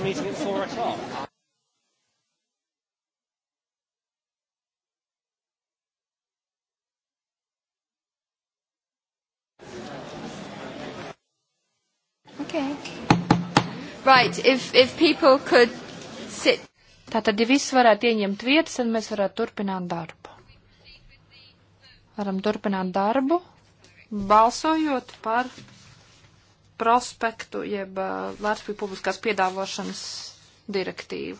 the meeting at four o'clock. Okay. Right, if, if people could sit. Tātad, ja viss varētu ieņemt vietas, tad mēs varētu turpināt darbu. Varam turpināt darbu, balsojot par prospektu, jeb uh, Latviju publiskās piedāvošanas direktīvu.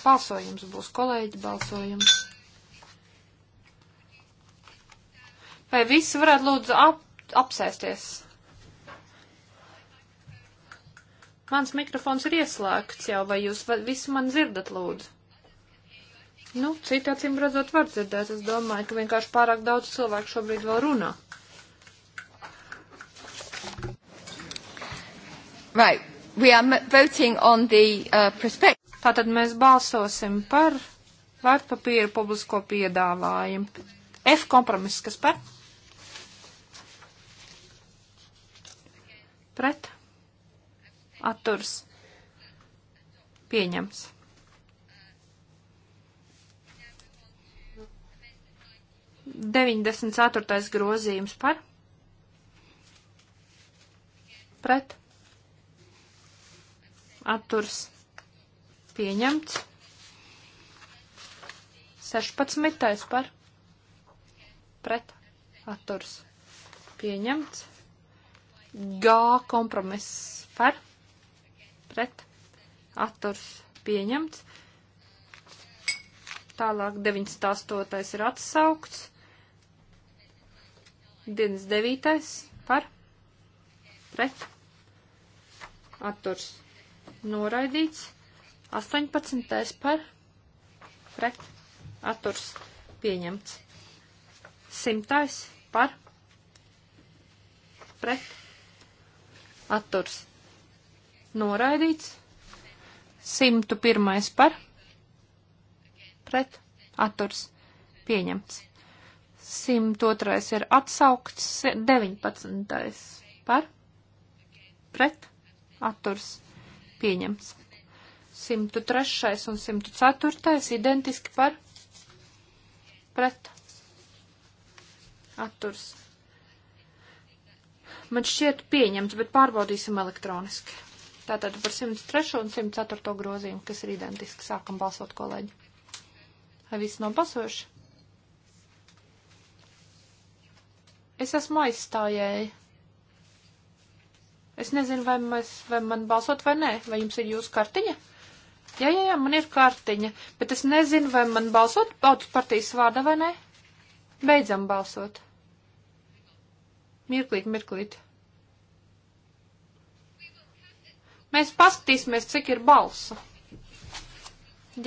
Balsojums būs kolēģi balsojums. Vai visi varētu lūdzu ap, apsēsties? Mans mikrofons ir ieslēgts jau, vai jūs visi man dzirdat lūdzu? Nu, citā cīm redzot var dzirdēt. Es domāju, ka vienkārši pārāk daudz cilvēku šobrīd vēl runā. Right. We are voting on the uh, prospect. Tātad mēs balsosim par vērtpapīru publisko piedāvājumu. F kompromiss, kas par? Pret? Atturs? Pieņems. Deviņdesmit ceturtais grozījums par? Pret? atturs pieņemts. 16. par pret atturs pieņemts. G kompromiss par pret atturs pieņemts. Tālāk 98. ir atsaukts. 29. par pret atturs pieņemts noraidīts. 18. par pret atturs pieņemts. 100. par pret atturs noraidīts. 101. par pret atturs pieņemts. 102. ir atsaukts 19. par pret atturs pieņemts pieņemts. 103. un 104. identiski par pret atturs. Man šķiet pieņemts, bet pārbaudīsim elektroniski. Tātad par 103. un 104. grozījumu, kas ir identiski. Sākam balsot, kolēģi. Vai viss nav balsojuši? Es esmu aizstājēji. Es nezinu, vai, mēs, vai man balsot vai nē. Vai jums ir jūsu kartiņa? Jā, jā, jā, man ir kartiņa, bet es nezinu, vai man balsot tautas partijas vārda vai nē. Beidzam balsot. Mirklīt, mirklīt. Mēs paskatīsimies, cik ir balsu.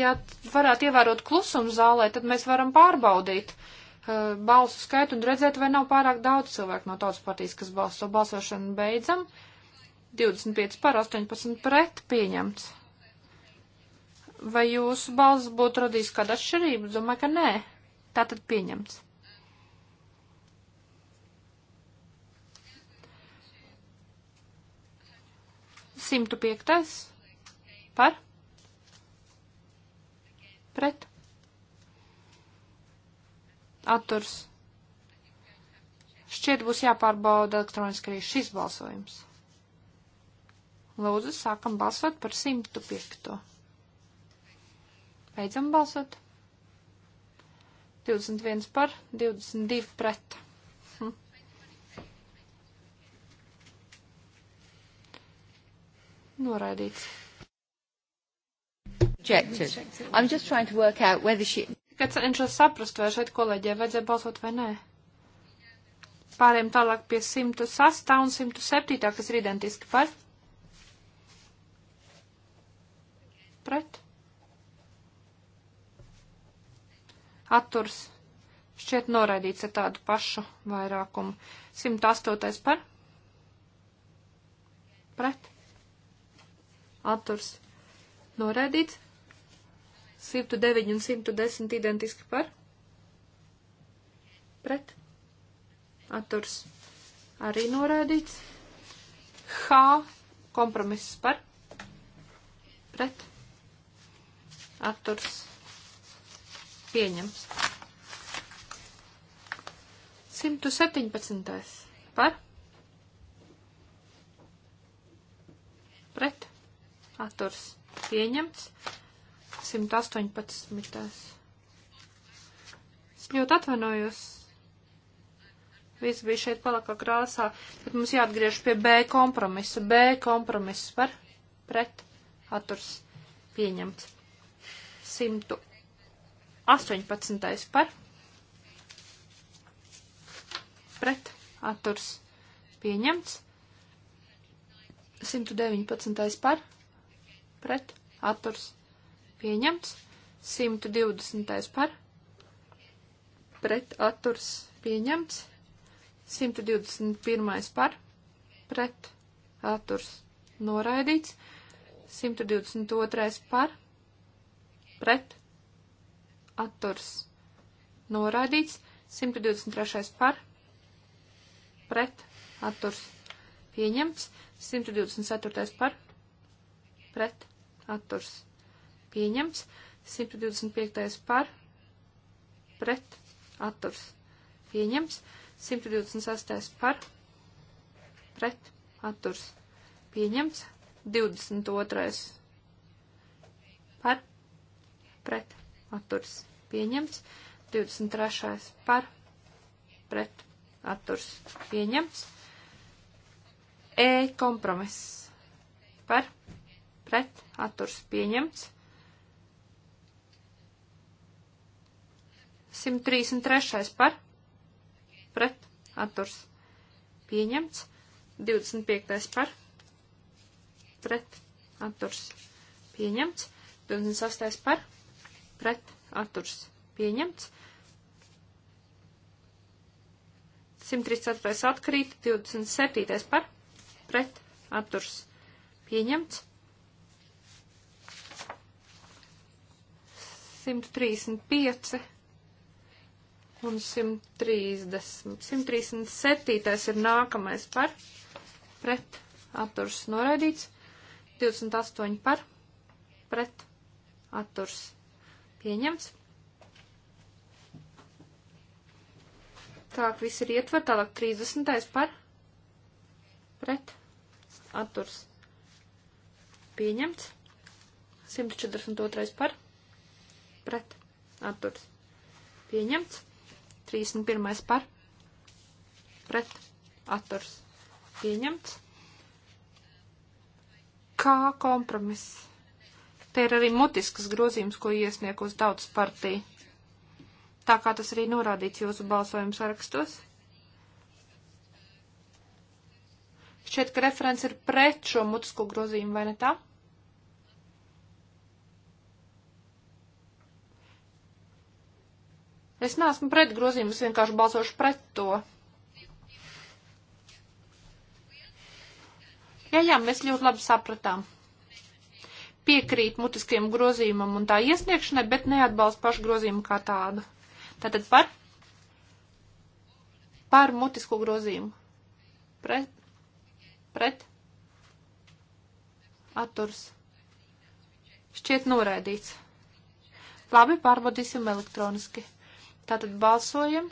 Ja varētu ievērot klusumu zālē, tad mēs varam pārbaudīt uh, balsu skaitu un redzēt, vai nav pārāk daudz cilvēku no tautas partijas, kas balso. Balsošanu beidzam. Uh, 25 par 18 pret pieņemts. Vai jūsu balss būtu radījis kādu atšķirību? Domāju, ka nē. Tā tad pieņemts. Simtu piektais par pret atturs. Šķiet būs jāpārbauda elektroniski arī šis balsojums. Lūdzu, sākam balsot par 105. Beidzam balsot. 21 par, 22 pret. Hm. Noraidīts. Rejected. I'm just trying to work out whether she... Tikai cenšos saprast, vai šeit kolēģiem vajadzēja balsot vai nē. Pārējiem tālāk pie 106 un 107, kas ir identiski par pret. Atturs šķiet noraidīts ar tādu pašu vairākumu. 108. par. Pret. Atturs noraidīts. 109 un 110 identiski par. Pret. Atturs arī noraidīts. H kompromiss par pret atturs pieņems. 117. par pret atturs pieņemts. 118. Es ļoti atvainojos. Viss bija šeit palakā krāsā, bet mums jāatgriež pie B kompromisa. B kompromiss par pret atturs pieņemts. 118. par pret atturs pieņemts. 119. par pret atturs pieņemts. 120. par pret atturs pieņemts. 121. par pret atturs noraidīts. 122. par pret, atturs, noraidīts, 123. par, pret, atturs, pieņemts, 124. par, pret, atturs, pieņemts, 125. par, pret, atturs, pieņemts, 128. par, pret, atturs, pieņemts, 22 pret atturs pieņemts, 23. par pret atturs pieņemts, E kompromiss par pret atturs pieņemts, 133. par pret atturs pieņemts, 25. par pret atturs pieņemts, 28. par pret atturs pieņemts. 134. atkrīt, 27. par pret atturs pieņemts. 135 un 130. 137. ir nākamais par pret atturs noraidīts. 28 par pret atturs pieņemts Pieņemts. Tālāk viss ir ietver, tālāk 30. par pret atturs. Pieņemts. 142. par pret atturs. Pieņemts. 31. par pret atturs. Pieņemts. Kā kompromiss Te ir arī mutiskas grozījums, ko iesniegos tautas partija. Tā kā tas arī norādīts jūsu balsojuma sarakstos. Šķiet, ka referents ir pret šo mutisko grozījumu, vai ne tā? Es neesmu pret grozījumu, es vienkārši balsošu pret to. Jā, jā, mēs ļoti labi sapratām piekrīt mutiskiem grozījumam un tā iesniegšanai, bet neatbalsta pašu grozījumu kā tādu. Tātad par, par mutisko grozījumu. Pret, pret, atturs. Šķiet noraidīts. Labi, pārbaudīsim elektroniski. Tātad balsojam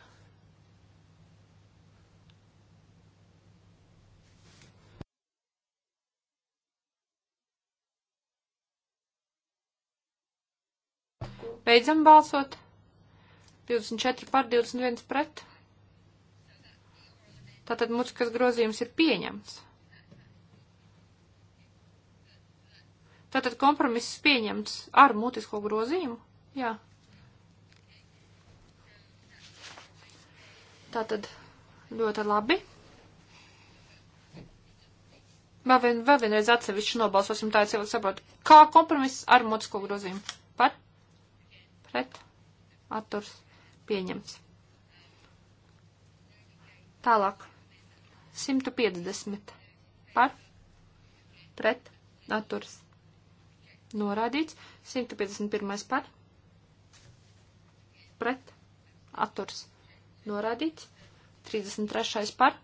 Beidzam balsot. 24 par 21 pret. Tātad muckas grozījums ir pieņemts. Tātad kompromiss pieņemts ar mutisko grozījumu? Jā. Tātad ļoti labi. Vēl, vien, vēl vienreiz atsevišķi nobalsosim tā, es jau saprotu. Kā kompromiss ar mutisko grozījumu? pret, atturs, pieņemts. Tālāk. 150 par, pret, atturs, norādīts. 151 par, pret, atturs, norādīts. 33 par,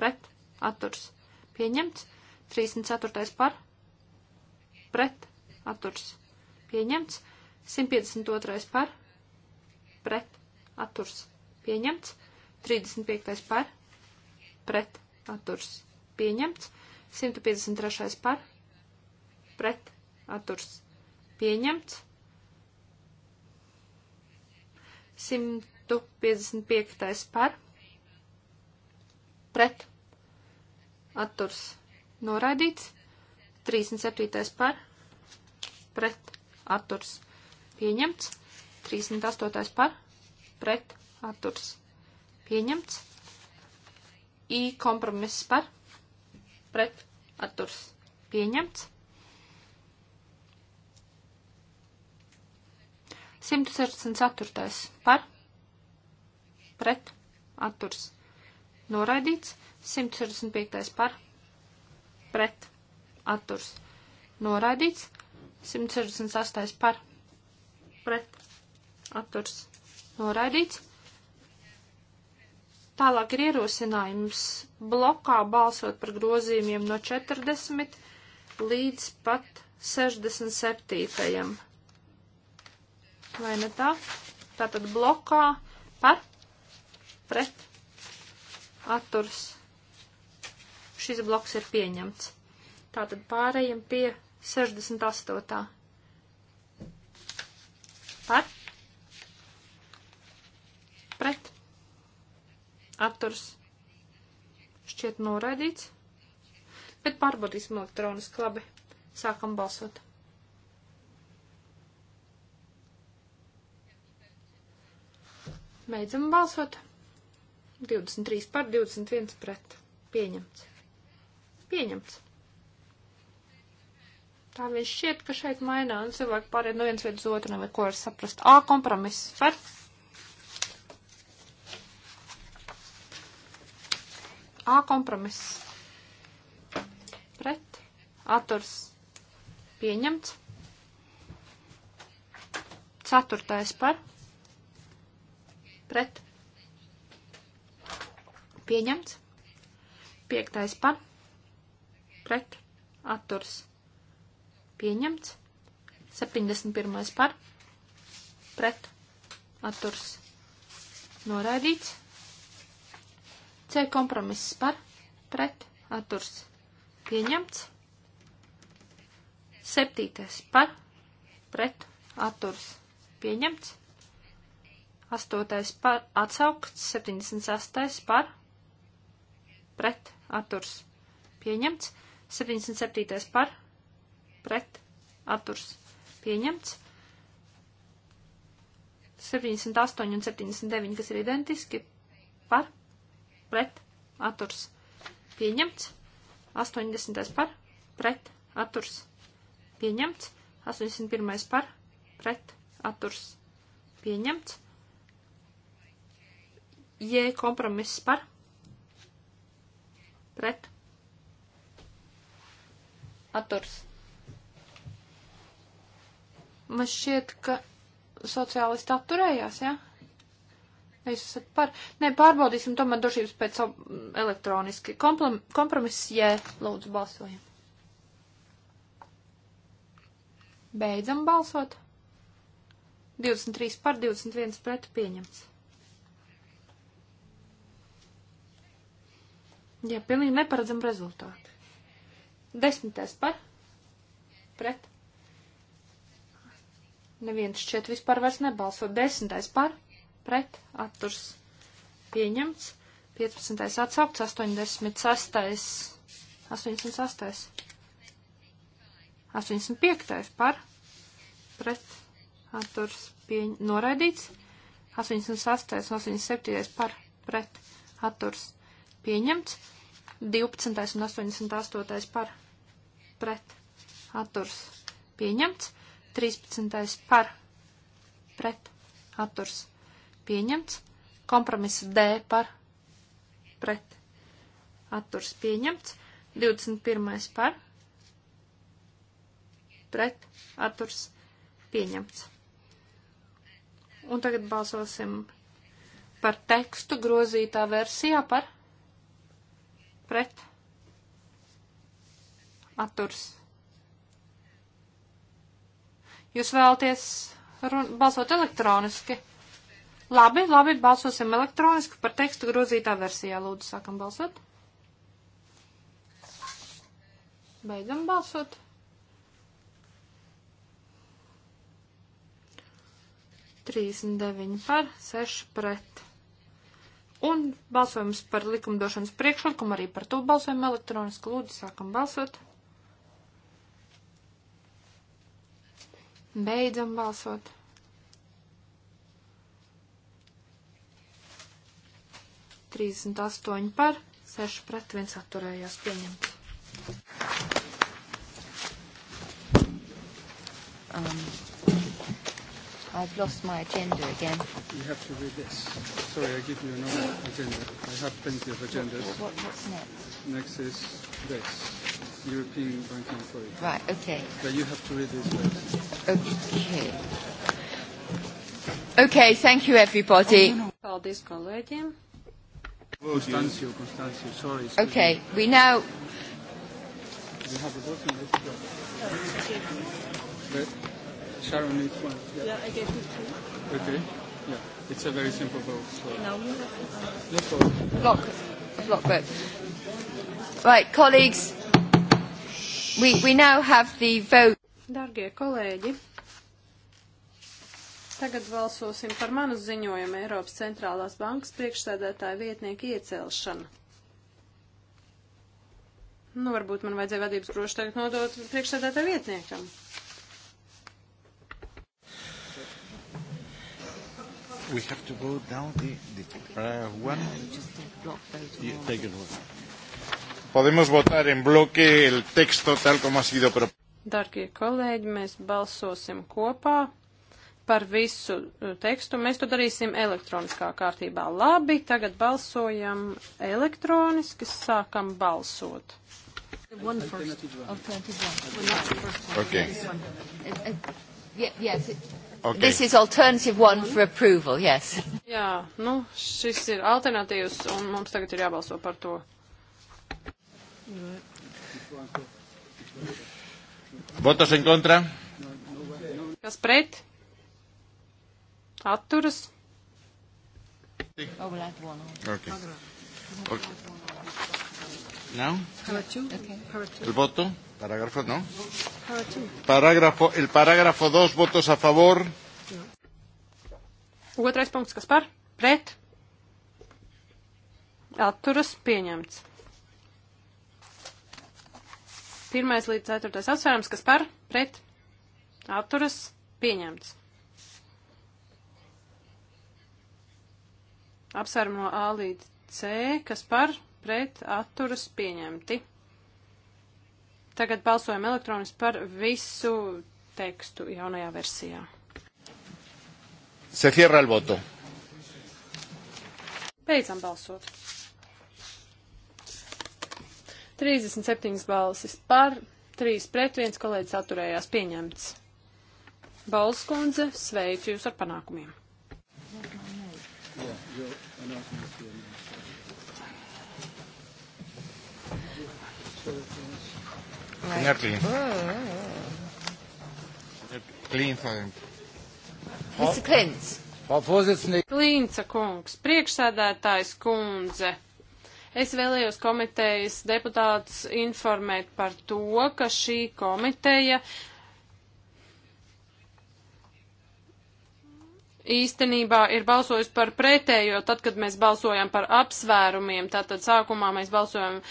pret, atturs, pieņemts. 34 par, pret, atturs, pieņemts. 152. par, pret, atturs, pieņemts. 35. par, pret, atturs, pieņemts. 153. par, pret, atturs, pieņemts. 155. par, pret, atturs, noraidīts. 37. par, pret, atturs, Pieņemts. 38. par. Pret. Atturs. Pieņemts. I kompromiss par. Pret. Atturs. Pieņemts. 164. par. Pret. Atturs. Noraidīts. 165. par. Pret. Atturs. Noraidīts. 168. par pret atturs noraidīts. Tālāk ir ierosinājums blokā balsot par grozījumiem no 40 līdz pat 67. Vai ne tā? Tātad blokā par pret atturs. Šis bloks ir pieņemts. Tātad pārējiem pie 68. Par. Pret. Atturs. Šķiet noraidīts. Bet pārbaudīsim elektroniski labi. Sākam balsot. Beidzam balsot. 23 par 21 pret. Pieņemts. Pieņemts. Tā viņš šķiet, ka šeit mainā un cilvēki pārēd no viens vietas otru, nav ko var saprast. Ā, kompromiss par. A kompromiss. Pret. Atturs. Pieņemts. Ceturtais par. Pret. Pieņemts. Piektais par. Pret. Atturs. Pieņemts. 71. par. Pret. Atturs. Noraidīts. C kompromiss par. Pret. Atturs. Pieņemts. 7. par. Pret. Atturs. Pieņemts. 8. par. Atsaukts. 76. par. Pret. Atturs. Pieņemts. 77. par pret atturs pieņemts. 78 un 79, kas ir identiski par pret atturs pieņemts. 80 par pret atturs pieņemts. 81 par pret atturs pieņemts. J kompromiss par pret atturs pieņemts. Atturs. Man šķiet, ka sociālisti atturējās, jā? Ja? Es esmu par... Nē, pārbaudīsim tomēr drošības pēc elektroniski. Komprom... Kompromiss, jē, lūdzu, balsojam. Beidzam balsot. 23 par 21 pret pieņemts. Jā, pilnīgi neparedzam rezultātu. Desmitais par pret Neviens šķiet vispār vairs nebalso. Desmitais par, pret, atturs pieņemts. 15. atsaukts, 86. 88. 85. par, pret, atturs pieņ... noraidīts. 88. un 87. par, pret, atturs pieņemts. 12. un 88. par, pret, atturs pieņemts. 13. par pret atturs pieņemts. Kompromiss D par pret atturs pieņemts. 21. par pret atturs pieņemts. Un tagad balsosim par tekstu grozītā versijā par pret atturs Jūs vēlaties balsot elektroniski? Labi, labi, balsosim elektroniski par tekstu grozītā versijā. Lūdzu, sākam balsot. Beidzam balsot. Trīsdesmit deviņi par, seši pret. Un balsojums par likumdošanas priekšlikumu arī par to balsojumu elektroniski. Lūdzu, sākam balsot. Beidzam balsot. Trīsdesmit astoņi par, seši pret, viens atturējās pieņemt. Um, I've lost my agenda again. You have to read this. Sorry, I give you another agenda. I have plenty of agendas. What, what, what's next? Next is this. European Banking Authority. Right, okay. But you have to read this first. Okay. Okay, thank you everybody. Oh, Paldies kolēģiem. Constancio, Constancio, sorry. Okay, me. we now... We have a vote on this. But Sharon needs one. Yeah, yeah I gave you two. Okay, yeah. It's a very simple vote. So. Now you have to... Uh, block, block vote. Right, colleagues. We, we now have the vote. Dargie kolēģi, tagad balsosim par manu ziņojumu Eiropas centrālās bankas priekšsēdētāja vietnieku iecelšanu. Nu, varbūt man vajadzēja vadības brošu tagad nodot priekšsēdētāja vietniekam. We have to go down the, the uh, one. Just a block vote. Yeah, take it away. Podemos votar en bloque el texto tal como ha sido propuesto. Dargie kolēģi, mēs balsosim kopā par visu uh, tekstu. Mēs to darīsim elektroniskā kārtībā. Labi, tagad balsojam elektroniski, sākam balsot. One first. Alternative one. Not the first one. Okay. This one. Uh, uh, yeah, yes. It, okay. This is alternative one for approval, yes. Jā, nu, šis ir alternatīvs, un mums tagad ir jābalso par to. Votos en kontra. Kas pret? Atturas. Okay. Okay. Now? El voto. Parágrafo, ¿no? Parágrafo, el parágrafo 2, votos a favor. Otrais punkts, kas par? Pret? Atturas pieņemts. 1 līdz 4 atsvērums, kas par pret atturas pieņemts. Apsvērumu no A līdz C, kas par pret atturas pieņemti. Tagad balsojam elektroniski par visu tekstu jaunajā versijā. Se cierra el voto. Beidzam balsot. 37 balsis par, 3 pret, 1 kolēģis atturējās pieņemts. Balss kundze, sveicu jūs ar panākumiem. They're clean. Clean fine. Mr. Klintz. Frau Vorsitzende. Klintza kungs, priekšsēdētājs kundze. Es vēlējos komitejas deputātus informēt par to, ka šī komiteja īstenībā ir balsojis par pretējo, tad, kad mēs balsojam par apsvērumiem, tātad sākumā mēs balsojam uh,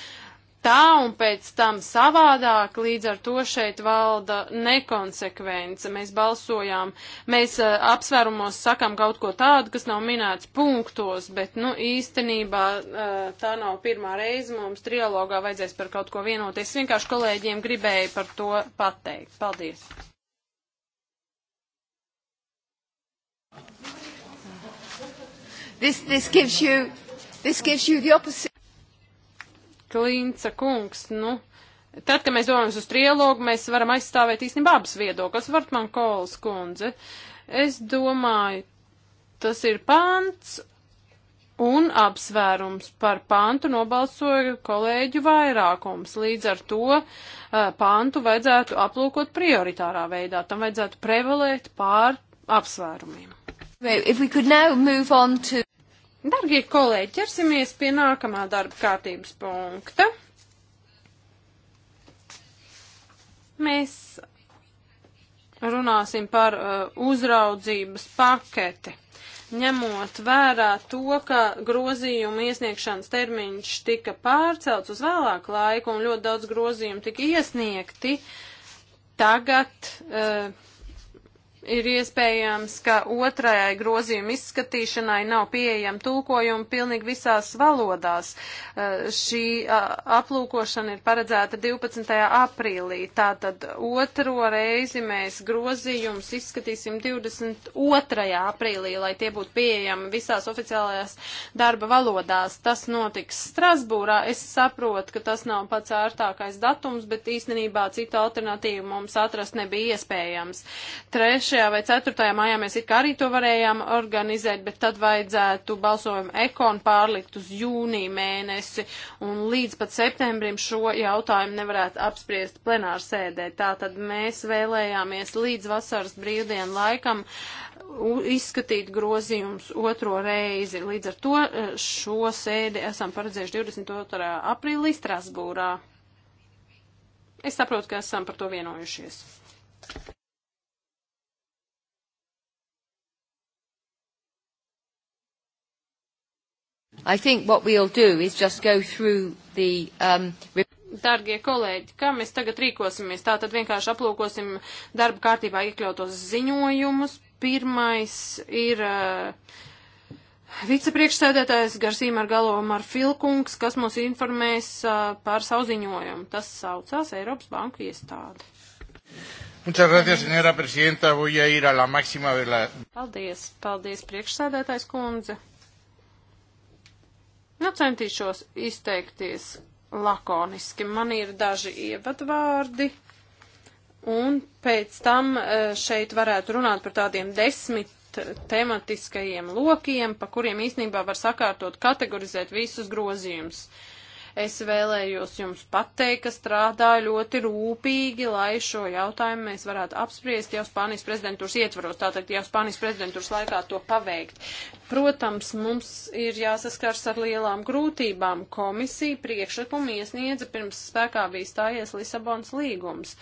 tā un pēc tam savādāk, līdz ar to šeit valda nekonsekvence. Mēs balsojām, mēs uh, apsvērumos sakam kaut ko tādu, kas nav minēts punktos, bet, nu, īstenībā uh, tā nav pirmā reize, mums trialogā vajadzēs par kaut ko vienoties. Vienkārši kolēģiem gribēju par to pateikt. Paldies! This, this gives you, this gives you the opposite. Klīnca kungs, nu, tad, kad mēs domājam uz trilogu, mēs varam aizstāvēt īstenībā abas viedokļas. Vartman Kols kundze, es domāju, tas ir pants un apsvērums par pantu nobalsoja kolēģu vairākums. Līdz ar to uh, pantu vajadzētu aplūkot prioritārā veidā. Tam vajadzētu prevalēt pār apsvērumiem. To... Dargie kolēģi, ķersimies pie nākamā darba kārtības punkta. Mēs runāsim par uh, uzraudzības paketi ņemot vērā to, ka grozījumu iesniegšanas termiņš tika pārcelts uz vēlāku laiku un ļoti daudz grozījumu tika iesniegti, tagad uh, ir iespējams, ka otrajai grozījuma izskatīšanai nav pieejama tulkojuma pilnīgi visās valodās. Eh, šī aplūkošana ir paredzēta 12. aprīlī, tātad otro reizi mēs grozījumus izskatīsim 22. aprīlī, lai tie būtu pieejami visās oficiālajās darba valodās. Tas notiks Strasbūrā. Es saprotu, ka tas nav pats ārtākais datums, bet īstenībā citu alternatīvu mums atrast nebija iespējams. Trešais 3. vai 4. maijā mēs it kā arī to varējām organizēt, bet tad vajadzētu balsojumu ekonu pārlikt uz jūniju mēnesi un līdz pat septembrim šo jautājumu nevarētu apspriest plenāru sēdē. Tātad mēs vēlējāmies līdz vasaras brīvdienu laikam izskatīt grozījums otro reizi. Līdz ar to e, šo sēdi esam paredzējuši 22. aprīlī Strasbūrā. Es saprotu, ka esam par to vienojušies. I think what we'll do is just go through the... Um, Dargie kolēģi, kā mēs tagad rīkosimies? Tā tad vienkārši aplūkosim darba kārtībā iekļautos ziņojumus. Pirmais ir uh, vicepriekšsēdētājs Garsīm ar galvom ar Filkungs, kas mūs informēs uh, par savu ziņojumu. Tas saucās Eiropas Banku iestādi. Muchas gracias, señora presidenta. Voy a ir a la máxima de la... Paldies, paldies, priekšsēdētājs kundze. Nu, centīšos izteikties lakoniski. Man ir daži ievadvārdi, un pēc tam e, šeit varētu runāt par tādiem desmit tematiskajiem lokiem, pa kuriem īsnībā var sakārtot, kategorizēt visus grozījumus. Uh, Es vēlējos jums pateikt, ka strādāju ļoti rūpīgi, lai šo jautājumu mēs varētu apspriest jau Spānijas prezidentūras ietvaros, tātad jau Spānijas prezidentūras laikā to paveikt. Protams, mums ir jāsaskars ar lielām grūtībām. Komisija priekšlikumu iesniedza pirms spēkā bija stājies Lisabonas līgums.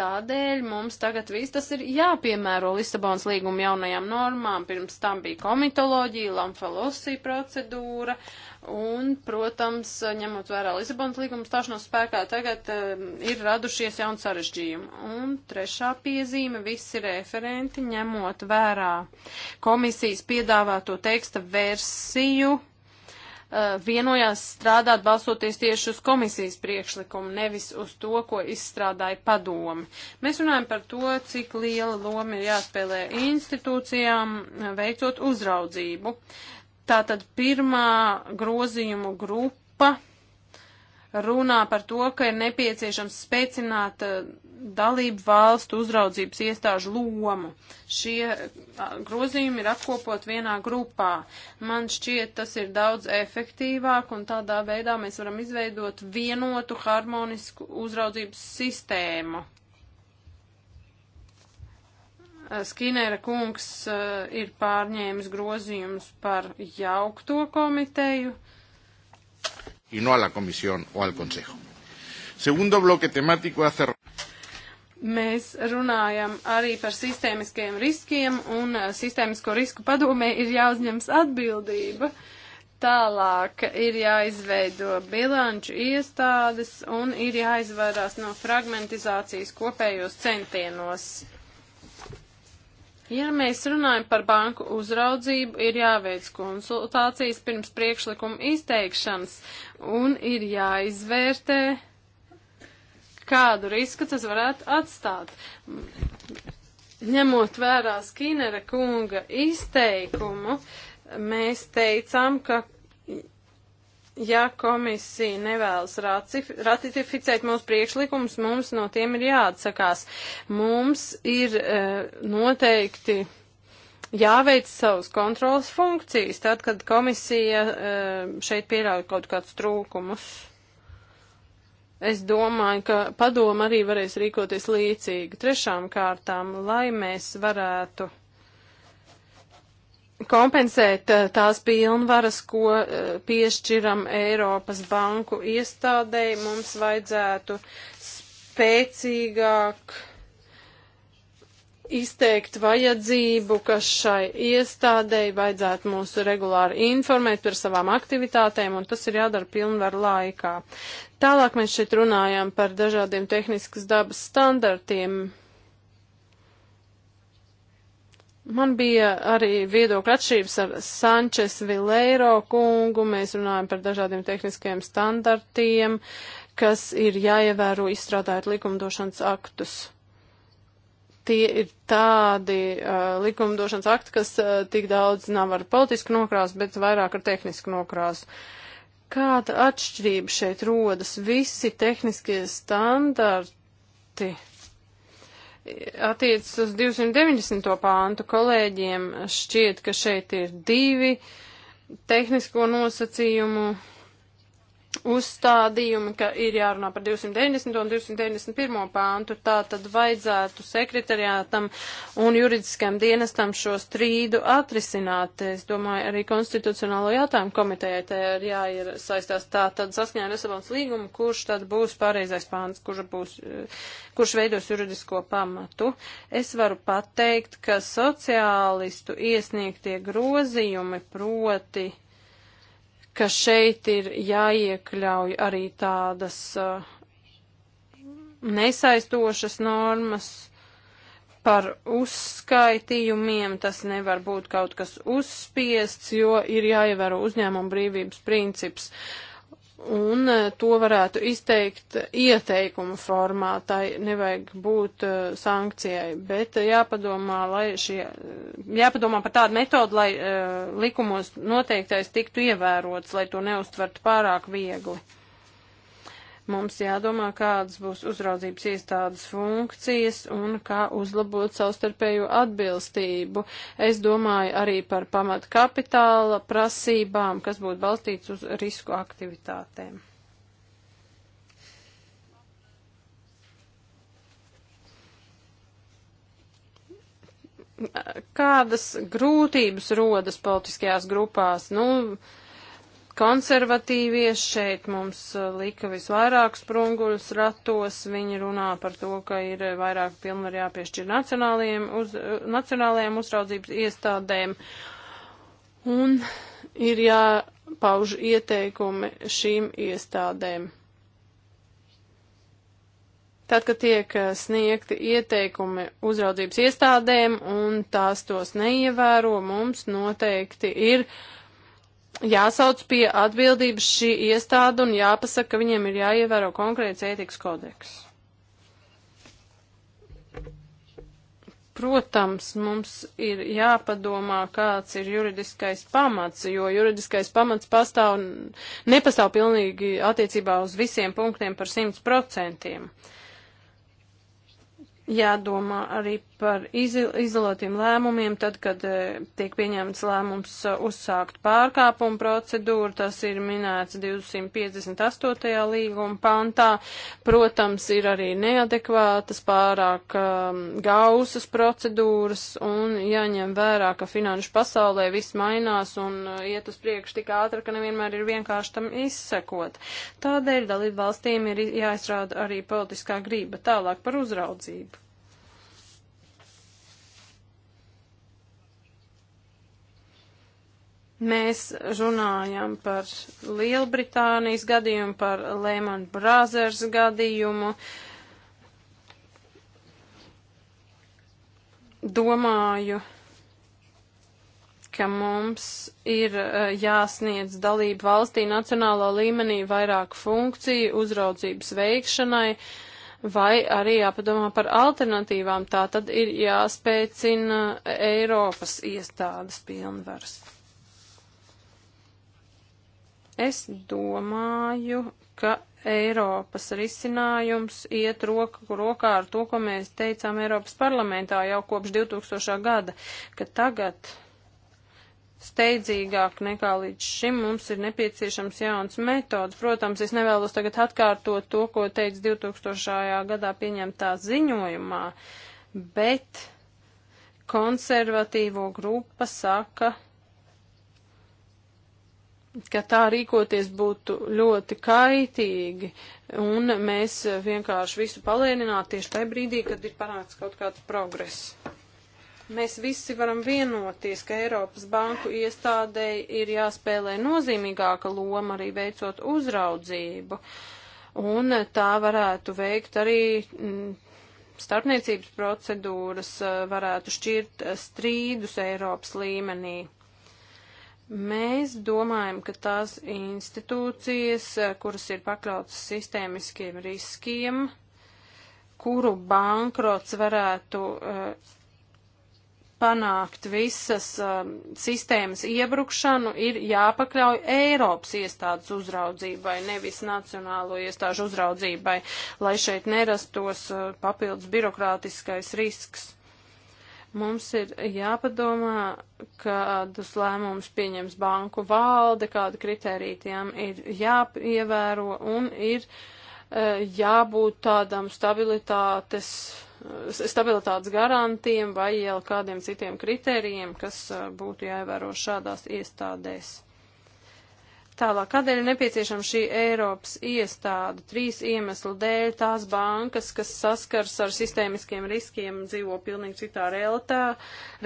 Tādēļ mums tagad viss tas ir jāpiemēro Lisabonas līguma jaunajām normām. Pirms tam bija komitoloģija, lamfalosī procedūra, Un, protams, ņemot vērā Lisabonas līguma stāšanos spēkā, tagad uh, ir radušies jauni sarežģījumi. Un trešā piezīme - visi referenti, ņemot vērā komisijas piedāvāto teksta versiju, uh, vienojās strādāt balsoties tieši uz komisijas priekšlikumu, nevis uz to, ko izstrādāja padomi. Mēs runājam par to, cik liela loma ir jāspēlē institūcijām, veicot uzraudzību. Uh, Tātad pirmā grozījumu grupa runā par to, ka ir nepieciešams spēcināt eh, dalību valstu uzraudzības iestāžu lomu. Šie grozījumi ir apkopot vienā grupā. Man šķiet, tas ir daudz efektīvāk un tādā veidā mēs varam izveidot vienotu harmonisku uzraudzības sistēmu. Skinēra kungs ir pārņēmis grozījumus par jaukto komiteju. Y no a la comisión o al consejo. Segundo bloque temático hace mēs runājam arī par sistēmiskiem riskiem, un sistēmisko risku padomē ir jāuzņems atbildība. Tālāk ir jāizveido bilanču iestādes un ir jāizvairās no fragmentizācijas kopējos centienos. Ja mēs runājam par banku uzraudzību, ir jāveic konsultācijas pirms priekšlikuma izteikšanas un ir jāizvērtē, kādu risku tas varētu atstāt. Ņemot vērā Skinera kunga izteikumu, mēs teicām, ka Ja komisija nevēlas ratificēt mūsu priekšlikumus, mums no tiem ir jāatsakās. Mums ir e, noteikti jāveic savas kontrolas funkcijas, tad, kad komisija e, šeit pieļauj kaut kādus trūkumus. Es domāju, ka padoma arī varēs rīkoties līdzīgi. Trešām kārtām, lai mēs varētu kompensēt eh, tās pilnvaras, ko eh, piešķiram Eiropas banku iestādēji, mums vajadzētu spēcīgāk izteikt vajadzību, ka šai iestādēji vajadzētu mūs regulāri informēt par savām aktivitātēm, un tas ir jādara pilnvaru laikā. Tālāk mēs šeit runājam par dažādiem tehniskas dabas standartiem, Man bija arī viedokļa atšķirības ar Sančes Vileiro kungu. Mēs runājam par dažādiem tehniskiem standartiem, kas ir jāievēro izstrādājot likumdošanas aktus. Tie ir tādi uh, likumdošanas akti, kas uh, tik daudz nav ar politisku nokrāsu, bet vairāk ar tehnisku nokrāsu. Kāda atšķirība šeit rodas? Visi tehniskie standarti attiecas uz 290. pāntu. Kolēģiem šķiet, ka šeit ir divi tehnisko nosacījumu uzstādījumi, ka ir jārunā par 290 un 291 pāntu, tā tad vajadzētu sekretariātam un juridiskajam dienestam šo strīdu atrisināt. Es domāju, arī konstitucionālo jautājumu komitejai te ir jāir saistās tā tad saskaņā ar Lisabons līgumu, kurš tad būs pareizais pāns, kurš, būs, kurš veidos juridisko pamatu. Es varu pateikt, ka sociālistu iesniegtie grozījumi proti ka šeit ir jāiekļauj arī tādas uh, nesaistošas normas par uzskaitījumiem. Tas nevar būt kaut kas uzspiests, jo ir jāievēro uzņēmuma brīvības princips. Uh, un e, to varētu izteikt ieteikumu formā, tai nevajag būt uh, sankcijai, bet jāpadomā, lai šie, e, jāpadomā par tādu metodu, lai uh, likumos noteiktais tiktu ievērots, lai to neuztvertu pārāk viegli. Mums jādomā, kādas būs uzraudzības iestādes funkcijas un kā uzlabot savstarpēju atbilstību. Es domāju arī par pamat kapitāla prasībām, kas būtu balstīts uz risku aktivitātēm. Kādas grūtības rodas politiskajās grupās? Nu, uh, konservatīvie šeit mums uh, lika visvairāk sprunguļus ratos. Viņi runā par to, ka ir uh, vairāk pilnvaru jāpiešķir nacionālajiem, uz, uh, nacionālajiem uzraudzības iestādēm. Un ir jāpauž ieteikumi šīm iestādēm. Tad, kad tiek sniegti ieteikumi uzraudzības iestādēm un tās tos neievēro, mums noteikti ir uh, jāsauc pie atbildības šī iestāde un jāpasaka, ka viņiem ir jāievēro konkrēts ētikas kodeks. Protams, mums ir jāpadomā, kāds ir juridiskais pamats, jo juridiskais pamats pastāv, nepastāv pilnīgi attiecībā uz visiem punktiem par 100%. Jādomā arī par izolētiem lēmumiem, tad, kad e, tiek pieņemts lēmums e, uzsākt pārkāpumu procedūru, tas ir minēts 258. līguma pantā. Protams, ir arī neadekvātas, pārāk um, gausas procedūras un jāņem vērā, ka finanšu pasaulē viss mainās un iet uz priekšu tik ātri, ka nevienmēr ir vienkārši tam izsekot. Tādēļ dalību valstīm ir jāizrāda arī politiskā grība tālāk par uzraudzību. Mēs runājam par Lielbritānijas gadījumu, par Lehman Brothers gadījumu. Domāju, ka mums ir e, jāsniedz dalību valstī nacionālā līmenī vairāk funkciju uzraudzības veikšanai, vai arī jāpadomā par alternatīvām. Tā tad ir jāspēcina Eiropas iestādes pilnvaras. Es domāju, ka Eiropas risinājums iet roku rokā ar to, ko mēs teicām Eiropas parlamentā jau kopš 2000. gada, ka tagad steidzīgāk nekā līdz šim mums ir nepieciešams jauns metods. Protams, es nevēlos tagad atkārtot to, ko teica 2000. gadā pieņemtā ziņojumā, bet konservatīvo grupa saka, ka tā rīkoties būtu ļoti kaitīgi, un mēs vienkārši visu palēnināt tieši tajā brīdī, kad ir panāks kaut kāds progress. Mēs visi varam vienoties, ka Eiropas banku iestādei ir jāspēlē nozīmīgāka loma arī veicot uzraudzību, un tā varētu veikt arī mm, starpniecības procedūras, eh, varētu šķirt eh, strīdus Eiropas līmenī. Mēs domājam, ka tās institūcijas, eh, kuras ir pakļautas sistēmiskiem riskiem, kuru bankrots varētu uh, panākt visas uh, sistēmas iebrukšanu, ir jāpakļauj Eiropas iestādes uzraudzībai, nevis nacionālo iestāžu uzraudzībai, lai šeit nerastos uh, papildus birokrātiskais risks. Mums ir jāpadomā, kādus lēmumus pieņems banku valde, kādu kritēriju tiem ir jāievēro un ir e, jābūt tādam stabilitātes, e, stabilitātes garantiem vai jau kādiem citiem kritērijiem, kas e, būtu jāievēro šādās iestādēs. Tālāk, kādēļ ir nepieciešama šī Eiropas iestāde? Trīs iemeslu dēļ tās bankas, kas saskars ar sistēmiskiem riskiem, dzīvo pilnīgi citā realitā,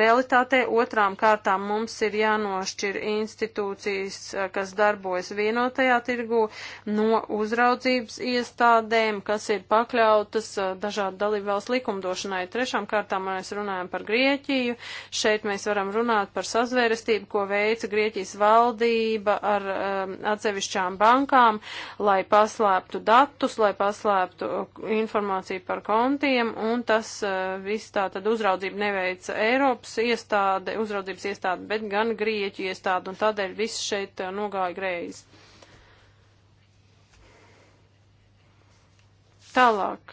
realitātē. Otrām kārtām mums ir jānošķir institūcijas, eh, kas darbojas vienotajā tirgu, no uzraudzības iestādēm, kas ir pakļautas eh, dažādu dalībvalstu likumdošanai. Trešām kārtām mēs runājam par Grieķiju. Šeit mēs varam runāt par sazvērestību, ko veica Grieķijas valdība ar eh, um, atsevišķām bankām, lai paslēptu datus, lai paslēptu uh, informāciju par kontiem, un tas uh, viss tā tad uzraudzību neveica Eiropas iestāde, uzraudzības iestāde, bet gan Grieķu iestāde, un tādēļ viss šeit uh, nogāja greizi. Tālāk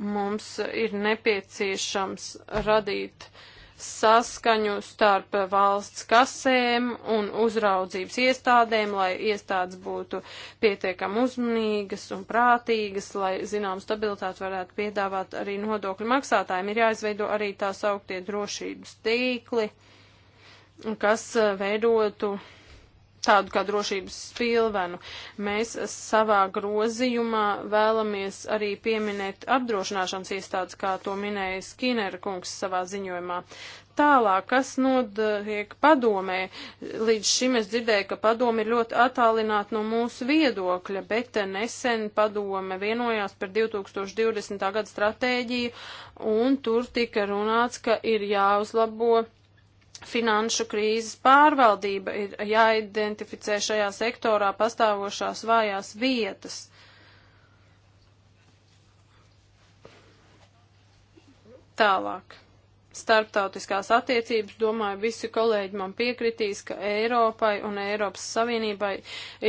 mums ir nepieciešams radīt uh, saskaņu starp valsts kasēm un uzraudzības iestādēm, lai iestādes būtu pietiekami uzmanīgas un prātīgas, lai zinām stabilitāti varētu piedāvāt arī nodokļu maksātājiem. Ir jāizveido arī tā sauktie drošības tīkli, kas veidotu uh, tādu kā drošības spilvenu. Mēs savā grozījumā vēlamies arī pieminēt apdrošināšanas iestādes, kā to minēja Skinera kungs savā ziņojumā. Tālāk, kas notiek padomē, līdz šim es dzirdēju, ka padome ir ļoti attālināta no mūsu viedokļa, bet nesen padome vienojās par 2020. gada stratēģiju, un tur tika runāts, ka ir jāuzlabo finanšu krīzes pārvaldība ir jāidentificē šajā sektorā pastāvošās vājās vietas. Tālāk starptautiskās attiecības, domāju, visi kolēģi man piekritīs, ka Eiropai un Eiropas Savienībai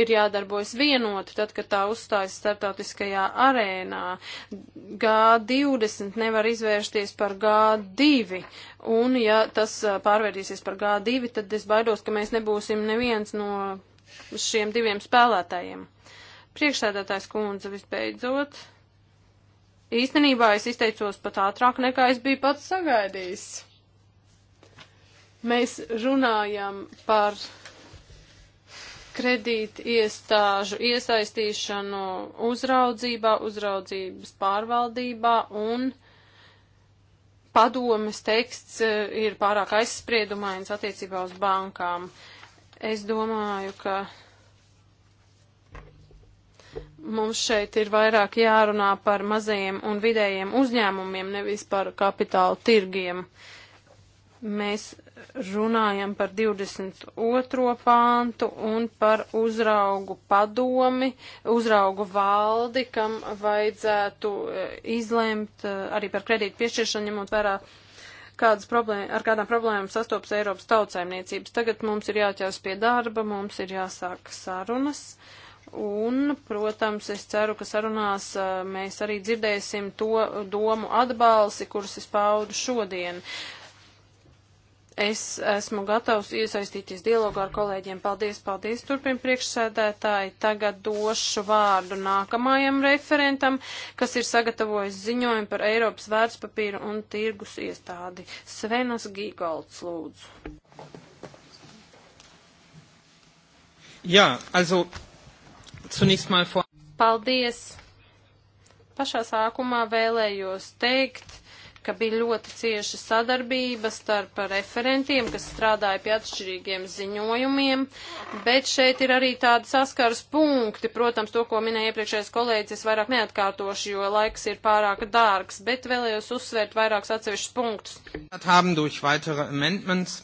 ir jādarbojas vienoti, tad, kad tā uzstājas starptautiskajā arēnā. G20 nevar izvērsties par G2, un ja tas pārvērsīsies par G2, tad es baidos, ka mēs nebūsim neviens no šiem diviem spēlētājiem. Priekšsēdētājs kundze visbeidzot Īstenībā es izteicos pat ātrāk, nekā es biju pats sagaidījis. Mēs runājam par kredīti iestāžu iesaistīšanu uzraudzībā, uzraudzības pārvaldībā un padomes teksts eh, ir pārāk aizspriedumains attiecībā uz bankām. Es domāju, ka Mums šeit ir vairāk jārunā par mazajiem un vidējiem uzņēmumiem, nevis par kapitāla tirgiem. Mēs runājam par 22. pāntu un par uzraugu padomi, uzraugu valdi, kam vajadzētu e, izlemt e, arī par kredītu piešķiršanu, ņemot vērā kādas problēma, ar kādām problēmām sastopas Eiropas tautsaimniecības. Tagad mums ir jāķers pie darba, mums ir jāsāk sarunas. Uh, Un, protams, es ceru, ka sarunās mēs arī dzirdēsim to domu atbalsi, kuras es paudu šodien. Es esmu gatavs iesaistīties dialogā ar kolēģiem. Paldies, paldies, turpin priekšsēdētāji. Tagad došu vārdu nākamajam referentam, kas ir sagatavojis ziņojumu par Eiropas vērtspapīru un tirgus iestādi. Svenas Gīgolds, lūdzu. Jā, also Zunächst mal vor. Paldies! Pašā sākumā vēlējos teikt, ka bija ļoti cieša sadarbība starp referentiem, kas strādāja pie atšķirīgiem ziņojumiem, bet šeit ir arī tādi saskars punkti. Protams, to, ko minēja iepriekšējais kolēģis, es vairāk neatkārtošu, jo laiks ir pārāk dārgs, bet vēlējos uzsvērt vairākus atsevišķus punktus.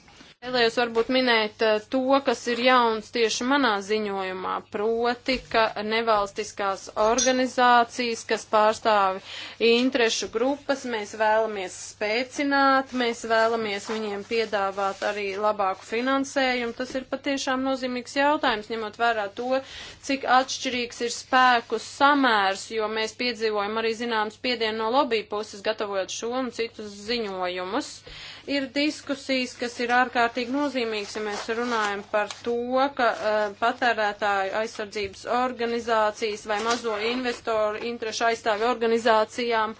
Vēlējos varbūt minēt eh, to, kas ir jauns tieši manā ziņojumā, proti, ka nevalstiskās organizācijas, kas pārstāvi interešu grupas, mēs vēlamies spēcināt, mēs vēlamies viņiem piedāvāt arī labāku finansējumu. Tas ir patiešām nozīmīgs jautājums, ņemot vērā to, cik atšķirīgs ir spēku samērs, jo mēs piedzīvojam arī zināms piedienu no lobby puses, gatavojot šo un citus ziņojumus. Uh, Ir diskusijas, kas ir ārkārtīgi nozīmīgas, ja mēs runājam par to, ka uh, patērētāju aizsardzības organizācijas vai mazo investoru interešu aizstāvi organizācijām,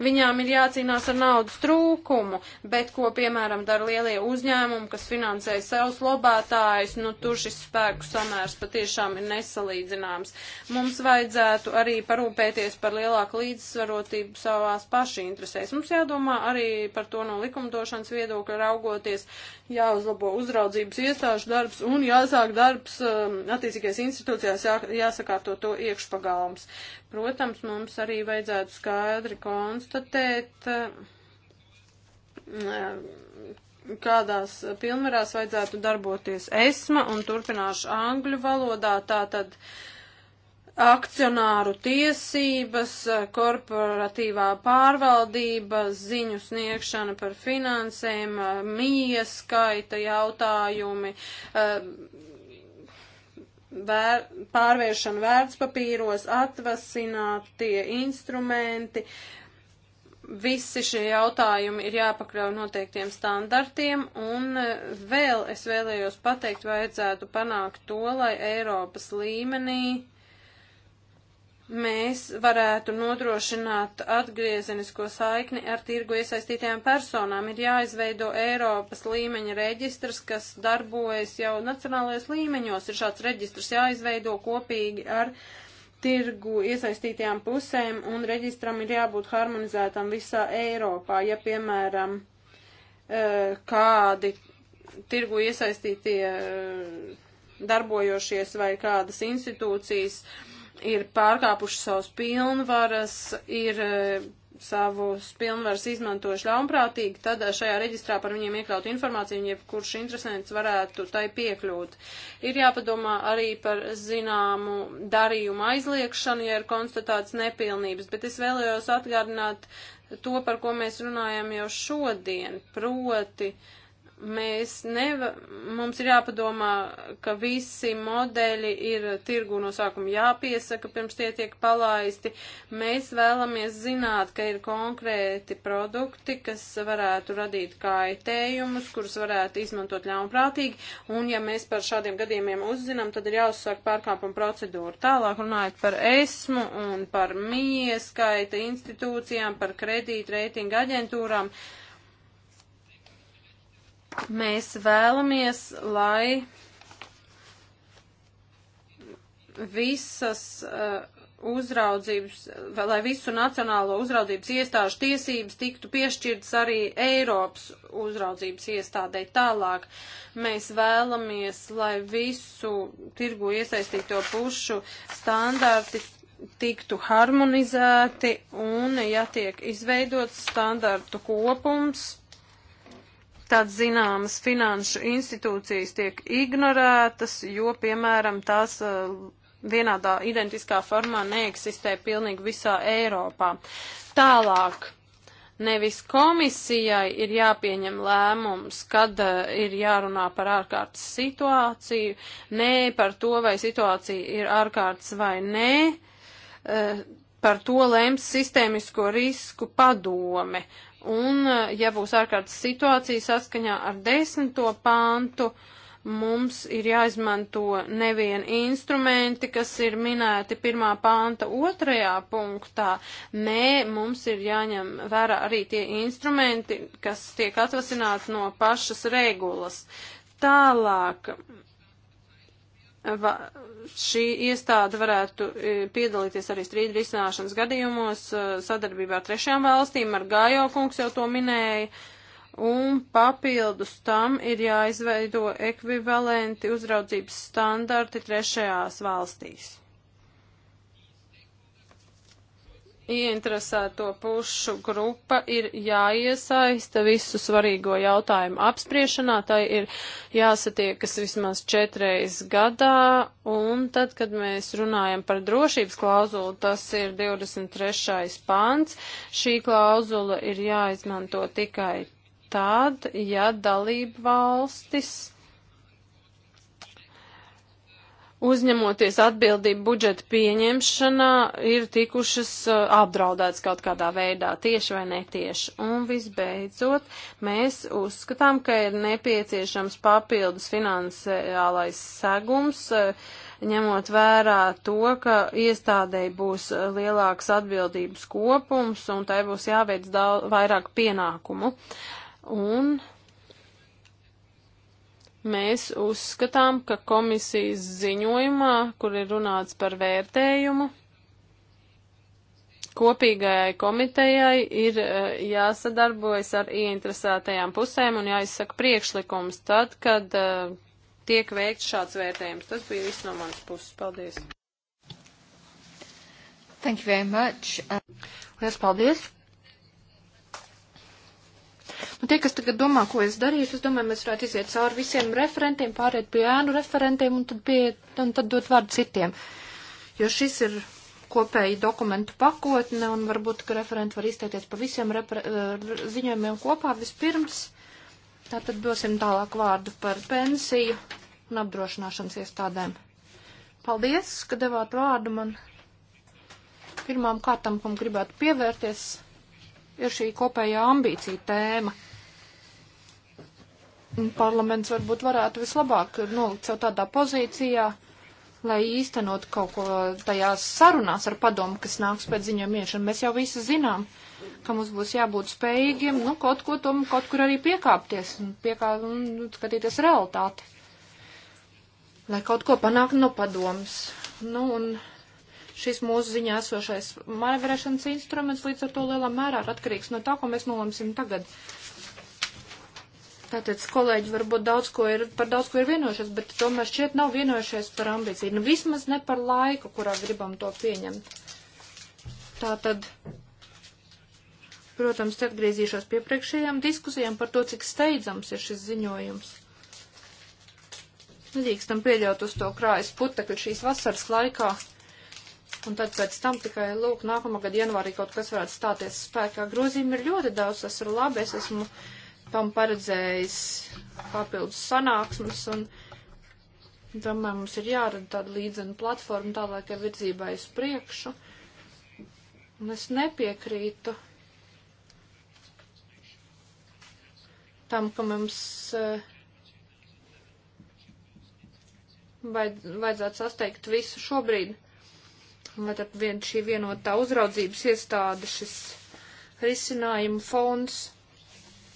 viņām ir jācīnās ar naudas trūkumu, bet ko, piemēram, dara lielie uzņēmumi, kas finansē savus lobētājus, nu tur šis spēku samērs patiešām ir nesalīdzināms. Mums vajadzētu arī parūpēties par lielāku līdzsvarotību savās paši interesēs. Mums jādomā arī par to no likumdošanas viedokļa raugoties, jāuzlabo uzraudzības iestāžu darbs un jāsāk darbs um, attiecīgais institūcijās, jā, jāsakārto to iekšpagalms. Protams, mums arī vajadzētu skaidri konstatēt, uh, um, kādās pilnvarās vajadzētu darboties esma un turpināšu angļu valodā. Tātad, uh, akcionāru tiesības, korporatīvā pārvaldība, ziņu sniegšana par finansēm, mijas skaita jautājumi, eh, vēr, pārvēršana vērtspapīros, atvasinātie instrumenti. Visi šie jautājumi ir jāpakļauj noteiktiem standartiem, un eh, vēl es vēlējos pateikt, vajadzētu panākt to, lai Eiropas līmenī mēs varētu nodrošināt atgriezenisko saikni ar tirgu iesaistītajām personām. Ir jāizveido Eiropas līmeņa reģistrs, kas darbojas jau nacionālajos līmeņos. Ir šāds reģistrs jāizveido kopīgi ar tirgu iesaistītajām pusēm, un reģistram ir jābūt harmonizētam visā Eiropā. Ja, piemēram, eh, kādi tirgu iesaistītie eh, darbojošies vai kādas institūcijas, uh, ir pārkāpuši savus pilnvaras, ir e, savus pilnvaras izmantojuši ļaunprātīgi, tad e, šajā reģistrā par viņiem iekļaut informāciju, jebkurš interesants varētu tai piekļūt. Ir jāpadomā arī par zināmu darījumu aizliekšanu, ja ir konstatēts nepilnības, bet es vēlējos atgādināt to, par ko mēs runājam jau šodien, proti uh, mēs neva, mums ir jāpadomā, ka visi modeļi ir tirgu no sākuma jāpiesaka, pirms tie tiek palaisti. Mēs vēlamies zināt, ka ir konkrēti produkti, kas varētu radīt kaitējumus, kurus varētu izmantot ļaunprātīgi, un ja mēs par šādiem gadījumiem uzzinām, tad ir jāuzsāk pārkāpuma procedūra. Tālāk runājot par esmu un par mieskaita institūcijām, par kredītreitinga aģentūrām. Uh, Mēs vēlamies, lai visas uh, uzraudzības, lai visu nacionālo uzraudzības iestāžu tiesības tiktu piešķirtas arī Eiropas uzraudzības iestādē tālāk. Mēs vēlamies, lai visu tirgu iesaistīto pušu standarti tiktu harmonizēti un, ja tiek izveidots standartu kopums, tad zināmas finanšu institūcijas tiek ignorētas, jo, piemēram, tās uh, vienādā identiskā formā neeksistē pilnīgi visā Eiropā. Tālāk. Nevis komisijai ir jāpieņem lēmums, kad uh, ir jārunā par ārkārtas situāciju, nē par to, vai situācija ir ārkārtas vai nē, uh, par to lems sistēmisko risku padome. Un, eh, ja būs ārkārtas situācija saskaņā ar desmito pāntu, mums ir jāizmanto nevien instrumenti, kas ir minēti pirmā pānta otrajā punktā, nē, mums ir jāņem vērā arī tie instrumenti, kas tiek atvasināti no pašas regulas. Tālāk va, šī iestāde varētu e, piedalīties arī strīdu risināšanas gadījumos e, sadarbībā ar trešajām valstīm, ar Gājo kungs jau to minēja, un papildus tam ir jāizveido ekvivalenti uzraudzības standarti trešajās valstīs. ieinteresēto pušu grupa ir jāiesaista visu svarīgo jautājumu apspriešanā. Tai ir jāsatiekas vismaz četreiz gadā, un tad, kad mēs runājam par drošības klauzulu, tas ir 23. pants. Šī klauzula ir jāizmanto tikai tad, ja dalība valstis uzņemoties atbildību budžeta pieņemšanā, ir tikušas uh, apdraudētas kaut kādā veidā, tieši vai netieši. Un visbeidzot, mēs uzskatām, ka ir nepieciešams papildus finansiālais segums, uh, ņemot vērā to, ka iestādēji būs lielāks atbildības kopums un tai būs jāveic daudz vairāk pienākumu. Un Mēs uzskatām, ka komisijas ziņojumā, kur ir runāts par vērtējumu, kopīgajai komitejai ir e, jāsadarbojas ar ieinteresētajām pusēm un jāizsaka priekšlikums tad, kad e, tiek veikts šāds vērtējums. Tas bija viss no manas puses. Paldies! Thank you very much. Lielas paldies! Nu, tie, kas tagad domā, ko es darīšu, es domāju, mēs varētu iziet cauri visiem referentiem, pāriet pie ēnu referentiem un tad, pie, un tad dot vārdu citiem. Jo šis ir kopēji dokumentu pakotne un varbūt, ka referenti var izteikties pa visiem repre, eh, ziņojumiem kopā vispirms. Tātad dosim tālāk vārdu par pensiju un apdrošināšanas iestādēm. Paldies, ka devāt vārdu man. Pirmām kārtām, kam gribētu pievērties, ir šī kopējā ambīcija tēma. Parlaments varbūt varētu vislabāk nolikt sev tādā pozīcijā, lai īstenot kaut ko tajās sarunās ar padomu, kas nāks pēc ziņām iešana. Mēs jau visi zinām, ka mums būs jābūt spējīgiem, nu, kaut ko tom, kaut kur arī piekāpties un, piekā, un skatīties realitāti. Lai kaut ko panāktu no padomas. Nu, un šis mūsu ziņā esošais manevrēšanas instruments līdz ar to lielā mērā ir atkarīgs no tā, ko mēs nolemsim tagad. Tātad kolēģi varbūt daudz ko ir, par daudz ko ir vienojušies, bet tomēr šķiet nav vienojušies par ambīciju. Nu, vismaz ne par laiku, kurā gribam to pieņemt. Tātad. Protams, te atgriezīšos pie priekšējām diskusijām par to, cik steidzams ir šis ziņojums. Nedrīkstam pieļaut uz to krājas putekļu šīs vasaras laikā un tad pēc tam tikai, lūk, nākamā gada janvārī kaut kas varētu stāties spēkā. Grozījumi ir ļoti daudz, tas ir labi, es esmu tam paredzējis papildus sanāksmes, un domāju, mums ir jārada tāda līdzena platforma tālākai virzībai uz priekšu, un es nepiekrītu tam, ka mums. Uh, vajadzētu sasteigt visu šobrīd vai tad vien šī vienotā uzraudzības iestāde, šis risinājuma fonds.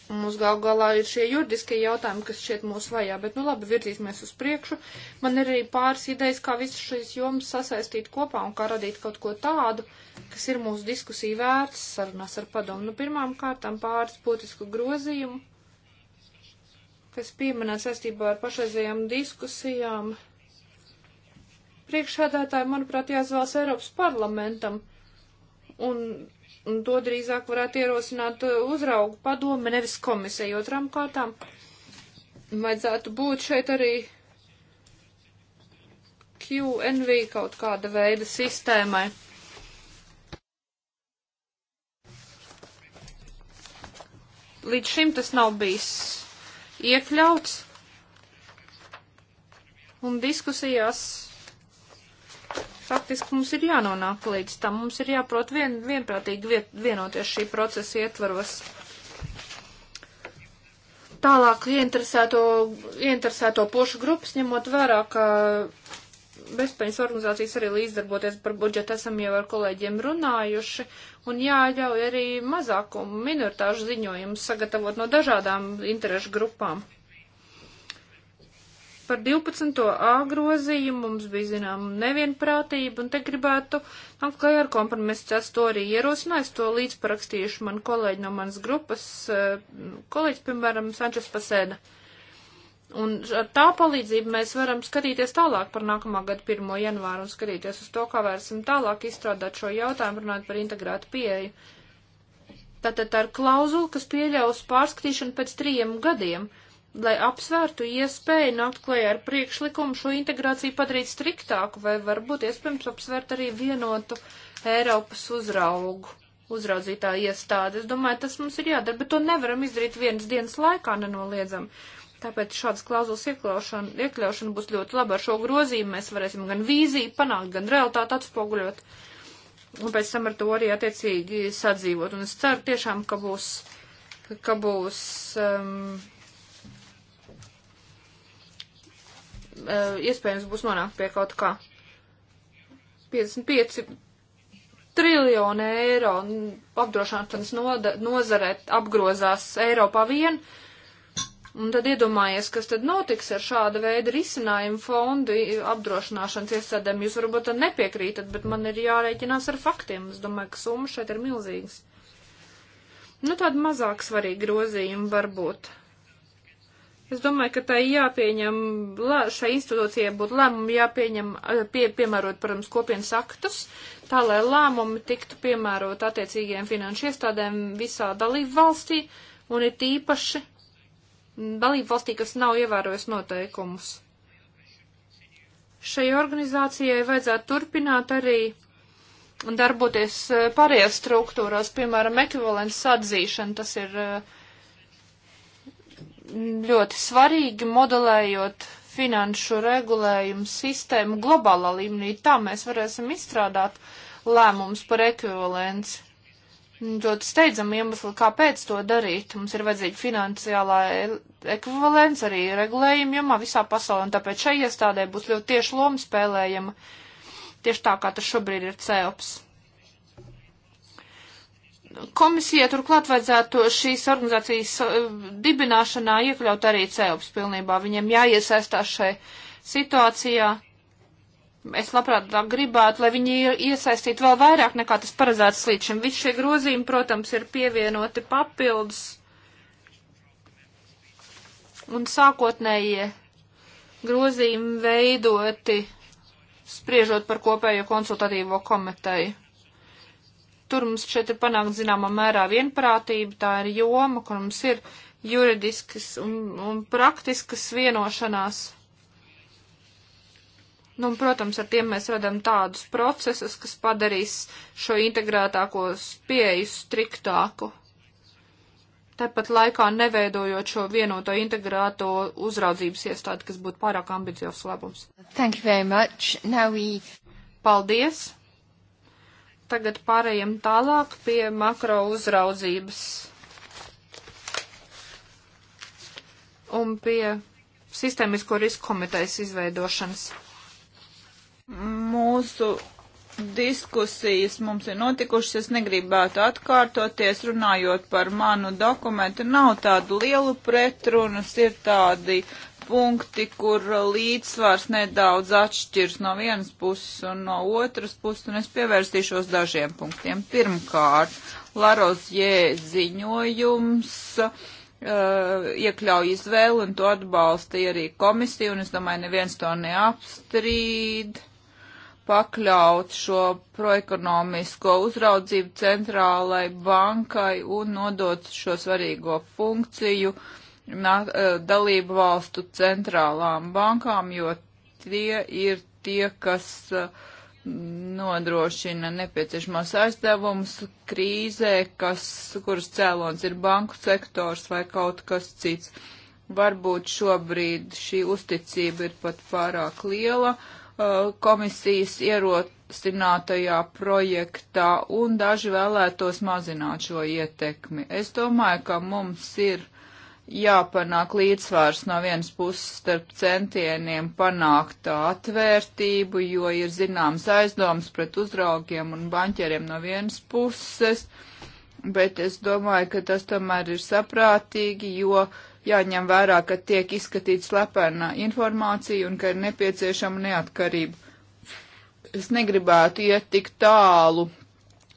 Un mums gal galā ir šie juridiskie jautājumi, kas šķiet mūs vajā, bet nu labi, virzīsimies uz priekšu. Man ir arī pāris idejas, kā visas šīs jomas sasaistīt kopā un kā radīt kaut ko tādu, kas ir mūsu diskusiju vērts sarunās ar padomu. Nu, pirmām kārtām pāris būtisku grozījumu, kas pieminē saistībā ar pašreizējām diskusijām priekšādātāju, manuprāt, jāizvēlas Eiropas parlamentam. Un, un to drīzāk varētu ierosināt uh, uzraugu padome, nevis komisija. Otram kārtām vajadzētu būt šeit arī QNV kaut kāda veida sistēmai. Līdz šim tas nav bijis iekļauts. Un diskusijās faktiski mums ir jānonāk līdz tam, mums ir jāprot vien, vienprātīgi viet, vienoties šī procesa ietvaros. Tālāk ieinteresēto, ieinteresēto pošu grupas ņemot vērā, ka bezpējas organizācijas arī līdzdarboties par budžetu esam jau ar kolēģiem runājuši un jāļauj arī mazākumu minoritāšu ziņojumus sagatavot no dažādām interešu grupām par 12. A grozījumu mums bija, zinām, nevienprātība, un te gribētu nākt klajā ar kompromisu. Es to arī ierosināju, es to līdzparakstījuši man kolēģi no manas grupas, eh, kolēģis, piemēram, Sančes Pasēda. Un ar tā palīdzību mēs varam skatīties tālāk par nākamā gada 1. janvāru un skatīties uz to, kā vērsim tālāk izstrādāt šo jautājumu, runājot par integrētu pieeju. Tātad tā ir klauzula, kas pieļaus pārskatīšanu pēc trījiem gadiem. Uh, lai apsvērtu iespēju nākt klajā ar priekšlikumu šo integrāciju padarīt striktāku, vai varbūt iespējams apsvērt arī vienotu Eiropas uzraugu, uzraudzītā iestādi. Es domāju, tas mums ir jādara, bet to nevaram izdarīt vienas dienas laikā nenoliedzam. Tāpēc šādas klauzulas iekļaušana, iekļaušana būs ļoti laba. Ar šo grozījumu mēs varēsim gan vīziju panākt, gan realitāti atspoguļot. Un pēc tam ar to arī attiecīgi sadzīvot. Un es ceru tiešām, ka būs, ka būs um, Eh, iespējams būs nonākt pie kaut kā. 55 triljonu eiro apdrošināšanas nozarē apgrozās Eiropā vien. Un tad iedomājies, kas tad notiks ar šāda veida risinājumu fondu apdrošināšanas iestādēm. Jūs varbūt tad nepiekrītat, bet man ir jārēķinās ar faktiem. Es domāju, ka summa šeit ir milzīgas. Nu, tāda mazāk svarīga grozījuma varbūt. Es domāju, ka tai jāpieņem, šai institūcijai būtu lēmumi jāpieņem, eh, pie, piemērot, protams, kopienas aktus, tā lai lēmumi tiktu piemērot attiecīgajiem finanšu iestādēm visā dalību valstī un ir tīpaši dalību valstī, kas nav ievērojis noteikumus. Šai organizācijai vajadzētu turpināt arī darboties eh, pārējās struktūrās, piemēram, ekvivalents atzīšana, tas ir uh, ļoti svarīgi modelējot finanšu regulējumu sistēmu globālā līmenī. Tā mēs varēsim izstrādāt lēmumus par ekvivalenci. Ļoti steidzam iemesli, kāpēc to darīt. Mums ir vajadzīga finansiālā ekvivalents arī regulējuma jomā visā pasaulē, un tāpēc šai iestādē būs ļoti tieši loma spēlējama. Tieši tā, kā tas šobrīd ir CEOPS. Komisija turklāt vajadzētu šīs organizācijas eh, dibināšanā iekļaut arī CEOPS pilnībā. Viņiem jāiesaistās šai situācijā. Es labprāt gribētu, lai viņi iesaistītu vēl vairāk nekā tas paredzēts līdz šim. Visi šie grozījumi, protams, ir pievienoti papildus un sākotnējie grozījumi veidoti, spriežot par kopējo konsultatīvo komiteju. Tur mums šeit ir panākt zināmā mērā vienprātība, tā ir joma, kur mums ir juridiskas un, un praktiskas vienošanās. Nu, un, protams, ar tiem mēs radām tādus procesus, kas padarīs šo integrētākos pieeju striktāku. Tāpat laikā neveidojot šo vienoto integrēto uzraudzības iestādi, kas būtu pārāk ambiciozs labums. Thank you very much. Now we... Paldies. Tagad pārējiem tālāk pie makro uzraudzības un pie sistēmisko risku komitejas izveidošanas. Mūsu diskusijas mums ir notikušas, es negribētu atkārtoties, runājot par manu dokumentu, nav tādu lielu pretrunas, ir tādi punkti, kur līdzsvars nedaudz atšķirs no vienas puses un no otras puses, un es pievērstīšos dažiem punktiem. Pirmkārt, Larozjē ziņojums uh, iekļauj izvēli, un to atbalstīja arī komisija, un es domāju, neviens to neapstrīd pakļaut šo proekonomisko uzraudzību centrālai bankai un nodot šo svarīgo funkciju uh, E, dalību valstu centrālām bankām, jo tie ir tie, kas e, nodrošina nepieciešamos aizdevumus krīzē, kas, kuras cēlons ir banku sektors vai kaut kas cits. Varbūt šobrīd šī uzticība ir pat pārāk liela e, komisijas ierosinātajā projektā, un daži vēlētos mazināt šo ietekmi. Es domāju, ka mums ir uh, jāpanāk līdzsvārs no vienas puses starp centieniem panākt atvērtību, jo ir zināms aizdoms pret uzraugiem un banķeriem no vienas puses, bet es domāju, ka tas tomēr ir saprātīgi, jo jāņem vērā, ka tiek izskatīta slepena informācija un ka ir nepieciešama neatkarība. Es negribētu iet tik tālu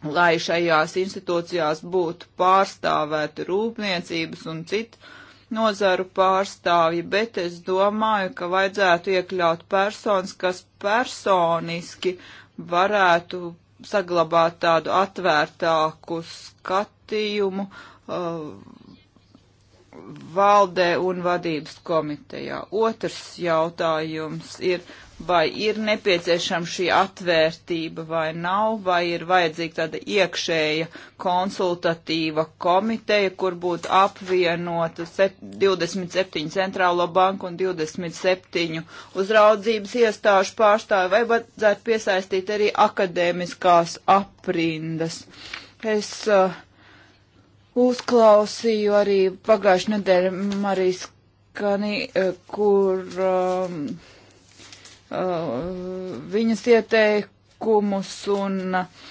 lai šajās institūcijās būtu pārstāvēti rūpniecības un citu nozaru pārstāvji, bet es domāju, ka vajadzētu iekļaut personas, kas personiski varētu saglabāt tādu atvērtāku skatījumu, uh, valdē un vadības komitejā. Otrs jautājums ir, vai ir nepieciešama šī atvērtība vai nav, vai ir vajadzīga tāda iekšēja konsultatīva komiteja, kur būtu apvienota 27 centrālo banku un 27 uzraudzības iestāžu pārstāvi, vai vajadzētu piesaistīt arī akadēmiskās aprindas. Es uh, uzklausīju arī pagājušajā nedēļā Marijas Kani, eh, kur um, uh, viņas ieteikumus un eh,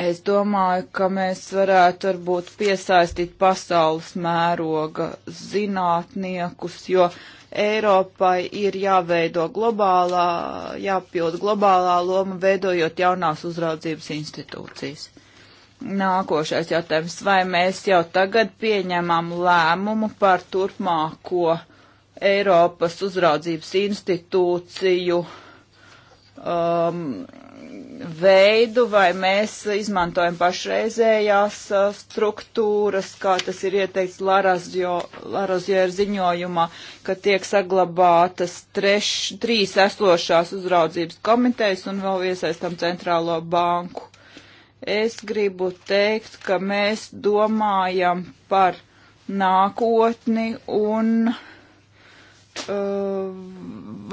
es domāju, ka mēs varētu varbūt piesaistīt pasaules mēroga zinātniekus, jo Eiropai ir jāveido globālā, jāpild globālā loma, veidojot jaunās uzraudzības institūcijas. Nākošais jautājums. Vai mēs jau tagad pieņemam lēmumu par turpmāko Eiropas uzraudzības institūciju um, veidu, vai mēs izmantojam pašreizējās uh, struktūras, kā tas ir ieteikts Larozjēra ziņojumā, ka tiek saglabātas treš, trīs esošās uzraudzības komitejas un vēl iesaistam centrālo banku Es gribu teikt, ka mēs domājam par nākotni un uh,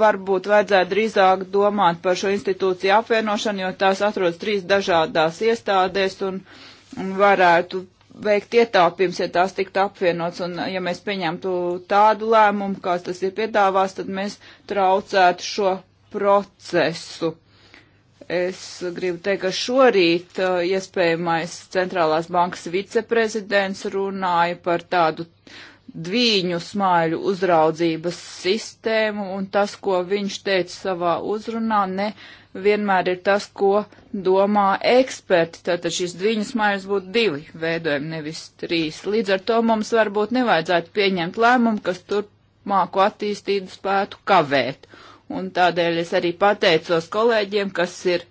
varbūt vajadzētu drīzāk domāt par šo institūciju apvienošanu, jo tās atrodas trīs dažādās iestādēs un, un varētu veikt ietaupījums, ja tās tiktu apvienots, un ja mēs pieņemtu tādu lēmumu, kāds tas ir piedāvās, tad mēs traucētu šo procesu. Es gribu teikt, ka šorīt uh, iespējamais centrālās bankas viceprezidents runāja par tādu dviņu smaiļu uzraudzības sistēmu, un tas, ko viņš teica savā uzrunā, ne vienmēr ir tas, ko domā eksperti. Tātad šis dviņu smaiļs būtu divi veidojumi, nevis trīs. Līdz ar to mums varbūt nevajadzētu pieņemt lēmumu, kas turpmāko attīstību spētu kavēt. Uh, un tādēļ es arī pateicos kolēģiem, kas ir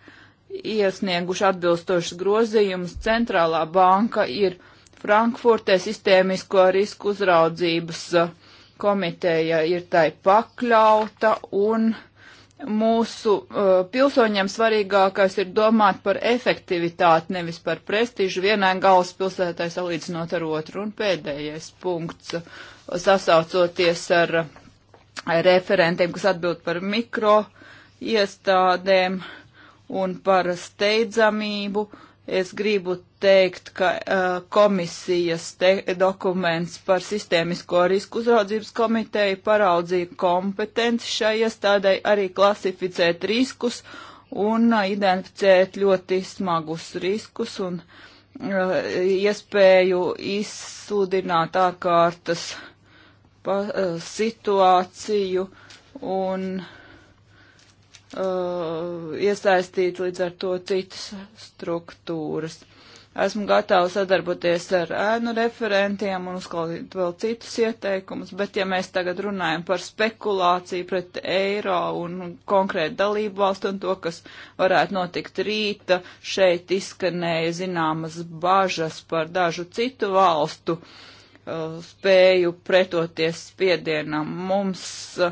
iesnieguši atbilstošas grozījumus. Centrālā banka ir Frankfurtē sistēmisko risku uzraudzības uh, komiteja ir tai pakļauta un mūsu uh, pilsoņiem svarīgākais ir domāt par efektivitāti, nevis par prestižu vienai galvaspilsētai salīdzinot ar otru. Un pēdējais punkts, uh, sasaucoties ar uh, referentiem, kas atbild par mikro iestādēm un par steidzamību. Es gribu teikt, ka uh, komisijas te dokuments par sistēmisko risku uzraudzības komiteju paraudzīja kompetenci šai iestādai arī klasificēt riskus un uh, identificēt ļoti smagus riskus un uh, iespēju izsludināt ārkārtas uh, pa, uh, situāciju un uh, iesaistīt līdz ar to citas struktūras. Esmu gatava sadarboties ar ēnu referentiem un uzklausīt vēl citus ieteikumus, bet ja mēs tagad runājam par spekulāciju pret eiro un konkrētu dalību valstu un to, kas varētu notikt rīta, šeit izskanēja zināmas bažas par dažu citu valstu uh, Uh, spēju pretoties spiedienam. Mums uh,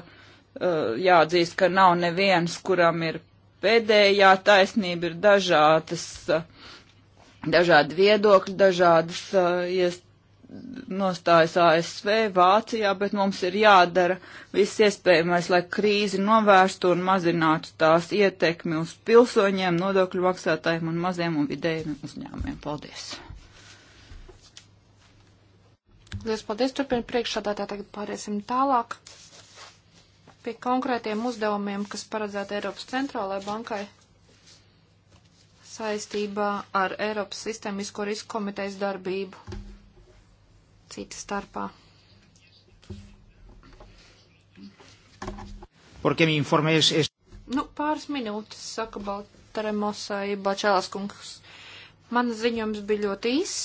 jāatzīst, ka nav neviens, kuram ir pēdējā taisnība, ir dažādas, uh, dažādi viedokļi, dažādas iestādes nostājas ASV, Vācijā, bet mums ir jādara viss iespējamais, lai krīzi novērstu un mazinātu tās ietekmi uz pilsoņiem, nodokļu maksātājiem un maziem un vidējiem uzņēmumiem. Paldies! Lielas paldies, turpina priekšādātā. Tagad pāriesim tālāk pie konkrētiem uzdevumiem, kas paredzēti Eiropas centrālajai bankai saistībā ar Eiropas sistēmisko risku komitejas darbību. Cita starpā. Porque mi informe es, es... Nu, pāris minūtes, saka Baltaremosai Bačēlas kungs. Mana ziņojums bija ļoti īss.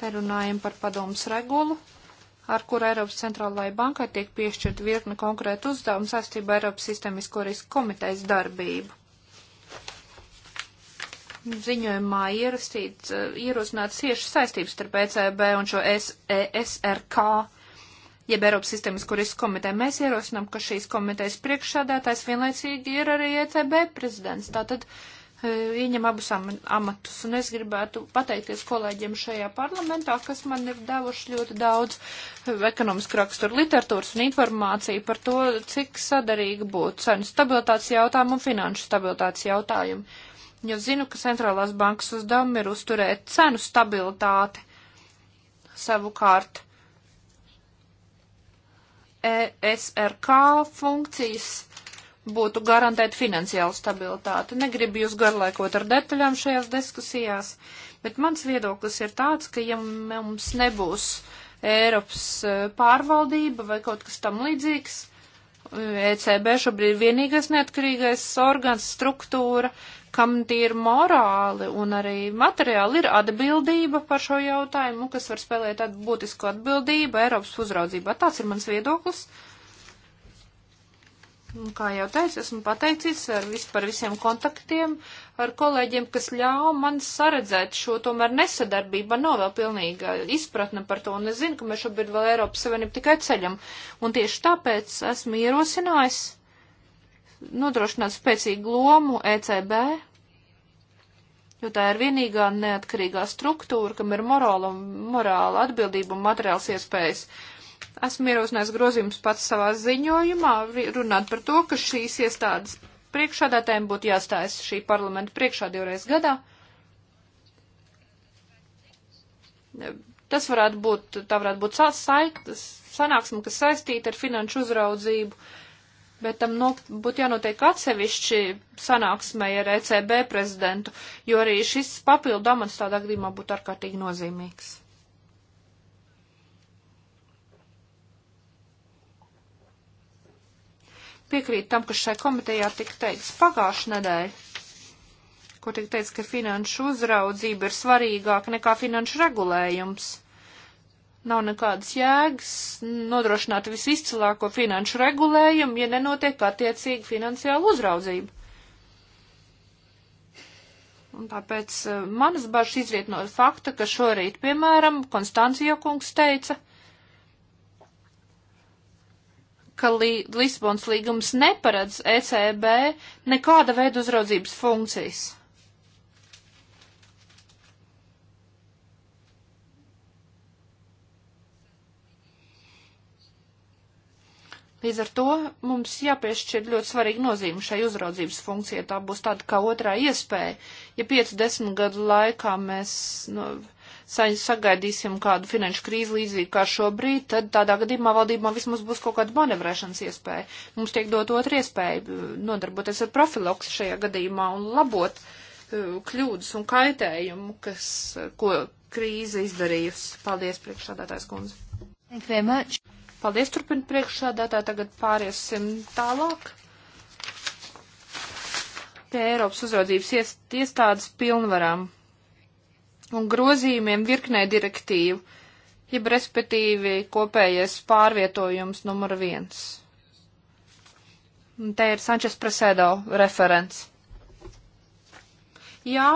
Te runājam par padomus regulu, ar kuru Eiropas centrālajai bankai tiek piešķirt virkni konkrētu uzdevumu saistībā Eiropas sistemisko risku komitejas darbību. Ziņojumā ierastīts, eh, ierosināts cieši saistības starp ECB un šo SRK, e, jeb Eiropas sistemisko risku komiteju. Mēs ierosinām, ka šīs komitejas priekšsādātājs vienlaicīgi ir arī ECB prezidents. Tātad, uh, ieņem abus amatus. Un es gribētu pateikties kolēģiem šajā parlamentā, kas man ir devuši ļoti daudz ekonomiski raksturu literatūras un informāciju par to, cik sadarīgi būtu cenu stabilitātes jautājumu un finanšu stabilitātes jautājumu. Jo zinu, ka centrālās bankas uzdevumi ir uzturēt cenu stabilitāti savukārt. ESRK funkcijas būtu garantēt finansiālu stabilitāti. Negribu jūs garlaikot ar detaļām šajās diskusijās, bet mans viedoklis ir tāds, ka ja mums nebūs Eiropas e, pārvaldība vai kaut kas tam līdzīgs, ECB e šobrīd ir vienīgais neatkarīgais organs, struktūra, kam tie ir morāli un arī materiāli ir atbildība par šo jautājumu, kas var spēlēt tādu būtisku atbildību Eiropas uzraudzībā. Tāds ir mans viedoklis. Uh, Un, kā jau teicu, esmu pateicis ar vispār visiem kontaktiem, ar kolēģiem, kas ļāva man saredzēt šo tomēr nesadarbību. Nav vēl pilnīga izpratne par to, un es zinu, ka mēs šobrīd vēl Eiropas Savienību tikai ceļam. Un tieši tāpēc esmu ierosinājis nodrošināt spēcīgu lomu ECB, jo tā ir vienīgā neatkarīgā struktūra, kam ir morāla, morāla atbildība un materiāls iespējas. Esmu ierosinājis grozījums pats savā ziņojumā, runāt par to, ka šīs iestādes priekšādātēm būtu jāstājas šī parlamenta priekšā divreiz gadā. Tas varētu būt, tā varētu būt saikta, sanāksme, kas saistīta ar finanšu uzraudzību, bet tam no, būtu jānotiek atsevišķi sanāksmei ar ECB prezidentu, jo arī šis papildu amats tādā gadījumā būtu ārkārtīgi nozīmīgs. piekrīt tam, kas šai komitejā tika teikts pagājušajā nedēļā, kur tika teikts, ka finanšu uzraudzība ir svarīgāka nekā finanšu regulējums. Nav nekādas jēgas nodrošināt visizcilāko finanšu regulējumu, ja nenotiek attiecīga finansiāla uzraudzība. Un tāpēc eh, manas bažas izriet no fakta, ka šorīt, piemēram, Konstancija kungs teica, ka Lisbons līgums neparedz ECB nekāda veida uzraudzības funkcijas. Līdz ar to mums jāpiešķir ļoti svarīga nozīme šai uzraudzības funkcijai. Tā būs tāda kā otrā iespēja. Ja 5-10 gadu laikā mēs nu, no, sagaidīsim kādu finanšu krīzi līdzīgi kā šobrīd, tad tādā gadījumā valdībā vismaz būs kaut kāda manevrēšanas iespēja. Mums tiek dot otra iespēja uh, nodarboties ar profiloksu šajā gadījumā un labot uh, kļūdas un kaitējumu, kas, uh, ko krīze izdarījusi. Paldies, priekšsādātājs kundze. Thank you very much. Paldies, turpina priekšsādātāji. Tagad pāriesim tālāk pie Eiropas uzraudzības iestādes pilnvarām un grozījumiem virknē direktīvu, jeb respektīvi kopējais pārvietojums numur viens. Un te ir Sančes Presēdo referents. Jā,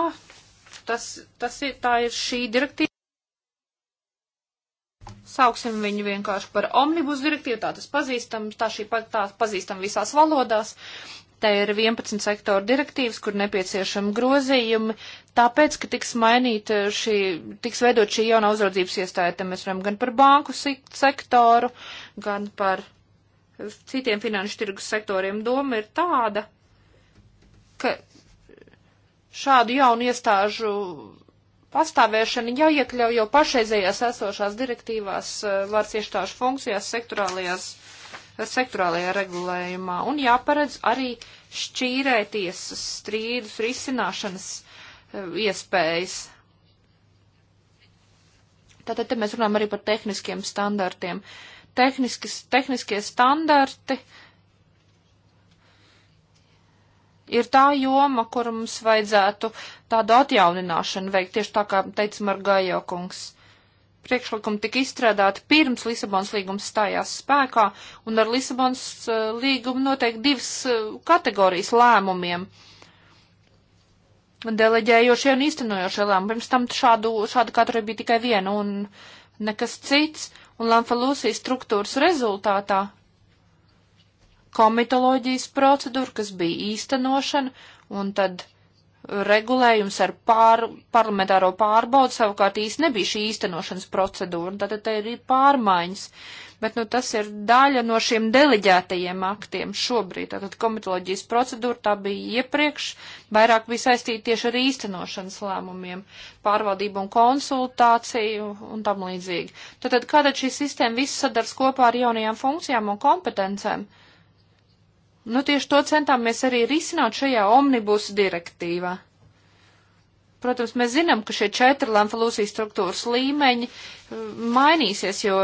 tas, tas ir, tā ir šī direktīva. Sauksim viņu vienkārši par omnibus direktīvu, tā tas pazīstam, tā šī tā pazīstam visās valodās. Te ir 11 sektoru direktīvas, kur nepieciešami grozījumi, tāpēc, ka tiks mainīta eh, šī, tiks veidot šī jauna uzraudzības iestāja, te mēs runājam gan par banku sektoru, gan par citiem finanšu tirgus sektoriem. Doma ir tāda, ka šādu jaunu iestāžu pastāvēšana jāiekļauj jau pašreizējās esošās direktīvās, eh, vārds iestāžu funkcijās, sektorālajās sektorālajā regulējumā un jāparedz arī šķīrēties strīdus risināšanas eh, iespējas. Tātad te mēs runājam arī par tehniskiem standartiem. Tehniskis, tehniskie standarti ir tā joma, kur mums vajadzētu tādu atjaunināšanu veikt, tieši tā kā teica Margajo kungs priekšlikumi tika izstrādāti pirms Lisabonas līgums stājās spēkā, un ar Lisabonas uh, līgumu noteikti divas uh, kategorijas lēmumiem - deleģējošie un īstenojošie lēmumi. Pirms tam šādu, šāda kategorija bija tikai viena un nekas cits, un Lamfalūsijas struktūras rezultātā komitoloģijas procedūra, kas bija īstenošana, un tad regulējums ar pār, parlamentāro pārbaudu savukārt īsti nebija šī īstenošanas procedūra, tātad te ir pārmaiņas, bet nu, tas ir daļa no šiem deliģētajiem aktiem šobrīd. Tātad komitoloģijas procedūra tā bija iepriekš, vairāk bija saistīta tieši ar īstenošanas lēmumiem, pārvaldību un konsultāciju un tam līdzīgi. Tātad kāda šī sistēma viss sadars kopā ar jaunajām funkcijām un kompetencēm? Uh, Nu, tieši to centāmies arī risināt šajā omnibus direktīvā. Protams, mēs zinām, ka šie četri lamfalūsijas struktūras līmeņi uh, mainīsies, jo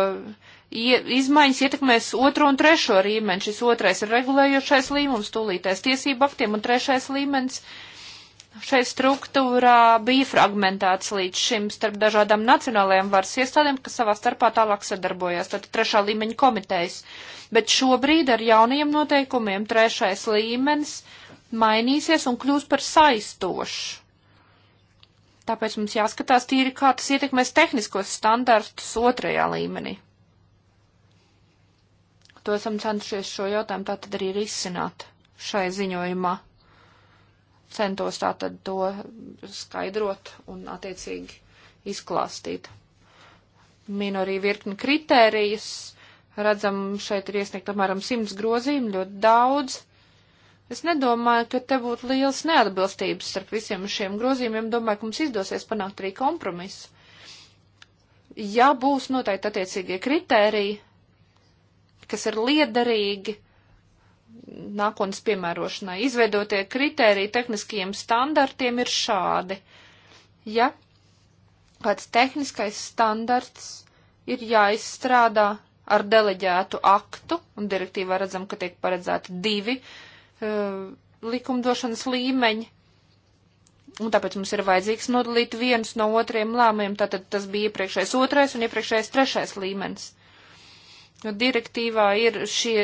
izmaiņas ietekmēs otro un trešo līmeni. Šis otrais ir regulējošais līmums, tūlītais tiesību aktiem un trešais līmenis. Uh, šai struktūrā bija fragmentēts līdz šim starp dažādām nacionālajām varas iestādēm, kas savā starpā tālāk sadarbojās, tātad trešā līmeņa komitejas. Bet šobrīd ar jaunajiem noteikumiem trešais līmenis mainīsies un kļūs par saistošu. Tāpēc mums jāskatās tīri, kā tas ietekmēs tehniskos standartus otrajā līmenī. To esam cenšies šo jautājumu tātad arī risināt šai ziņojumā centos tātad to skaidrot un attiecīgi izklāstīt. Minu arī virkni kritērijas. Redzam, šeit ir iesniegt apmēram simts grozījumu, ļoti daudz. Es nedomāju, ka te būtu liels neatbilstības starp visiem šiem grozījumiem. Domāju, ka mums izdosies panākt arī kompromisu. Ja būs noteikti attiecīgie kritēriji, kas ir liederīgi, nākotnes piemērošanai. Izveidotie kriteriji tehniskajiem standartiem ir šādi. Ja kāds tehniskais standarts ir jāizstrādā ar deleģētu aktu, un direktīvā redzam, ka tiek paredzēti divi uh, likumdošanas līmeņi, un tāpēc mums ir vajadzīgs nodalīt viens no otriem lēmumiem, tātad tas bija iepriekšējais otrais un iepriekšējais trešais līmenis. Jo direktīvā ir šie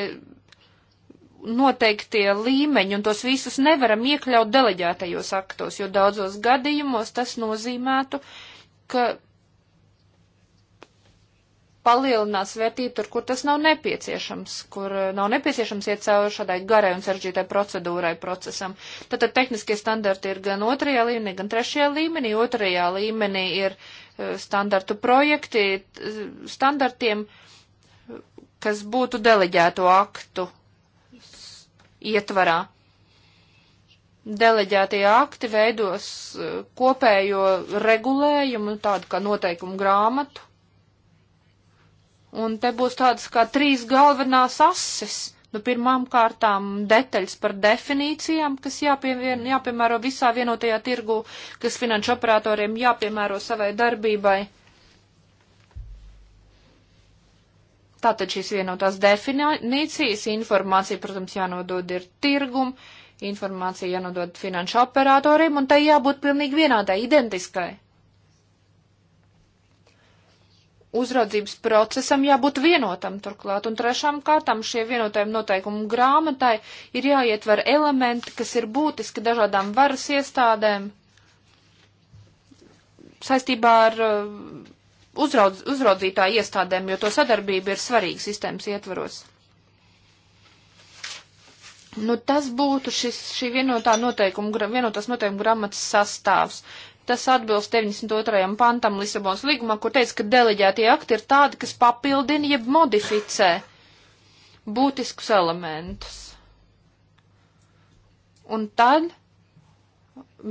noteiktie līmeņi, un tos visus nevaram iekļaut deleģētajos aktos, jo daudzos gadījumos tas nozīmētu, ka palielinās vērtību tur, kur tas nav nepieciešams, kur eh, nav nepieciešams iet cauri šādai garai un saržģītai procedūrai procesam. Tātad tehniskie standarti ir gan otrajā līmenī, gan trešajā līmenī. Otrajā līmenī ir eh, standartu projekti standartiem, kas būtu deleģēto aktu ietvarā. Deleģētie akti veidos eh, kopējo regulējumu, tādu kā noteikumu grāmatu. Un te būs tādas kā trīs galvenās ases. Nu, pirmām kārtām detaļas par definīcijām, kas jāpievien, jāpiemēro visā vienotajā tirgu, kas finanšu operatoriem jāpiemēro savai darbībai. Tātad šīs vienotās definīcijas informācija, protams, jānodod ir tirgum, informācija jānodod finanšu operatoriem, un tai jābūt pilnīgi vienādai, identiskai. Uzraudzības procesam jābūt vienotam turklāt, un trešām kārtām šie vienotajiem noteikumu grāmatai ir jāietver elementi, kas ir būtiski dažādām varas iestādēm saistībā ar uh, uzraudz, uzraudzītāju iestādēm, jo to sadarbība ir svarīga sistēmas ietvaros. Nu, tas būtu šis, šī vienotā noteikuma, vienotās noteikuma gramatas sastāvs. Tas atbilst 92. pantam Lisabonas līgumā, kur teica, ka deleģētie akti ir tādi, kas papildina jeb modificē būtiskus elementus. Un tad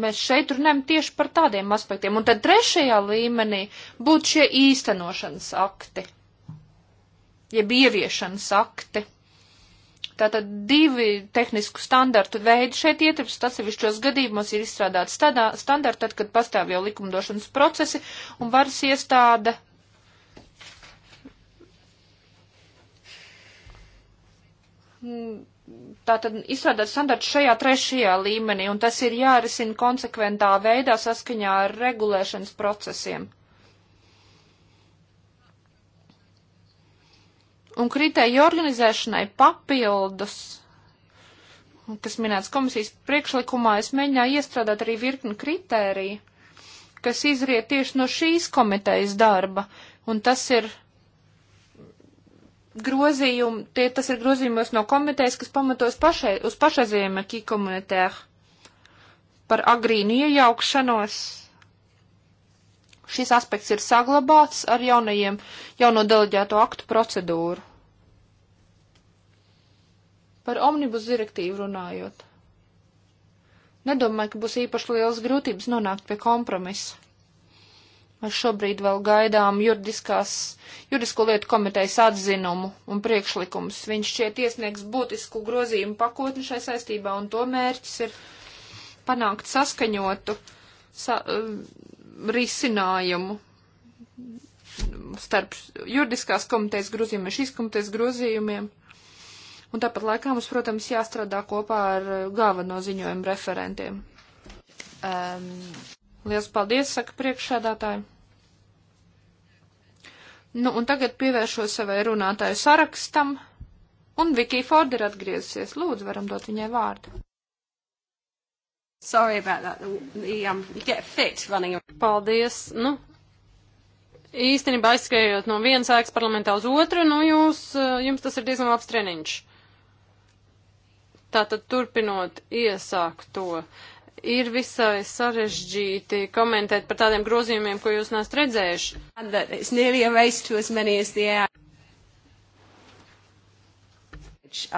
mēs šeit runājam tieši par tādiem aspektiem. Un tad trešajā līmenī būtu šie īstenošanas akti, jeb ieviešanas akti. Tātad divi tehnisku standartu veidi šeit ietilpst. Atsevišķos gadījumos ir izstrādāts tādā standarta, tad, kad pastāv jau likumdošanas procesi un varas iestāde. Mm tātad izstrādāt standarts šajā trešajā līmenī, un tas ir jārisina konsekventā veidā saskaņā ar regulēšanas procesiem. Un kritēju organizēšanai papildus, kas minēts komisijas priekšlikumā, es mēģināju iestrādāt arī virkni kritēriju, kas izriet tieši no šīs komitejas darba, un tas ir grozījumi, tie tas ir grozījumos no komitejas, kas pamatos pašai, uz pašreizējiem akī komunitēru par agrīnu iejaukšanos. Šis aspekts ir saglabāts ar jaunajiem, jauno deleģēto aktu procedūru. Par omnibus direktīvu runājot. Nedomāju, ka būs īpaši liels grūtības nonākt pie kompromisa. Mēs šobrīd vēl gaidām juridiskās, juridisko lietu komitejas atzinumu un priekšlikumus. Viņš šķiet iesniegs būtisku grozījumu pakotni šai saistībā, un to mērķis ir panākt saskaņotu sa, uh, risinājumu starp juridiskās komitejas grozījumiem, šīs komitejas grozījumiem. Un tāpat laikā mums, protams, jāstrādā kopā ar uh, galveno ziņojumu referentiem. Um. Lielas paldies, saka priekšsēdātāji. Nu, un tagad pievēršos savai runātāju sarakstam, un Viki Ford ir atgriezusies. Lūdzu, varam dot viņai vārdu. Sorry about that. The, um, you get fit running. Paldies. Nu, īstenībā aizskējot no vienas ēkas parlamentā uz otru, nu, jūs, eh, jums tas ir diezgan labs treniņš. Tātad turpinot iesākt to, ir visai sarežģīti komentēt par tādiem grozījumiem, ko jūs nesat redzējuši.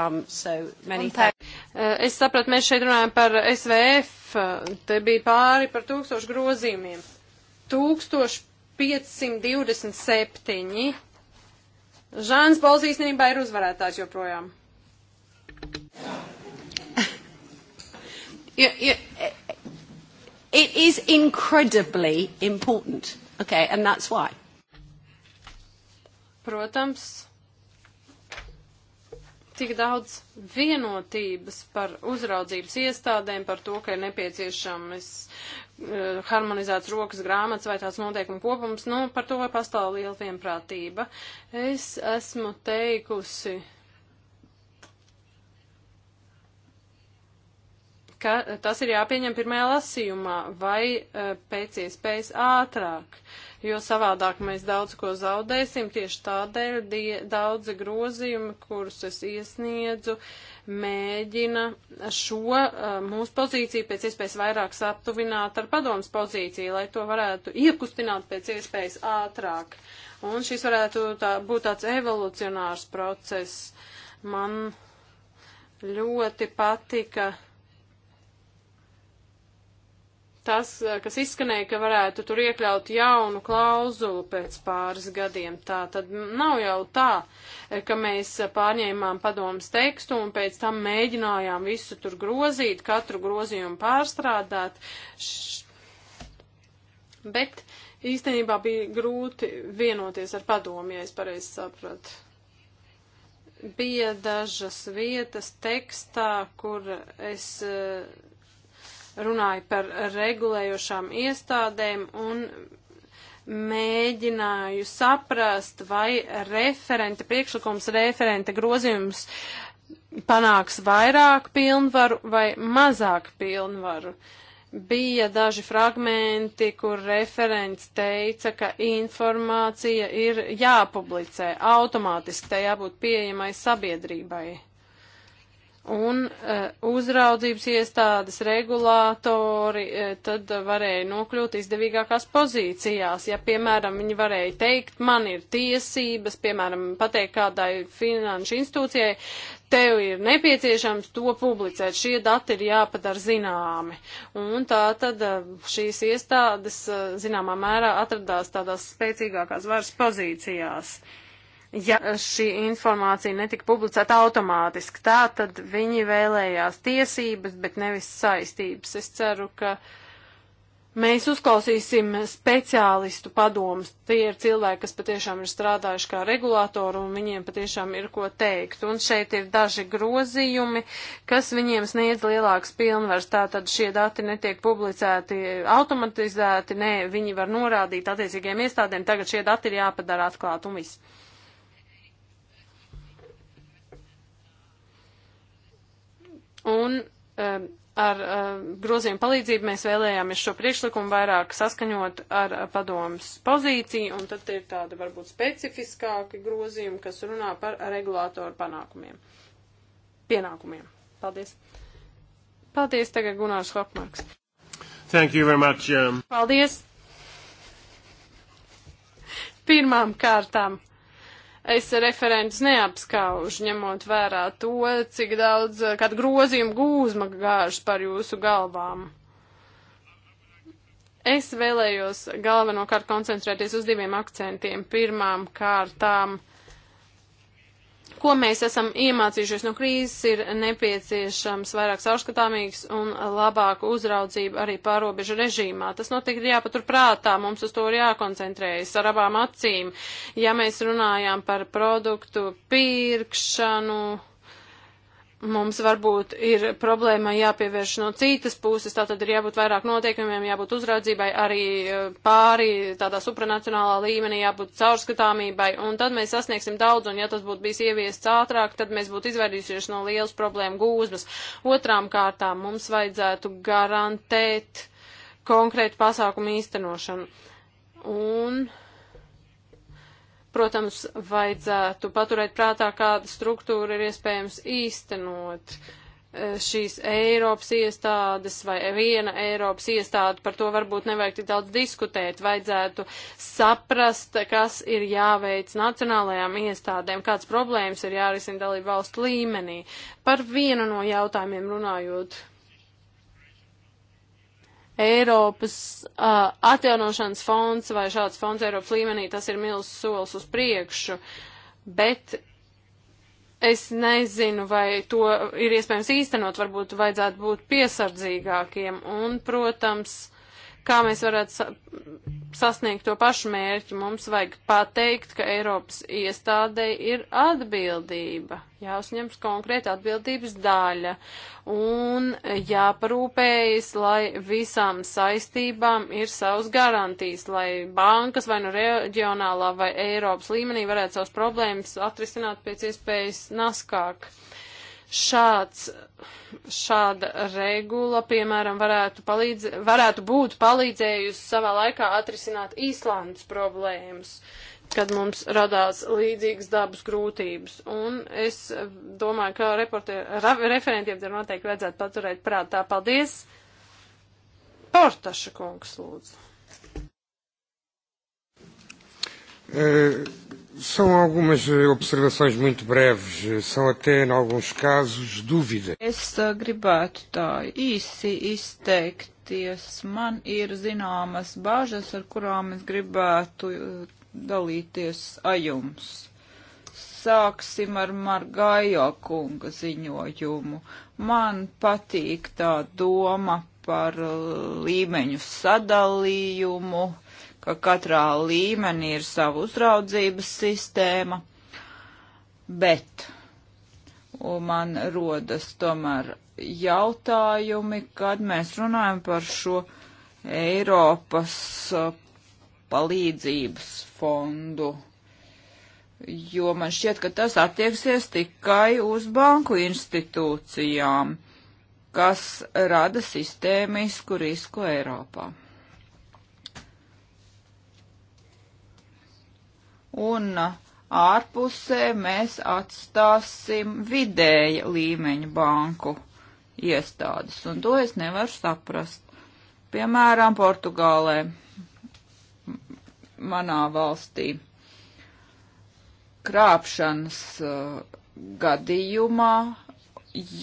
Um, so many... Uh, es sapratu, mēs šeit runājam par SVF, te bija pāri par tūkstošu grozījumiem. 1527. Žāns Bols īstenībā ir uzvarētājs joprojām. it is incredibly important. Okay, and that's why. Protams, tik daudz vienotības par uzraudzības iestādēm, par to, ka ir nepieciešamas eh, harmonizēts rokas grāmatas vai tās noteikuma kopums, nu, par to pastāv liela vienprātība. Es esmu teikusi ka tas ir jāpieņem pirmajā lasījumā vai e, pēc iespējas ātrāk, jo savādāk mēs daudz ko zaudēsim. Tieši tādēļ die, daudzi grozījumi, kurus es iesniedzu, mēģina šo e, mūsu pozīciju pēc iespējas vairāk saptuvināt ar padomas pozīciju, lai to varētu iekustināt pēc iespējas ātrāk. Un šis varētu tā, būt tāds evolucionārs process. Man ļoti patika uh, tas, eh, kas izskanēja, ka varētu tur iekļaut jaunu klauzulu pēc pāris gadiem. Tā tad nav jau tā, eh, ka mēs pārņēmām padomas tekstu un pēc tam mēģinājām visu tur grozīt, katru grozījumu pārstrādāt. Bet īstenībā bija grūti vienoties ar padomu, ja es pareizi sapratu. Bija dažas vietas tekstā, kur es. Uh, runāju par regulējošām iestādēm un mēģināju saprast, vai referenta priekšlikums, referenta grozījums panāks vairāk pilnvaru vai mazāk pilnvaru. Bija daži fragmenti, kur referents teica, ka informācija ir jāpublicē automātiski, tai jābūt pieejamai sabiedrībai un uh, uzraudzības iestādes regulātori uh, tad varēja nokļūt izdevīgākās pozīcijās. Ja, piemēram, viņi varēja teikt, man ir tiesības, piemēram, pateikt kādai finanšu institūcijai, tev ir nepieciešams to publicēt, šie dati ir jāpadara zināmi. Un tā tad e, šīs iestādes zināmā mērā atradās tādās spēcīgākās varas pozīcijās. Uh, ja šī informācija netika publicēta automātiski. Tā tad viņi vēlējās tiesības, bet nevis saistības. Es ceru, ka mēs uzklausīsim speciālistu padomus. Tie ir cilvēki, kas patiešām ir strādājuši kā regulātori un viņiem patiešām ir ko teikt. Un šeit ir daži grozījumi, kas viņiem sniedz lielāks pilnvars. Tātad šie dati netiek publicēti automatizēti, nē, viņi var norādīt attiecīgajiem iestādēm, tagad šie dati ir jāpadara atklāt un viss. Un um, ar um, grozījumu palīdzību mēs vēlējāmies šo priekšlikumu vairāk saskaņot ar padomas pozīciju, un tad ir tāda varbūt specifiskāka grozījuma, kas runā par regulātoru panākumiem. Pienākumiem. Paldies. Paldies tagad Gunārs Hopmarks. Thank you very much. Um... Paldies. Pirmām kārtām es referents neapskaužu, ņemot vērā to, cik daudz, eh, kad grozījumu gūzma gāž par jūsu galvām. Es vēlējos galvenokārt koncentrēties uz diviem akcentiem. Pirmām kārtām. Uh, Ko mēs esam iemācījušies no krīzes, ir nepieciešams vairāk saurskatāmīgs un labāka uzraudzība arī pārobežu režīmā. Tas noteikti ir jāpatur prātā, mums uz to ir jākoncentrējas ar abām acīm. Ja mēs runājām par produktu pirkšanu, mums varbūt ir problēma jāpievērš no citas puses, tātad ir jābūt vairāk noteikumiem, jābūt uzraudzībai arī e, pāri tādā supranacionālā līmenī, jābūt caurskatāmībai, un tad mēs sasniegsim daudz, un ja tas būtu bijis ieviests ātrāk, tad mēs būtu izvairījušies no lielas problēmu gūzmas. Otrām kārtām mums vajadzētu garantēt konkrētu pasākumu īstenošanu. Un Protams, vajadzētu paturēt prātā, kāda struktūra ir iespējams īstenot eh, šīs Eiropas iestādes vai viena Eiropas iestāde, par to varbūt nevajag tik daudz diskutēt, vajadzētu saprast, kas ir jāveic nacionālajām iestādēm, kādas problēmas ir jārisina dalību valstu līmenī. Par vienu no jautājumiem runājot, Eiropas uh, atjaunošanas fonds vai šāds fonds Eiropas līmenī, tas ir milz solis uz priekšu, bet es nezinu, vai to ir iespējams īstenot, varbūt vajadzētu būt piesardzīgākiem un, protams, kā mēs varētu sa sasniegt to pašu mērķi. Mums vajag pateikt, ka Eiropas iestādei ir atbildība, jāuzņems konkrēta atbildības daļa un jāparūpējas, lai visām saistībām ir savas garantijas, lai bankas vai nu no reģionālā vai Eiropas līmenī varētu savas problēmas atrisināt pēc iespējas naskāk. Uh, šāds, šāda regula, piemēram, varētu, palīdz, varētu būt palīdzējusi savā laikā atrisināt Īslandes problēmas, kad mums radās līdzīgas dabas grūtības. Un es domāju, ka referentiem tur noteikti vajadzētu paturēt prātā. Paldies! Portaša kungs, lūdzu. E São algumas eh, observações muito breves, eh, são até, em alguns casos, dúvidas. Es uh, gribētu tā īsi izteikties. Man ir zināmas bāžas, ar kurām es gribētu dalīties ar jums. Sāksim ar Margaio kunga ziņojumu. Man patīk tā doma par līmeņu sadalījumu ka katrā līmenī ir sava uzraudzības sistēma, bet man rodas tomēr jautājumi, kad mēs runājam par šo Eiropas palīdzības fondu jo man šķiet, ka tas attieksies tikai uz banku institūcijām, kas rada sistēmisku risku Eiropā. un ārpusē mēs atstāsim vidēja līmeņa banku iestādes, un to es nevaru saprast. Piemēram, Portugālē, manā valstī, krāpšanas uh, gadījumā,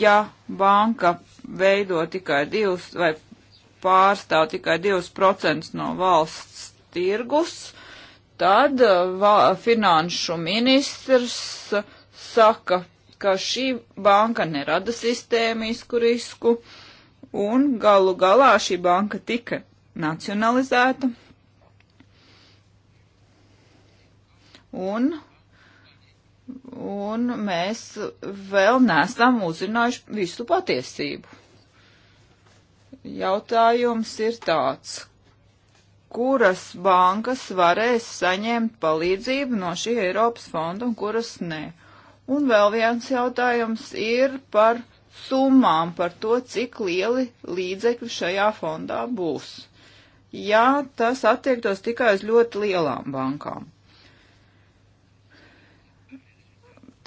ja banka veido tikai divus vai pārstāv tikai divus procentus no valsts tirgus, tad uh, va, finanšu ministrs uh, saka, ka šī banka nerada sistēmisku risku, un galu galā šī banka tika nacionalizēta. Un, un mēs vēl nesam uzzinājuši visu patiesību. Jautājums ir tāds, kuras bankas varēs saņemt palīdzību no šī Eiropas fonda un kuras nē. Un vēl viens jautājums ir par summām, par to, cik lieli līdzekļi šajā fondā būs. Ja tas attiektos tikai uz ļoti lielām bankām,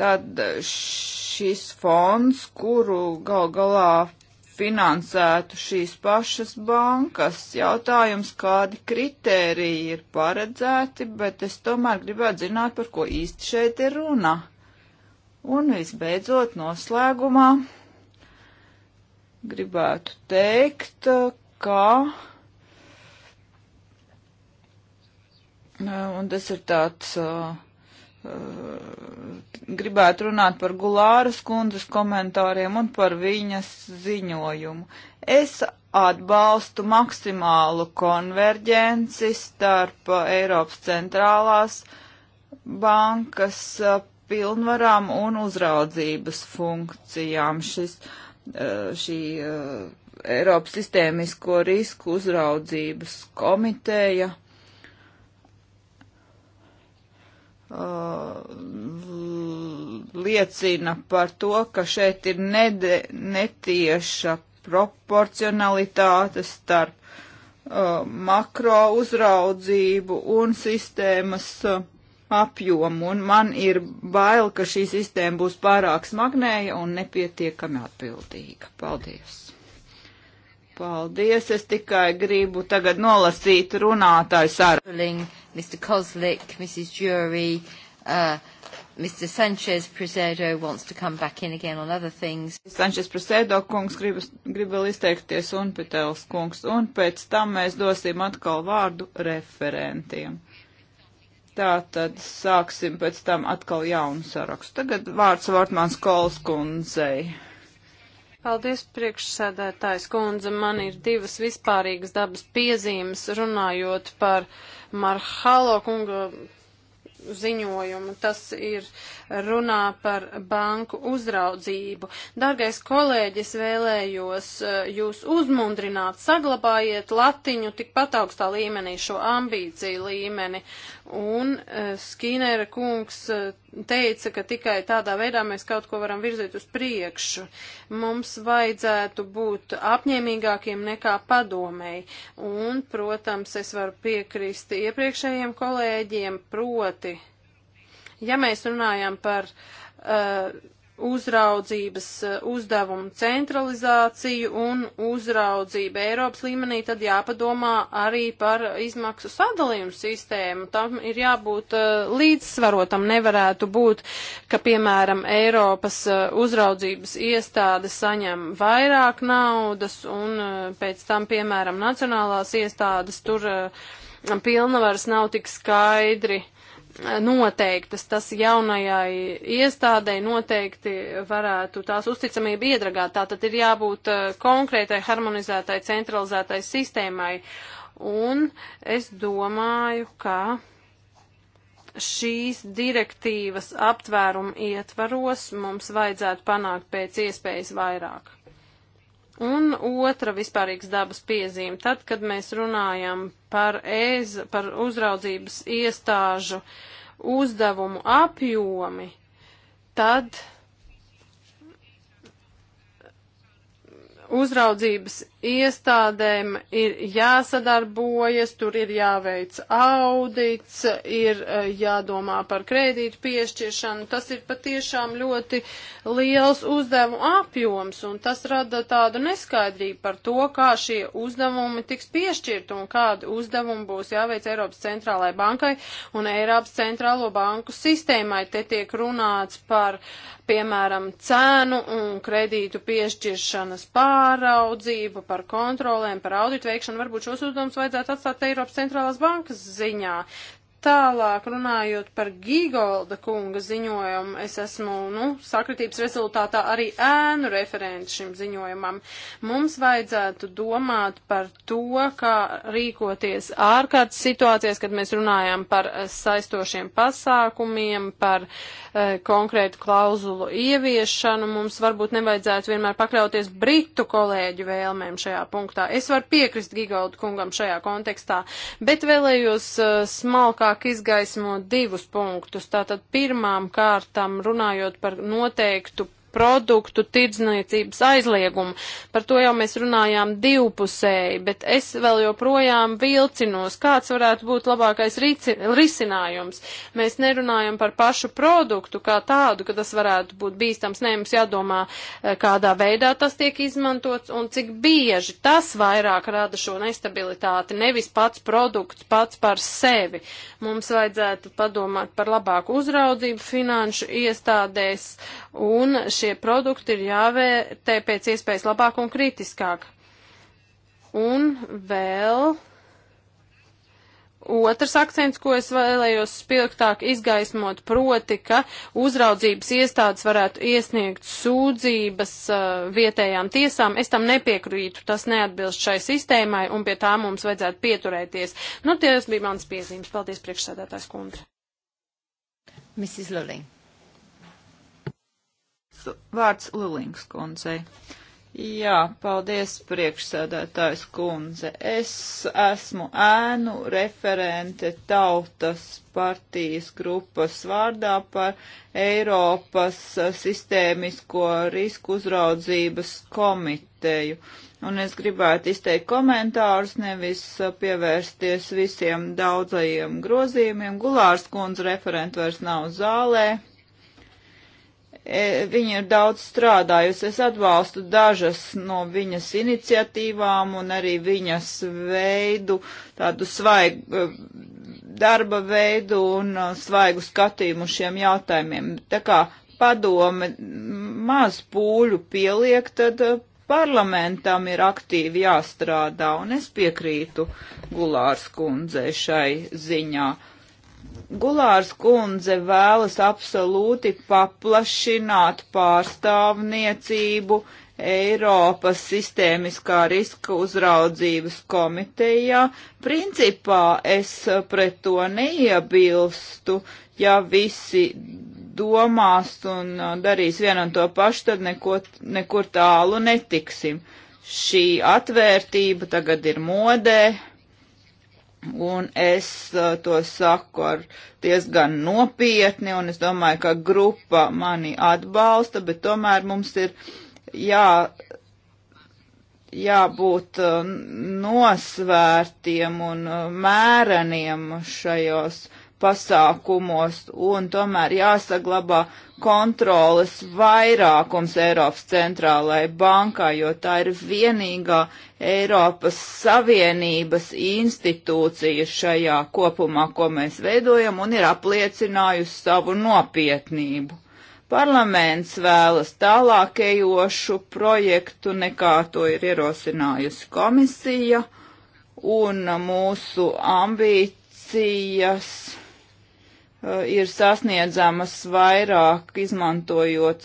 tad šis fonds, kuru gal galā finansētu šīs pašas bankas. Jautājums, kādi kriteriji ir paredzēti, bet es tomēr gribētu zināt, par ko īsti šeit ir runa. Un visbeidzot, noslēgumā gribētu teikt, ka. Un tas ir tāds uh, Eh, gribētu runāt par Gulāras kundzes komentāriem un par viņas ziņojumu. Es atbalstu maksimālu konverģenci starp Eiropas centrālās bankas eh, pilnvarām un uzraudzības funkcijām. Šis, eh, šī Eiropas sistēmisko risku uzraudzības komiteja Uh, liecina par to, ka šeit ir nede, netieša proporcionalitāte starp uh, makro uzraudzību un sistēmas uh, apjomu, un man ir bail, ka šī sistēma būs pārāk smagnēja un nepietiekami atbildīga. Paldies! Paldies! Es tikai gribu tagad nolasīt runātāju sarunu. Mr. Koslick, Mrs. Jury, uh, Mr. Sanchez Presedo wants to come back in again on other things. Sanchez Presedo kungs gribas, grib vēl izteikties un Pitels kungs, un pēc tam mēs dosim atkal vārdu referentiem. Tā tad sāksim pēc tam atkal jaunu sarakstu. Tagad vārds Vortmans Kols kundzei. Paldies, priekšsēdētājs kundze. Man ir divas vispārīgas dabas piezīmes runājot par uh, Marhalo kunga ziņojumu. Tas ir runā par banku uzraudzību. Dargais kolēģis, vēlējos eh, jūs uzmundrināt, saglabājiet latiņu tikpat augstā līmenī, šo ambīciju līmeni. Un eh, Skinera kungs eh, teica, ka tikai tādā veidā mēs kaut ko varam virzīt uz priekšu. Mums vajadzētu būt apņēmīgākiem nekā padomēji. Un, protams, es varu piekrist iepriekšējiem kolēģiem proti. Ja mēs runājam par uh, uzraudzības eh, uzdevumu centralizāciju un uzraudzību Eiropas līmenī, tad jāpadomā arī par izmaksu sadalījumu sistēmu. Tam ir jābūt uh, līdzsvarotam. Nevarētu būt, ka, piemēram, Eiropas uh, uzraudzības iestāde saņem vairāk naudas un uh, pēc tam, piemēram, nacionālās iestādes tur pilnvars nav tik skaidri noteiktas, tas jaunajai iestādei noteikti varētu tās uzticamību iedragāt. Tā tad ir jābūt eh, konkrētai, harmonizētai, centralizētai sistēmai. Un es domāju, ka šīs direktīvas aptvērumu ietvaros mums vajadzētu panākt pēc iespējas vairāk. Un otra vispārīgas dabas piezīme, tad, kad mēs runājam par ēz, par uzraudzības iestāžu uzdevumu apjomi, tad uzraudzības iestādēm ir jāsadarbojas, tur ir jāveic audits, ir e, jādomā par kredītu piešķiršanu. Tas ir patiešām ļoti liels uzdevumu apjoms, un tas rada tādu neskaidrību par to, kā šie uzdevumi tiks piešķirt un kādi uzdevumi būs jāveic Eiropas centrālajai bankai un Eiropas centrālo banku sistēmai. Te tiek runāts par, piemēram, cēnu un kredītu piešķiršanas pāraudzību, par par kontrolēm, par auditu veikšanu, varbūt šos uzdevumus vajadzētu atstāt Eiropas centrālās bankas ziņā. Tālāk runājot par Gigolda kunga ziņojumu, es esmu, nu, sakritības rezultātā arī ēnu referents šim ziņojumam. Mums vajadzētu domāt par to, kā rīkoties ārkārtas situācijas, kad mēs runājam par eh, saistošiem pasākumiem, par e, konkrētu klauzulu ieviešanu. Mums varbūt nevajadzētu vienmēr pakļauties britu kolēģu vēlmēm šajā punktā. Es varu piekrist Gigolda kungam šajā kontekstā, bet vēlējos e, smalkāk vairāk izgaismo divus punktus. Tātad pirmām kārtām runājot par noteiktu produktu tirdzniecības aizliegumu. Par to jau mēs runājām divpusēji, bet es vēl joprojām vilcinos, kāds varētu būt labākais rici, risinājums. Mēs nerunājam par pašu produktu kā tādu, ka tas varētu būt bīstams. Nē, mums jādomā, eh, kādā veidā tas tiek izmantots un cik bieži tas vairāk rada šo nestabilitāti, nevis pats produkts pats par sevi. Mums vajadzētu padomāt par labāku uzraudzību finanšu iestādēs un šī šie produkti ir jāvērtē pēc iespējas labāk un kritiskāk. Un vēl otrs akcents, ko es vēlējos spilgtāk izgaismot, proti, ka uzraudzības iestādes varētu iesniegt sūdzības uh, vietējām tiesām. Es tam nepiekrītu, tas neatbilst šai sistēmai un pie tā mums vajadzētu pieturēties. Nu, tie bija mans piezīmes. Paldies, priekšsēdētājs kundze. Mrs. Lulling vārds Lilings kundzei. Jā, paldies priekšsēdētājs kundze. Es esmu ēnu referente tautas partijas grupas vārdā par Eiropas sistēmisko risku uzraudzības komiteju. Un es gribētu izteikt komentārus, nevis pievērsties visiem daudzajiem grozījumiem. Gulārs kundze referenta vairs nav zālē E, viņa ir daudz strādājusi. Es atbalstu dažas no viņas iniciatīvām un arī viņas veidu, tādu svaigu e, darba veidu un e, svaigu skatījumu šiem jautājumiem. Tā kā padome maz pūļu pieliek, tad parlamentam ir aktīvi jāstrādā, un es piekrītu Gulārs kundzei šai ziņā. Uh, Gulārs kundze vēlas absolūti paplašināt pārstāvniecību Eiropas sistēmiskā riska uzraudzības komitejā. Principā es pret to neiebilstu, ja visi domās un uh, darīs vienu un to pašu, tad neko, nekur tālu netiksim. Šī atvērtība tagad ir modē Un es uh, to saku ar diezgan nopietni, un es domāju, ka grupa mani atbalsta, bet tomēr mums ir jā, jābūt uh, nosvērtiem un uh, mēreniem šajos uh, pasākumos, un tomēr jāsaglabā kontroles vairākums Eiropas centrālajai bankai, jo tā ir vienīgā Eiropas Savienības institūcija šajā kopumā, ko mēs veidojam, un ir apliecinājusi savu nopietnību. Parlaments vēlas tālākajošu projektu nekā to ir ierosinājusi komisija, un mūsu ambīcijas Eh, ir sasniedzamas vairāk izmantojot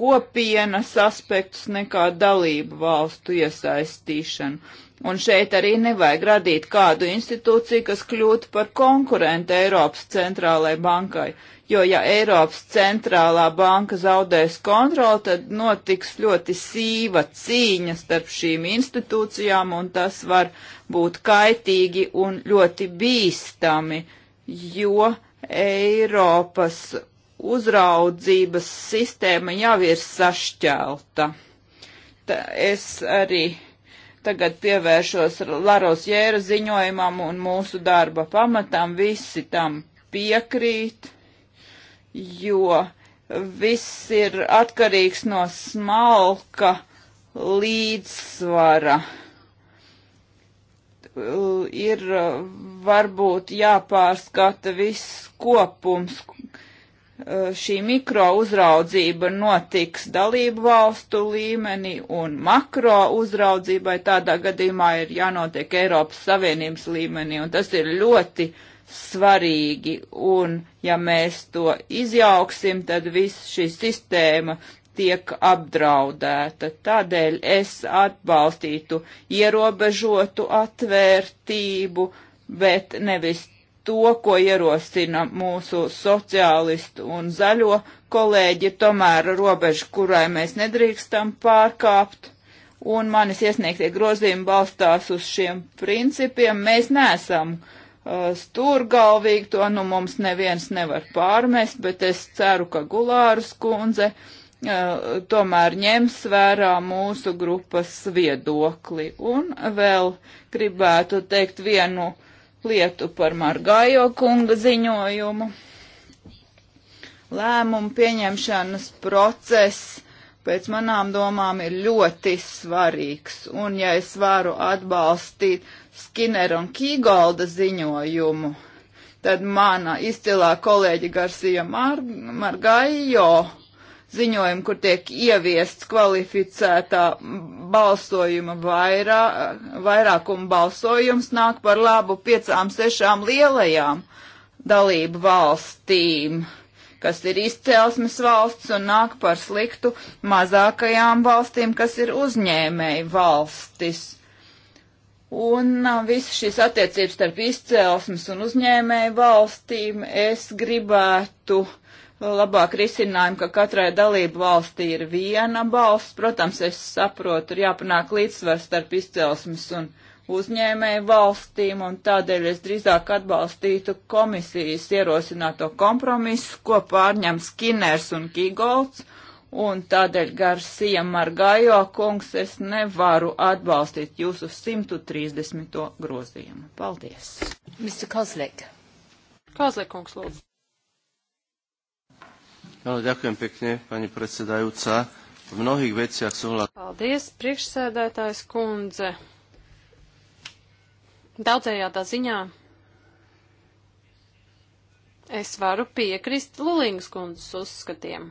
kopienas aspektus nekā dalību valstu iesaistīšanu. Un šeit arī nevajag radīt kādu institūciju, kas kļūtu par konkurentu Eiropas centrālajai bankai, jo ja Eiropas centrālā banka zaudēs kontroli, tad notiks ļoti sīva cīņa starp šīm institūcijām, un tas var būt kaitīgi un ļoti bīstami, jo uh, Eiropas uzraudzības sistēma jau ir sašķelta. Ta, es arī tagad pievēršos Laros Jēra ziņojumam un mūsu darba pamatam. Visi tam piekrīt, jo viss ir atkarīgs no smalka līdzsvara. Uh, ir uh, varbūt jāpārskata viss kopums. Uh, šī mikro uzraudzība notiks dalību valstu līmenī un makro uzraudzībai tādā gadījumā ir jānotiek Eiropas Savienības līmenī un tas ir ļoti svarīgi un ja mēs to izjauksim, tad viss šī sistēma tiek apdraudēta. Tādēļ es atbalstītu ierobežotu atvērtību, bet nevis to, ko ierosina mūsu sociālistu un zaļo kolēģi, tomēr robeža, kurai mēs nedrīkstam pārkāpt. Un manis iesniegtie grozījumi balstās uz šiem principiem. Mēs neesam uh, stūrgalvīgi, to nu mums neviens nevar pārmest, bet es ceru, ka Gulāras kundze uh, Eh, tomēr ņems vērā mūsu grupas viedokli. Un vēl gribētu teikt vienu lietu par Margājo kunga ziņojumu. Lēmumu pieņemšanas process pēc manām domām ir ļoti svarīgs, un ja es varu atbalstīt Skinner un Kīgolda ziņojumu, tad mana izcilā kolēģi Garcija Mar Margaijo ziņojumu, kur tiek ieviests kvalificētā balsojuma vairā, vairākuma balsojums, nāk par labu piecām, sešām lielajām dalību valstīm kas ir izcelsmes valsts un nāk par sliktu mazākajām valstīm, kas ir uzņēmēji valstis. Un visas šīs attiecības starp izcelsmes un uzņēmēju valstīm es gribētu uh, labāk risinājumu, ka katrai dalību valstī ir viena balss. Protams, es saprotu, ir jāpanāk līdzsvars starp izcelsmes un uzņēmēju valstīm, un tādēļ es drīzāk atbalstītu komisijas ierosināto kompromisu, ko pārņem Skinners un Kigolds, un tādēļ Garcia Margajo kungs es nevaru atbalstīt jūsu 130. grozījumu. Paldies! Mr. Kozlik. Kozlik kungs, lūdzu. No, ďakujem pekne, pani predsedajúca. V mnohých veciach súhlas. Paldies, priekšsēdētājs kundze. Daudzējādā ziņā es varu piekrist Lulīngas kundzes uzskatiem.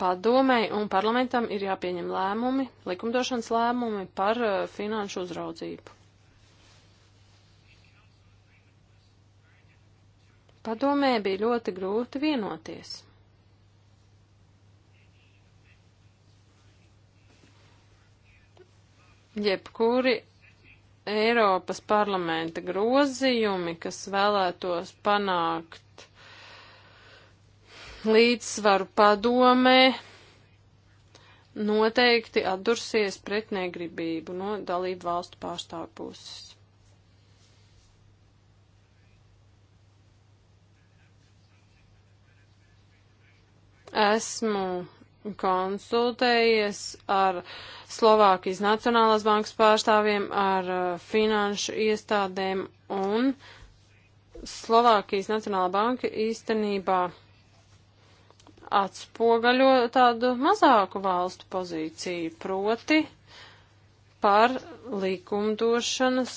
Padomēji un parlamentam ir jāpieņem lēmumi, likumdošanas lēmumi par uh, finanšu uzraudzību. Padomē bija ļoti grūti vienoties. Jebkuri Eiropas parlamenta grozījumi, kas vēlētos panākt līdzsvaru padomē, noteikti atdursies pret negribību no dalību valstu pārstāvju puses. Esmu konsultējies ar Slovākijas Nacionālās bankas pārstāvjiem, ar uh, finanšu iestādēm un Slovākijas Nacionālā banka īstenībā atspogaļo tādu mazāku valstu pozīciju, proti par likumdošanas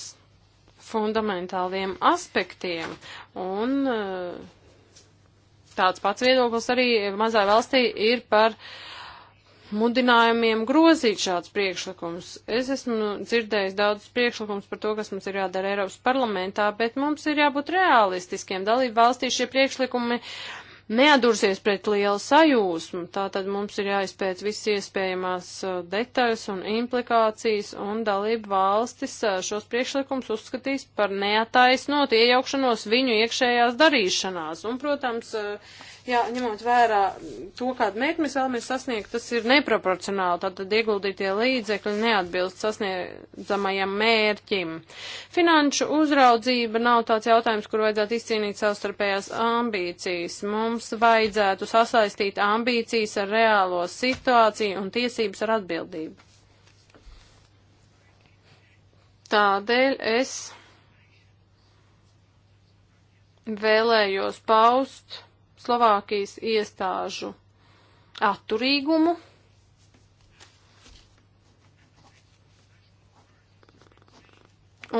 fundamentāliem aspektiem. Un uh, tāds pats viedoklis arī mazā valstī ir par mudinājumiem grozīt šāds priekšlikums. Es esmu dzirdējis daudz priekšlikums par to, kas mums ir jādara Eiropas parlamentā, bet mums ir jābūt realistiskiem. Dalību valstī šie priekšlikumi uh, neadursies pret lielu sajūsmu. Tātad mums ir jāizpēc viss iespējamās uh, detaļas un implikācijas, un dalību valstis uh, šos priekšlikums uzskatīs par neataisnot iejaukšanos viņu iekšējās darīšanās. Un, protams, uh, Jā, ņemot vērā to, kādu mērķi mēs vēlamies sasniegt, tas ir neproporcionāli. Tātad ieguldītie līdzekļi neatbilst sasniedzamajam mērķim. Finanšu uzraudzība nav tāds jautājums, kur vajadzētu izcīnīt savstarpējās ambīcijas. Mums vajadzētu sasaistīt ambīcijas ar reālo situāciju un tiesības ar atbildību. Tādēļ es vēlējos paust Slovākijas iestāžu atturīgumu.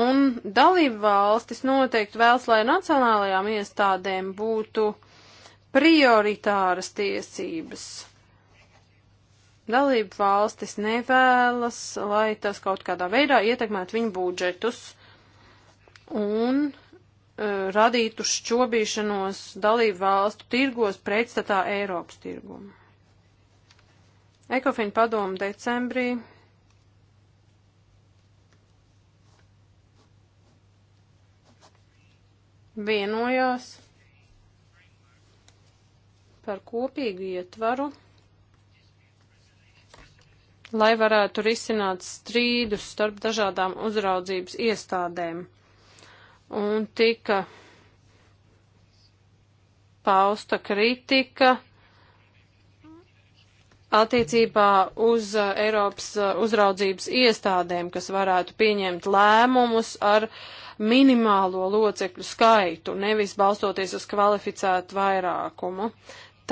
Un dalību valstis noteikti vēlas, lai nacionālajām iestādēm būtu prioritāras tiesības. Dalību valstis nevēlas, lai tas kaut kādā veidā ietekmētu viņu budžetus. Un Uh, radītu šķobīšanos dalību valstu tirgos pretstatā Eiropas tirgumu. Ekofina padomu decembrī vienojās par kopīgu ietvaru, lai varētu risināt strīdus starp dažādām uzraudzības iestādēm un tika pausta kritika attiecībā uz uh, Eiropas uh, uzraudzības iestādēm, kas varētu pieņemt lēmumus ar minimālo locekļu skaitu, nevis balstoties uz kvalificētu vairākumu.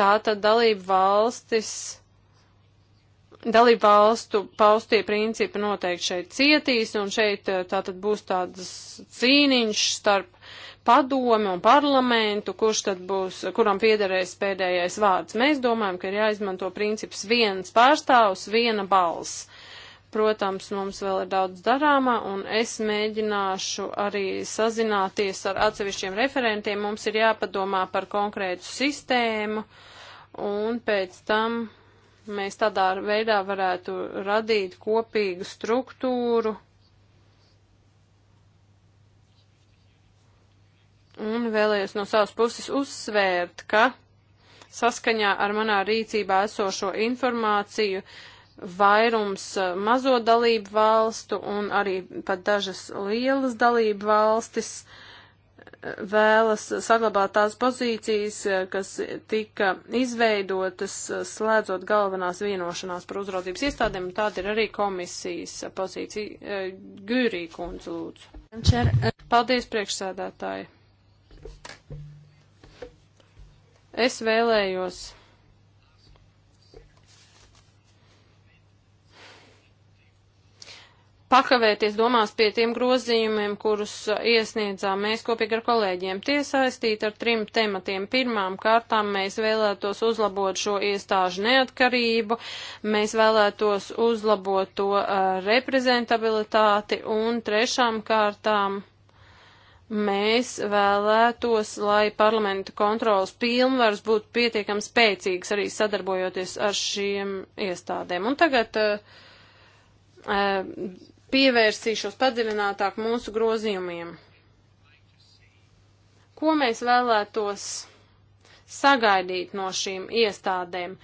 Tātad dalību valstis dalību valstu paustie principi noteikti šeit cietīs, un šeit eh, tātad būs tādas cīniņš starp padomi un parlamentu, kurš tad būs, kuram piederēs pēdējais vārds. Mēs domājam, ka ir jāizmanto princips viens pārstāvs, viena balss. Protams, mums vēl ir daudz darāmā, un es mēģināšu arī sazināties ar atsevišķiem referentiem. Mums ir jāpadomā par konkrētu sistēmu, un pēc tam Mēs tādā veidā varētu radīt kopīgu struktūru un vēlējos no savas puses uzsvērt, ka saskaņā ar manā rīcībā esošo informāciju vairums e, mazo dalību valstu un arī pat dažas lielas dalību valstis uh, vēlas saglabāt tās pozīcijas, kas tika izveidotas, slēdzot galvenās vienošanās par uzraudzības iestādēm, un tāda ir arī komisijas pozīcija. Eh, Gūrī kundze, lūdzu. Paldies, priekšsēdētāji. Es vēlējos pakavēties domās pie tiem grozījumiem, kurus uh, iesniedzām mēs kopīgi ar kolēģiem. Tie saistīti ar trim tematiem. Pirmām kārtām mēs vēlētos uzlabot šo iestāžu neatkarību, mēs vēlētos uzlabot to uh, reprezentabilitāti un trešām kārtām. Mēs vēlētos, lai parlamenta kontrolas pilnvars būtu pietiekami spēcīgs arī sadarbojoties ar šiem iestādēm. Un tagad uh, uh pievērsīšos padziļinātāk mūsu grozījumiem. Ko mēs vēlētos sagaidīt no šīm iestādēm?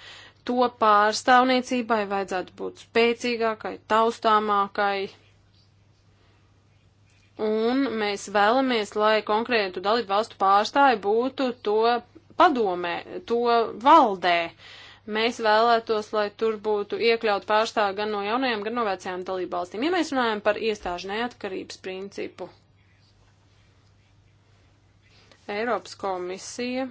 To pārstāvniecībai vajadzētu būt spēcīgākai, taustāmākai. Un mēs vēlamies, lai konkrētu dalību valstu pārstāvi būtu to padomē, to valdē. Uh, Mēs vēlētos, lai tur būtu iekļaut pārstāvi gan no jaunajām, gan no vecajām dalībvalstīm. Ja mēs runājam par iestāžu neatkarības principu, Eiropas komisija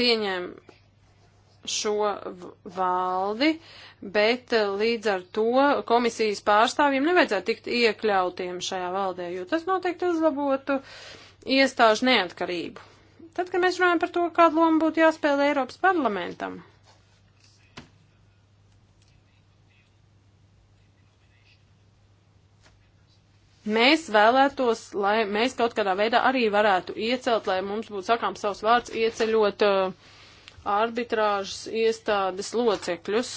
pieņem šo valdi, bet eh, līdz ar to komisijas pārstāvjiem nevajadzētu tikt iekļautiem šajā valdē, jo tas noteikti uzlabotu iestāžu neatkarību. Tad, kad mēs runājam par to, kādu lomu būtu jāspēlē Eiropas parlamentam, mēs vēlētos, lai mēs kaut kādā veidā arī varētu iecelt, lai mums būtu sakām savs vārds, ieceļot uh, arbitrāžas iestādes locekļus.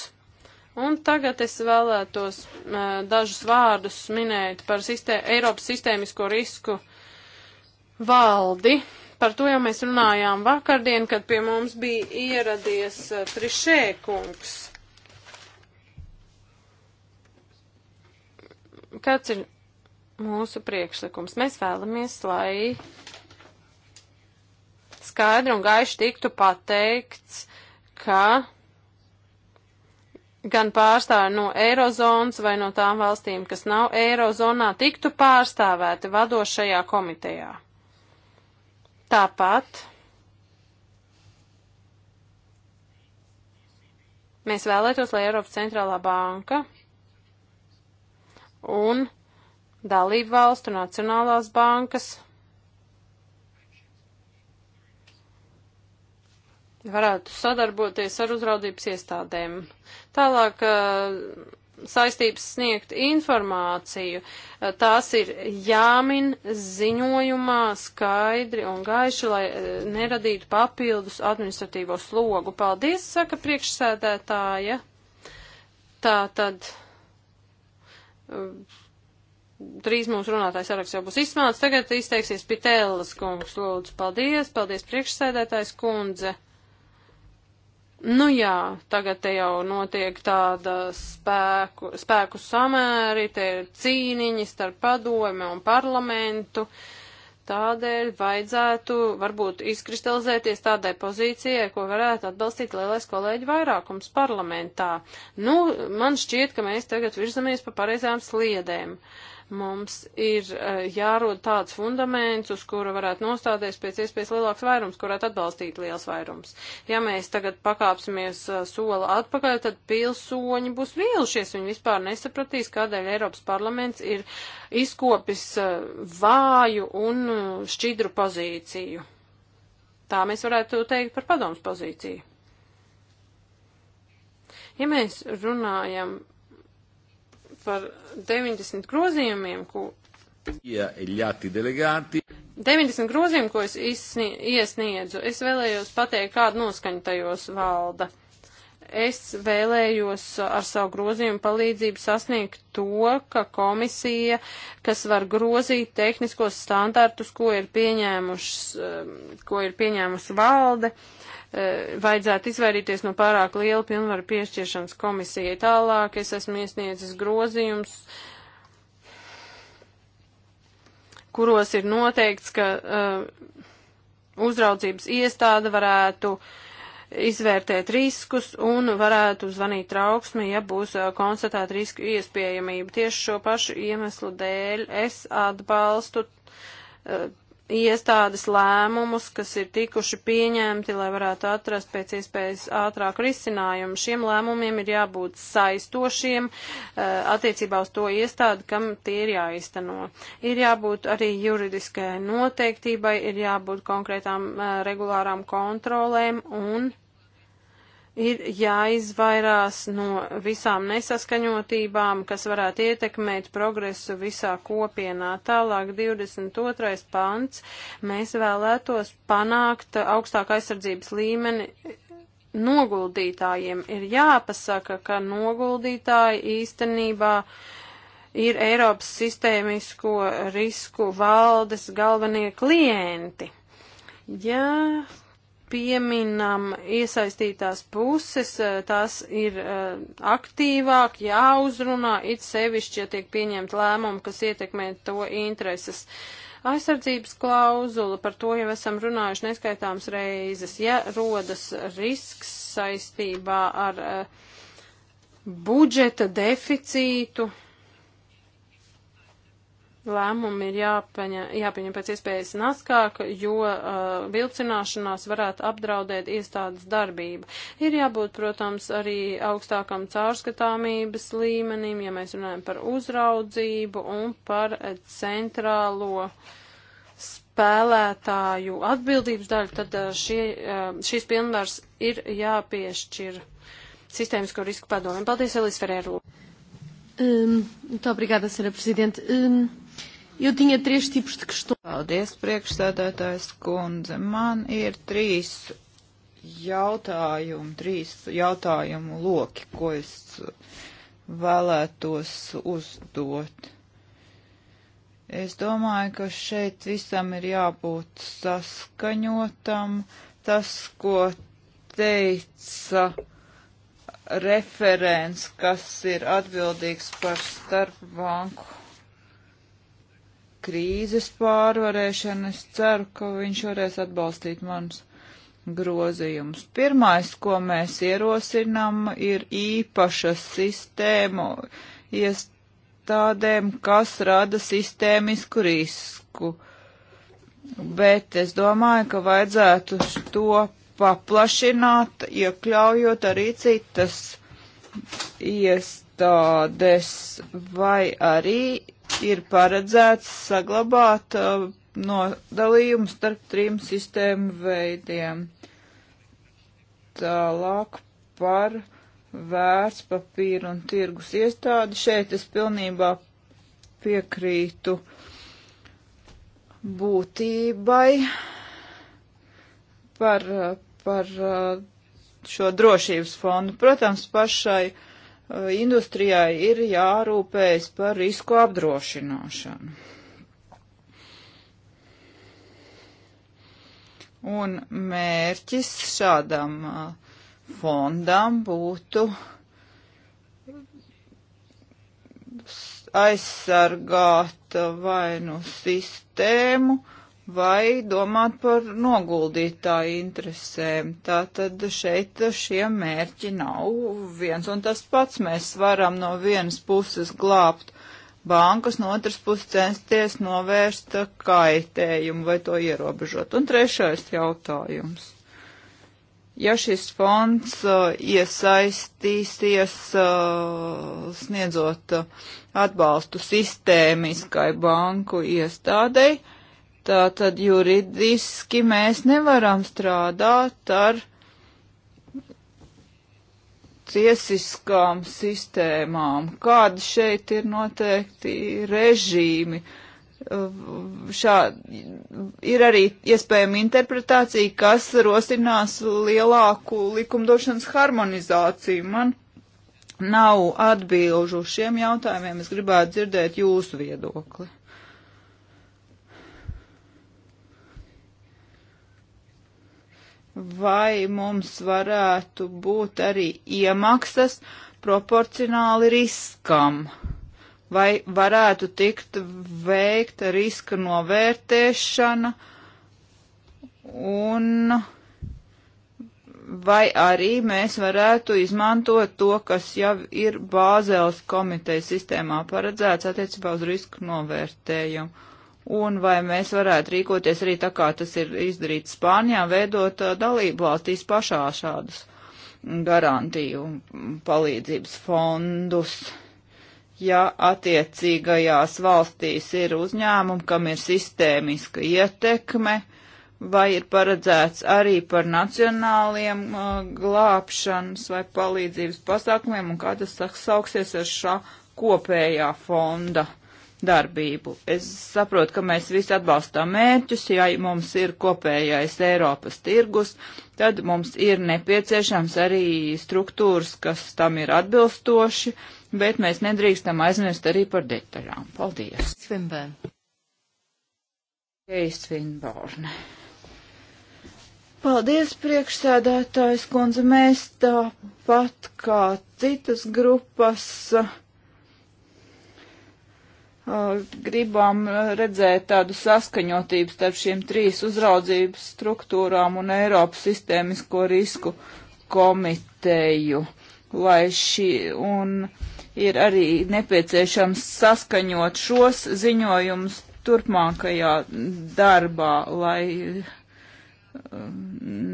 Un tagad es vēlētos uh, dažus vārdus minēt par sistē Eiropas sistēmisko risku valdi. Par to jau mēs runājām vakardien, kad pie mums bija ieradies uh, eh, Trišēkungs. Kāds ir mūsu priekšlikums? Mēs vēlamies, lai skaidri un gaiši tiktu pateikts, ka gan pārstāvi no Eirozonas vai no tām valstīm, kas nav Eirozonā, tiktu pārstāvēti vadošajā komitejā. Tāpat mēs vēlētos, lai Eiropas centrālā banka un dalību valstu nacionālās bankas varētu sadarboties ar uzraudzības iestādēm. Tālāk eh, saistības sniegt informāciju. Eh, tās ir jāmin ziņojumā skaidri un gaiši, lai eh, neradītu papildus administratīvo slogu. Paldies, saka priekšsēdētāja. Tā tad drīz mūsu runātājs saraksts jau būs izsmēlts. Tagad izteiksies Pitēlas kungs. Lūdzu, paldies, paldies priekšsēdētājs kundze. Nu jā, tagad te jau notiek tāda spēku, spēku samēri, te ir cīniņi starp padomi un parlamentu. Tādēļ vajadzētu varbūt izkristalizēties tādai pozīcijai, ko varētu atbalstīt lielais kolēģi vairākums parlamentā. Nu, man šķiet, ka mēs tagad virzamies pa pareizām sliedēm. Uh, Mums ir eh, jārod tāds fundaments, uz kura varētu nostāties pēc iespējas lielāks vairums, kur varētu atbalstīt liels vairums. Ja mēs tagad pakāpsimies eh, sola atpakaļ, tad pilsoņi būs vīlušies. Viņi vispār nesapratīs, kādēļ Eiropas parlaments ir izkopis eh, vāju un šķidru pozīciju. Tā mēs varētu teikt par padomus pozīciju. Ja mēs runājam par 90 grozījumiem, ko. Ja, 90 grozījumu, ko es izsnie, iesniedzu, es vēlējos pateikt, kāda noskaņa tajos valda. Es vēlējos ar savu grozījumu palīdzību sasniegt to, ka komisija, kas var grozīt tehniskos standartus, ko ir pieņēmušas, um, ko ir pieņēmusi valde, uh, Eh, vajadzētu izvairīties no pārāk liela pilnvaru piešķiršanas komisijai. Tālāk es esmu iesniedzis grozījums, kuros ir noteikts, ka uh, uzraudzības iestāde varētu izvērtēt riskus un varētu zvanīt trauksmi, ja būs uh, konstatēta risku iespējamība. Tieši šo pašu iemeslu dēļ es atbalstu uh, iestādes lēmumus, kas ir tikuši pieņemti, lai varētu atrast pēc iespējas ātrāku risinājumu. Šiem lēmumiem ir jābūt saistošiem eh, attiecībā uz to iestādi, kam tie ir jāizteno. Ir jābūt arī juridiskai noteiktībai, ir jābūt konkrētām eh, regulārām kontrolēm un ir jāizvairās no visām nesaskaņotībām, kas varētu ietekmēt progresu visā kopienā. Tālāk 22. pants mēs vēlētos panākt augstāku aizsardzības līmeni. Noguldītājiem ir jāpasaka, ka noguldītāji īstenībā ir Eiropas sistēmisko risku valdes galvenie klienti. Jā, ja pieminam iesaistītās puses, eh, tās ir eh, aktīvāk jāuzrunā, it sevišķi, ja tiek pieņemt lēmumu, kas ietekmē to intereses. Aizsardzības klauzula, par to jau esam runājuši neskaitāms reizes, ja rodas risks saistībā ar eh, budžeta deficītu, lēmumi ir jāpaņa, jāpieņem pēc iespējas naskāk, jo uh, vilcināšanās varētu apdraudēt iestādes darbību. Ir jābūt, protams, arī augstākam caurskatāmības līmenim, ja mēs runājam par uzraudzību un par centrālo spēlētāju atbildības daļu, tad uh, šie, uh, šīs pilnvars ir jāpiešķir sistēmisko risku padomēm. Paldies, Elis Ferēru. Um, ehm, muito obrigada, Sra. Presidente. Um... Eu tinha três tipos de questões. Paldies, priekšsēdētājs kundze. Man ir trīs jautājumi, trīs jautājumu loki, ko es vēlētos uzdot. Es domāju, ka šeit visam ir jābūt saskaņotam. Tas, ko teica referents, kas ir atbildīgs par starpbanku krīzes pārvarēšana. Es ceru, ka viņš varēs atbalstīt manus grozījumus. Pirmais, ko mēs ierosinām, ir īpaša sistēmu iestādēm, kas rada sistēmisku risku. Bet es domāju, ka vajadzētu to paplašināt, iekļaujot arī citas iestādes vai arī ir paredzēts saglabāt uh, nodalījumu starp trim sistēmu veidiem. Tālāk par vērtspapīru un tirgus iestādi. Šeit es pilnībā piekrītu būtībai par, uh, par uh, šo drošības fondu. Protams, pašai uh, Eh, industrijai ir jārūpējas par risku apdrošināšanu. Un mērķis šādam eh, fondam būtu aizsargāt vai nu sistēmu, uh, vai domāt par noguldītāju interesēm. Tātad šeit šie mērķi nav viens un tas pats. Mēs varam no vienas puses glābt bankas, no otras puses censties novērst kaitējumu vai to ierobežot. Un trešais jautājums. Ja šis fonds uh, iesaistīsies uh, sniedzot uh, atbalstu sistēmiskai banku iestādei, uh, Tātad juridiski mēs nevaram strādāt ar tiesiskām sistēmām, kādi šeit ir noteikti režīmi. Šā, ir arī iespējama interpretācija, kas rosinās lielāku likumdošanas harmonizāciju. Man nav atbilžu šiem jautājumiem, es gribētu dzirdēt jūsu viedokli. vai mums varētu būt arī iemaksas proporcionāli riskam, vai varētu tikt veikta riska novērtēšana un vai arī mēs varētu izmantot to, kas jau ir Bāzēlas komitejas sistēmā paredzēts attiecībā uz risku novērtējumu un vai mēs varētu rīkoties arī tā, kā tas ir izdarīts Spānijā, veidot dalību valstīs pašā šādus garantiju palīdzības fondus. Ja attiecīgajās valstīs ir uzņēmumi, kam ir sistēmiska ietekme, vai ir paredzēts arī par nacionāliem uh, glābšanas vai palīdzības pasākumiem, un kā tas sauksies ar šā kopējā fonda darbību. Es saprotu, ka mēs visi atbalstām mērķus, ja mums ir kopējais Eiropas tirgus, tad mums ir nepieciešams arī struktūras, kas tam ir atbilstoši, bet mēs nedrīkstam aizmirst arī par detaļām. Paldies! Svinbērn. Keis Svinbārne. Paldies, priekšsēdētājs kundze. Mēs tāpat kā citas grupas. Uh, Eh, gribam eh, redzēt tādu saskaņotību starp šiem trīs uzraudzības struktūrām un Eiropas sistēmisko risku komiteju, lai šī un ir arī nepieciešams saskaņot šos ziņojumus turpmākajā darbā, lai eh,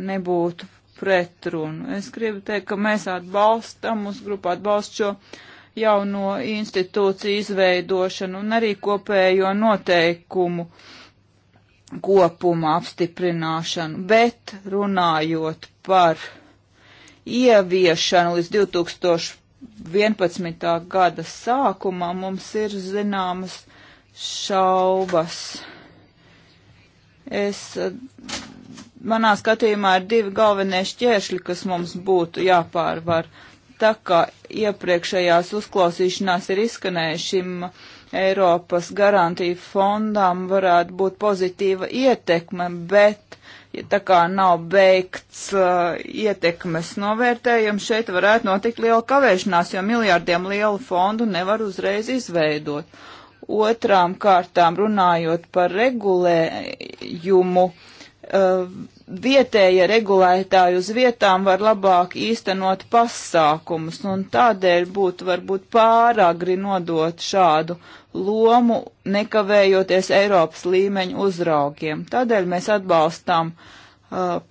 nebūtu pretrunu. Es gribu teikt, ka mēs atbalstam, mūsu grupa atbalst šo uh, jauno institūciju izveidošanu un arī kopējo noteikumu kopuma apstiprināšanu, bet runājot par ieviešanu līdz 2011. gada sākumā mums ir zināmas šaubas. Es, manā skatījumā ir divi galvenie šķēršļi, kas mums būtu jāpārvar. Uh, tā kā iepriekšējās uzklausīšanās ir izskanējušim Eiropas garantiju fondām varētu būt pozitīva ietekme, bet ja tā kā nav beigts uh, ietekmes novērtējums, šeit varētu notikt liela kavēšanās, jo miljārdiem lielu fondu nevar uzreiz izveidot. Otrām kārtām runājot par regulējumu, uh, Uh, vietējie regulētāji uz vietām var labāk īstenot pasākumus, un tādēļ būtu varbūt pāragri nodot šādu lomu, nekavējoties Eiropas līmeņa uzraugiem. Tādēļ mēs atbalstām uh,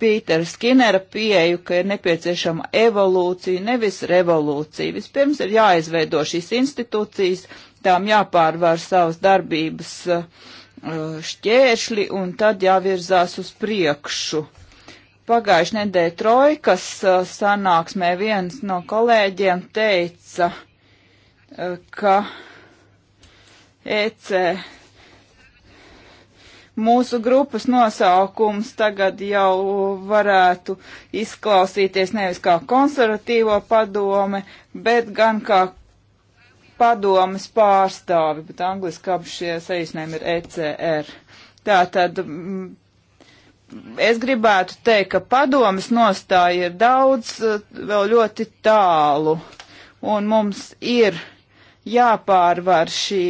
Pītera Skinera pieeju, ka ir nepieciešama evolūcija, nevis revolūcija. Vispirms ir jāizveido šīs institūcijas, tām jāpārvar savas darbības uh, Uh, šķēršļi un tad jāvirzās uz priekšu. Pagājuši nedēļa trojkas uh, sanāksmē viens no kolēģiem teica, uh, ka EC mūsu grupas nosaukums tagad jau varētu izklausīties nevis kā konservatīvo padome, bet gan kā padomas pārstāvi, bet angliski ap šie saīsinājumi ir ECR. Tātad mm, es gribētu teikt, ka padomas nostāja ir daudz eh, vēl ļoti tālu, un mums ir jāpārvar šī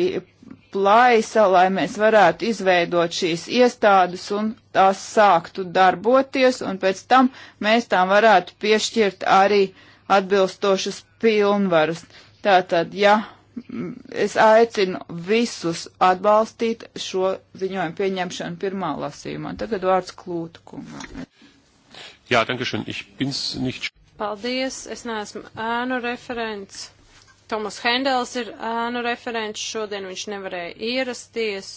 plaisa, lai mēs varētu izveidot šīs iestādes un tās sāktu darboties, un pēc tam mēs tām varētu piešķirt arī atbilstošas pilnvaras. Tātad, ja Es aicinu visus atbalstīt šo ziņojumu pieņemšanu pirmā lasījumā. Tagad vārds klūta kungam. Jā, dankeschön. Ich bin's nicht. Paldies, es neesmu ēnu referents. Tomas Hendels ir ēnu referents, šodien viņš nevarēja ierasties.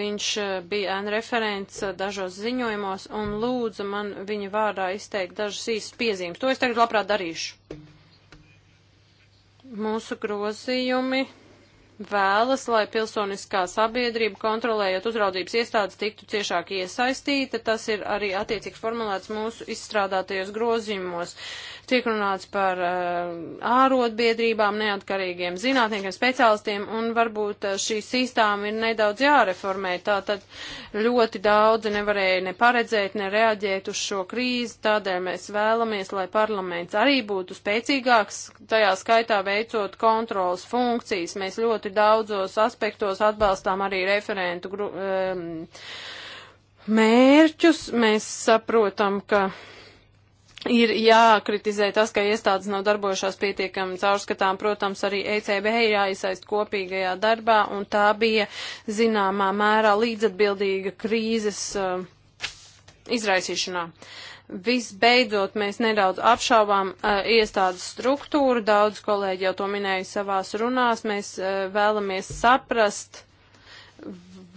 Viņš eh, bija ēnu referents eh, dažos ziņojumos un lūdza man viņa vārdā izteikt dažas īstas piezīmes. To es tagad labprāt darīšu. Mūsu grozījumi vēlas, lai pilsoniskā sabiedrība, kontrolējot uzraudzības iestādes, tiktu ciešāk iesaistīta. Tas ir arī attiecīgs formulēts mūsu izstrādātajos grozījumos. Tiek runāts par uh, ārotbiedrībām, neatkarīgiem zinātniekiem, speciālistiem, un varbūt uh, šī sistēma ir nedaudz jāreformē. Tā tad ļoti daudzi nevarēja ne paredzēt, ne reaģēt uz šo krīzi, tādēļ mēs vēlamies, lai parlaments arī būtu spēcīgāks, tajā skaitā veicot kontrolas funkcijas. Mēs ļoti daudzos aspektos atbalstām arī referentu gru, um, mērķus. Mēs saprotam, ka ir jākritizē tas, ka iestādes nav darbojušās pietiekami caurskatām. Protams, arī ECB jāiesaist kopīgajā darbā, un tā bija zināmā mērā līdzatbildīga krīzes uh, izraisīšanā. Visbeidzot, mēs nedaudz apšaubām uh, iestādes struktūru, daudz kolēģi jau to minēja savās runās, mēs uh, vēlamies saprast,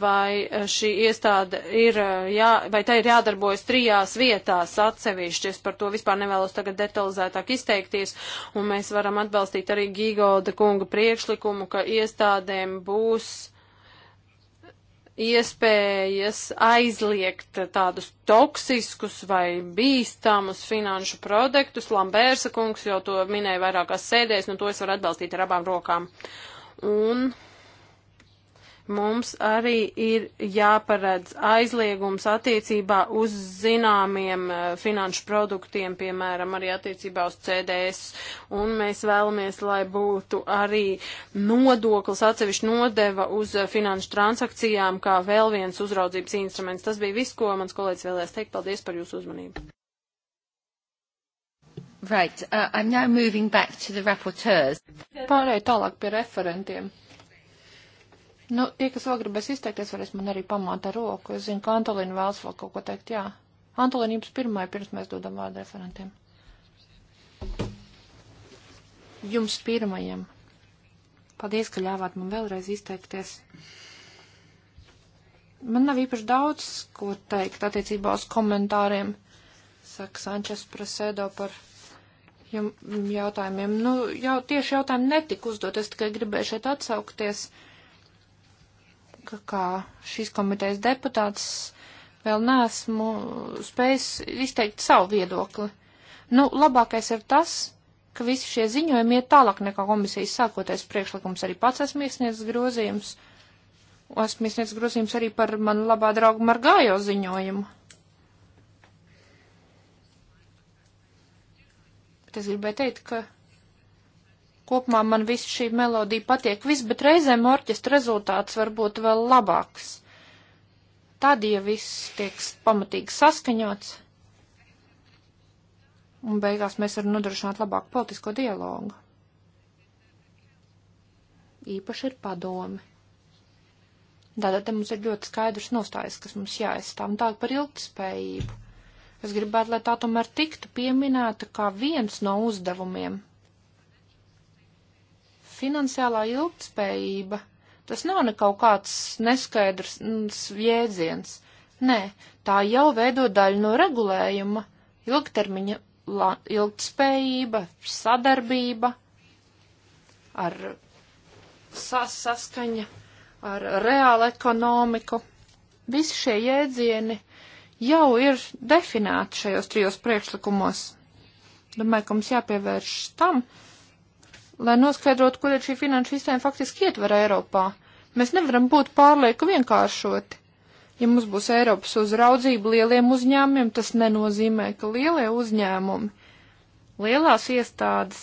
vai eh, šī iestāde ir, eh, jā, vai tai ir jādarbojas trijās vietās atsevišķi. Es par to vispār nevēlos tagad detalizētāk izteikties, un mēs varam atbalstīt arī Gīgolda kunga priekšlikumu, ka iestādēm būs iespējas aizliegt tādus toksiskus vai bīstamus finanšu produktus. Lambērsa kungs jau to minēja vairākās sēdēs, nu to es varu atbalstīt ar abām rokām. Un mums arī ir jāparedz aizliegums attiecībā uz zināmiem eh, finanšu produktiem, piemēram, arī attiecībā uz CDS, un mēs vēlamies, lai būtu arī nodoklis atsevišķi nodeva uz eh, finanšu transakcijām, kā vēl viens uzraudzības instruments. Tas bija viss, ko mans kolēģis vēlēs teikt. Paldies par jūsu uzmanību. Right, uh, I'm now moving back to the rapporteurs. Pārēju tālāk pie referentiem. Nu, tie, kas vēl gribēs izteikties, varēs man arī pamāt ar roku. Es zinu, ka Antolīna vēlas vēl kaut ko teikt, jā. Antolīna jums pirmai, pirms mēs dodam vārdu referentiem. Jums pirmajam. Paldies, ka ļāvāt man vēlreiz izteikties. Man nav īpaši daudz, ko teikt attiecībā uz komentāriem, saka Sančes Prasēdo par jautājumiem. Nu, jau tieši jautājumi netika uzdot, es tikai gribēju šeit atsaukties. Uh, ka kā šīs komitejas deputāts vēl neesmu spējis izteikt savu viedokli. Nu, labākais ir tas, ka visi šie ziņojumi iet tālāk nekā komisijas sākotais priekšlikums. Arī pats esmu iesniedzis grozījums. Esmu iesniedzis grozījums arī par manu labā draugu Margājo ziņojumu. Bet es gribēju teikt, ka Kopumā man viss šī melodija patiek viss, bet reizēm orķestra rezultāts var būt vēl labāks. Tad, ja viss tiek pamatīgi saskaņots, un beigās mēs varam nodrošināt labāku politisko dialogu. Īpaši ir padomi. Tātad te mums ir ļoti skaidrs nostājs, kas mums jāaizstāv, un tālāk par ilgtspējību. Es gribētu, lai tā tomēr tiktu pieminēta kā viens no uzdevumiem finansiālā ilgtspējība. Tas nav nekaut kāds neskaidrs mm, jēdziens. Nē, tā jau veido daļu no regulējuma - ilgtermiņa la, ilgtspējība, sadarbība ar sas, saskaņa ar reālu ekonomiku. Visi šie jēdzieni jau ir definēti šajos trijos priekšlikumos. Domāju, ka mums jāpievērš tam, uh, lai noskaidrotu, kur ir šī finanšu sistēma faktiski ietver Eiropā. Mēs nevaram būt pārlieku vienkāršoti. Ja mums būs Eiropas uzraudzība lieliem uzņēmumiem, tas nenozīmē, ka lielie uzņēmumi, lielās iestādes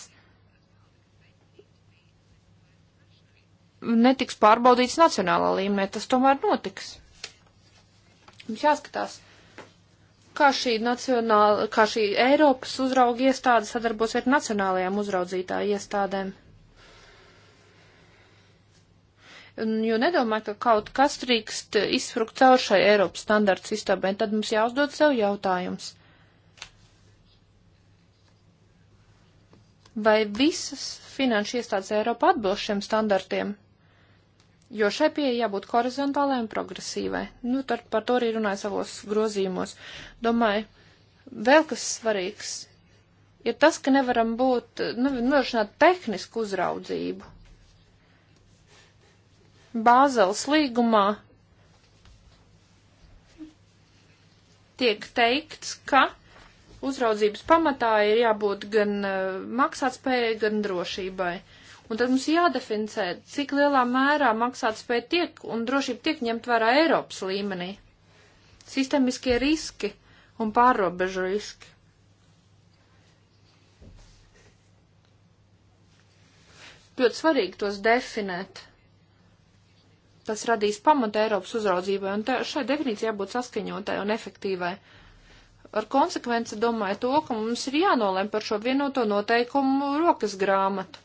netiks pārbaudīts nacionālā līmenī. Tas tomēr notiks. Mums jāskatās, kā šī, nacionāla, kā šī Eiropas uzrauga iestāde sadarbos ar nacionālajām uzraudzītāju iestādēm. Jo nedomāju, ka kaut kas drīkst izsfrukt caur šai Eiropas standarta sistēmai, tad mums jāuzdod sev jautājums. Vai visas finanšu iestādes Eiropa atbilst šiem standartiem? Jo šai pieeja jābūt horizontālai un progresīvai. Nu, tad par to arī runāju savos grozījumos. Domāju, vēl kas svarīgs ir tas, ka nevaram būt, nu, nodrošināt tehnisku uzraudzību. Bāzels līgumā tiek teikts, ka uzraudzības pamatā ir jābūt gan uh, maksātspējai, gan drošībai. Uh, Un tad mums jādefinicē, cik lielā mērā maksātspēja tiek un drošība tiek ņemt vērā Eiropas līmenī. Sistemiskie riski un pārrobežu riski. Ļoti svarīgi tos definēt. Tas radīs pamatu Eiropas uzraudzībai, un tā, šai definīcijai būtu saskaņotai un efektīvai. Ar konsekvenci domāju to, ka mums ir jānolem par šo vienoto noteikumu rokas grāmatu.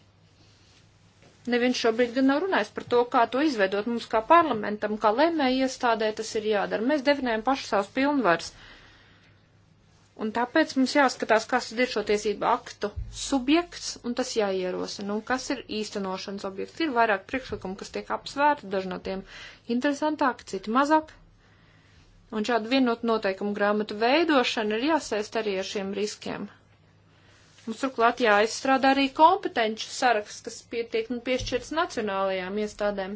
Neviens šobrīd gan nav runājis par to, kā to izveidot mums kā parlamentam, kā lēmēji iestādē tas ir jādara. Mēs definējam pašu savus pilnvars. Un tāpēc mums jāskatās, kas ir šo tiesību aktu subjekts, un tas jāierosina, un kas ir īstenošanas objekts. Ir vairāk priekšlikumu, kas tiek apsvērti, daži no tiem interesantāk, citi mazāk. Un šāda vienot noteikumu grāmatu veidošana ir jāsaist arī ar šiem riskiem. Mums turklāt jāizstrādā arī kompetenču saraksts, kas pietiek un piešķirts nacionālajām iestādēm.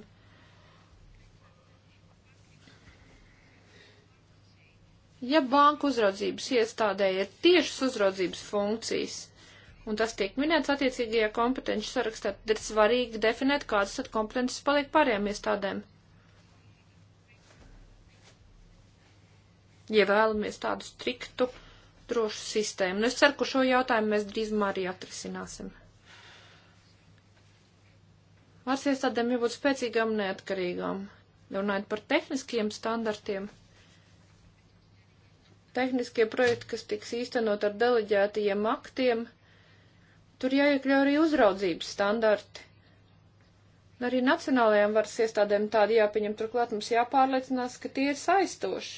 Ja banka uzraudzības iestādē ir tiešas uzraudzības funkcijas, un tas tiek minēts attiecīgajā kompetenci sarakstā, tad ir svarīgi definēt, kādas tad kompetences paliek pārējām iestādēm. Ja vēlamies tādu striktu drošu sistēmu. Nu, es ceru, ka šo jautājumu mēs drīzumā arī atrisināsim. Vārds iestādēm jābūt spēcīgām un neatkarīgām. Runājot par tehniskiem standartiem, tehniskie projekti, kas tiks īstenot ar deleģētajiem aktiem, tur jāiekļau arī uzraudzības standarti. Arī nacionālajām varas iestādēm tādi jāpieņem, turklāt mums jāpārliecinās, ka tie ir saistoši.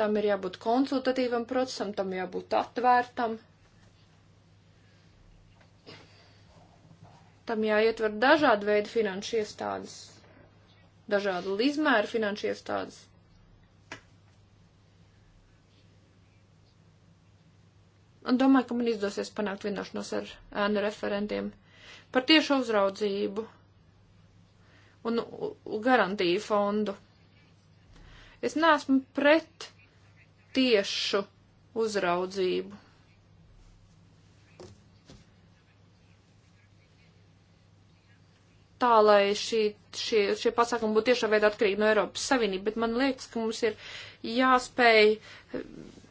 Tam ir jābūt konsultatīvam procesam, tam jābūt atvērtam. Tam jāietver dažādi veidi finanšu iestādes, dažādu izmēru finanšu iestādes. Un domāju, ka man izdosies panākt vienošanos ar ēnu referentiem par tiešu uzraudzību un garantiju fondu. Es neesmu pret tiešu uzraudzību. Tā, lai šī, šie, šie pasākumi būtu tiešā veidā atkarīgi no Eiropas Savienības, bet man liekas, ka mums ir jāspēj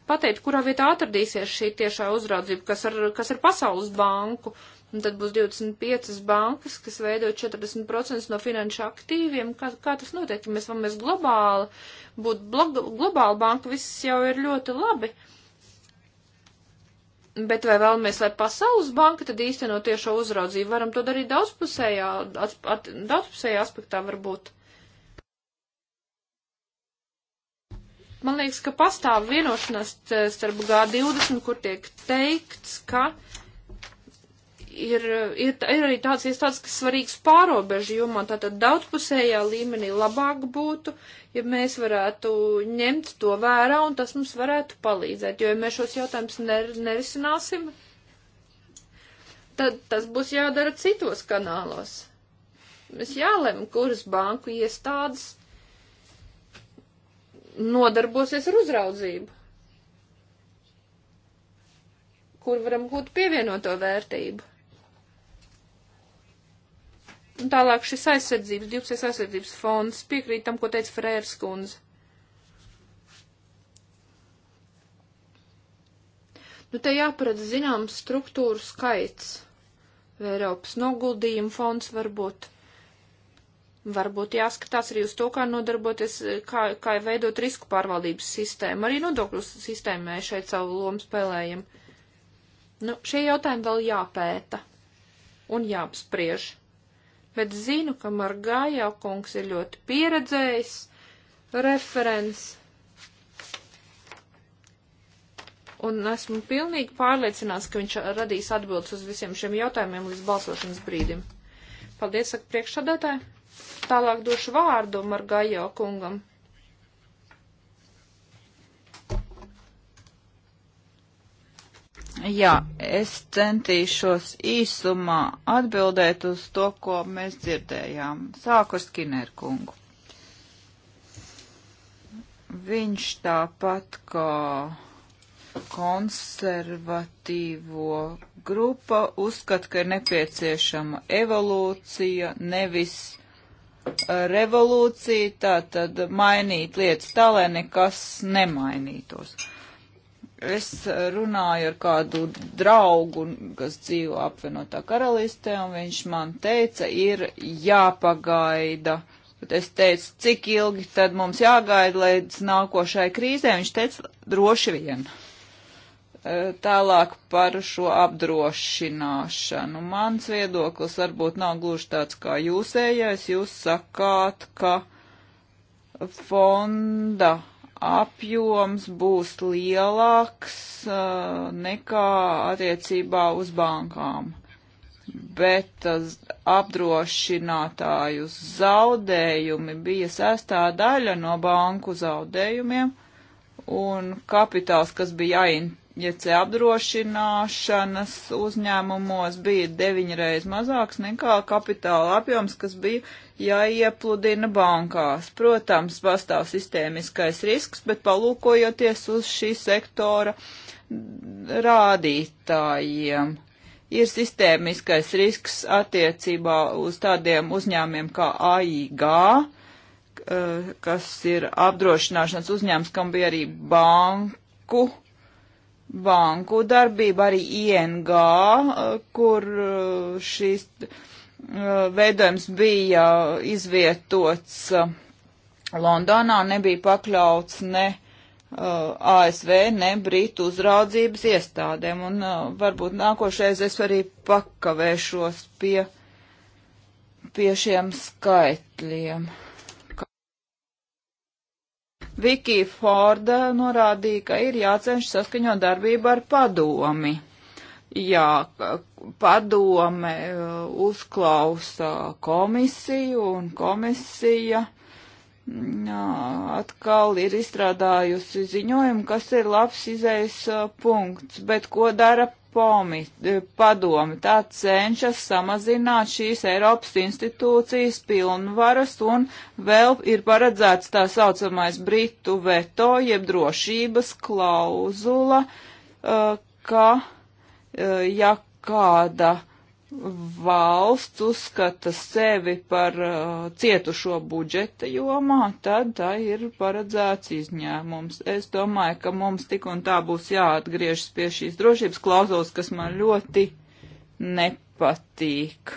pateikt, kurā vietā atradīsies šī tiešā uzraudzība, kas ar, kas ar Pasaules banku. Uh, Un tad būs 25 bankas, kas veido 40% no finanšu aktīviem. Kā, kā tas notiek, ja mēs vēlamies globāli būt globāla banka, viss jau ir ļoti labi. Bet vai vēlamies, lai pasaules banka tad īsteno tiešo uzraudzību? Varam to darīt daudzpusējā, at, at, daudzpusējā aspektā varbūt. Man liekas, ka pastāv vienošanās eh, starp G20, kur tiek teikts, ka uh, ir, ir, ir arī tāds iestādes, kas svarīgs pārobežu jomā, tātad daudzpusējā līmenī labāk būtu, ja mēs varētu ņemt to vērā un tas mums varētu palīdzēt, jo ja mēs šos jautājumus ner, nerisināsim, tad tas būs jādara citos kanālos. Mēs jālem, kuras banku iestādes nodarbosies ar uzraudzību, kur varam gūt pievienoto vērtību. Un tālāk šis aizsardzības, divpusējais aizsardzības fonds piekrīt tam, ko teica Frērs kundze. Nu, te jāparedz zināms struktūru skaits. Vai Eiropas noguldījuma fonds varbūt. Varbūt jāskatās arī uz to, kā nodarboties, kā, kā veidot risku pārvaldības sistēmu. Arī nodokļu sistēmai šeit savu lomu spēlējam. Nu, šie jautājumi vēl jāpēta un jāapspriež bet zinu, ka Margājā kungs ir ļoti pieredzējis referents. Un esmu pilnīgi pārliecināts, ka viņš radīs atbildes uz visiem šiem jautājumiem līdz balsošanas brīdim. Paldies, saka priekšsādātāji. Tālāk došu vārdu Margājā kungam. Jā, es centīšos īsumā atbildēt uz to, ko mēs dzirdējām. Sāku ar Skinnerkungu. Viņš tāpat kā konservatīvo grupa uzskata, ka ir nepieciešama evolūcija, nevis revolūcija, tā tad mainīt lietas tā, lai nekas nemainītos es runāju ar kādu draugu, kas dzīvo apvienotā karalistē, un viņš man teica, ir jāpagaida. Bet es teicu, cik ilgi tad mums jāgaida līdz nākošai krīzē? Viņš teica, droši vien. E, tālāk par šo apdrošināšanu. Mans viedoklis varbūt nav gluži tāds kā jūsējais. Jūs sakāt, ka fonda apjoms būs lielāks uh, nekā attiecībā uz bankām, bet uh, apdrošinātāju zaudējumi bija sestā daļa no banku zaudējumiem, un kapitāls, kas bija jāint IC apdrošināšanas uzņēmumos bija deviņreiz mazāks nekā kapitāla apjoms, kas bija jāiepludina bankās. Protams, pastāv sistēmiskais risks, bet palūkojoties uz šī sektora rādītājiem, ir sistēmiskais risks attiecībā uz tādiem uzņēmiem kā AIG, eh, kas ir apdrošināšanas uzņēmums, kam bija arī banku banku darbību, arī ING, eh, kur eh, šīs eh, veidojums bija izvietots Londonā, nebija pakļauts ne ASV, ne Britu uzraudzības iestādēm. Un varbūt nākošais es arī pakavēšos pie, pie šiem skaitļiem. Viki Forda norādīja, ka ir jācenšas saskaņot darbību ar padomi. Jā, padome uh, uzklausa komisiju un komisija mm, jā, atkal ir izstrādājusi ziņojumu, kas ir labs izējas uh, punkts, bet ko dara pomi, eh, padomi. Tā cenšas samazināt šīs Eiropas institūcijas pilnvaras un vēl ir paredzēts tā saucamais Britu veto, jeb drošības klauzula, eh, ka eh, ja kāda valsts uzskata sevi par uh, cietušo budžeta jomā, tad tā ir paredzēts izņēmums. Es domāju, ka mums tik un tā būs jāatgriežas pie šīs drošības klauzulas, kas man ļoti nepatīk.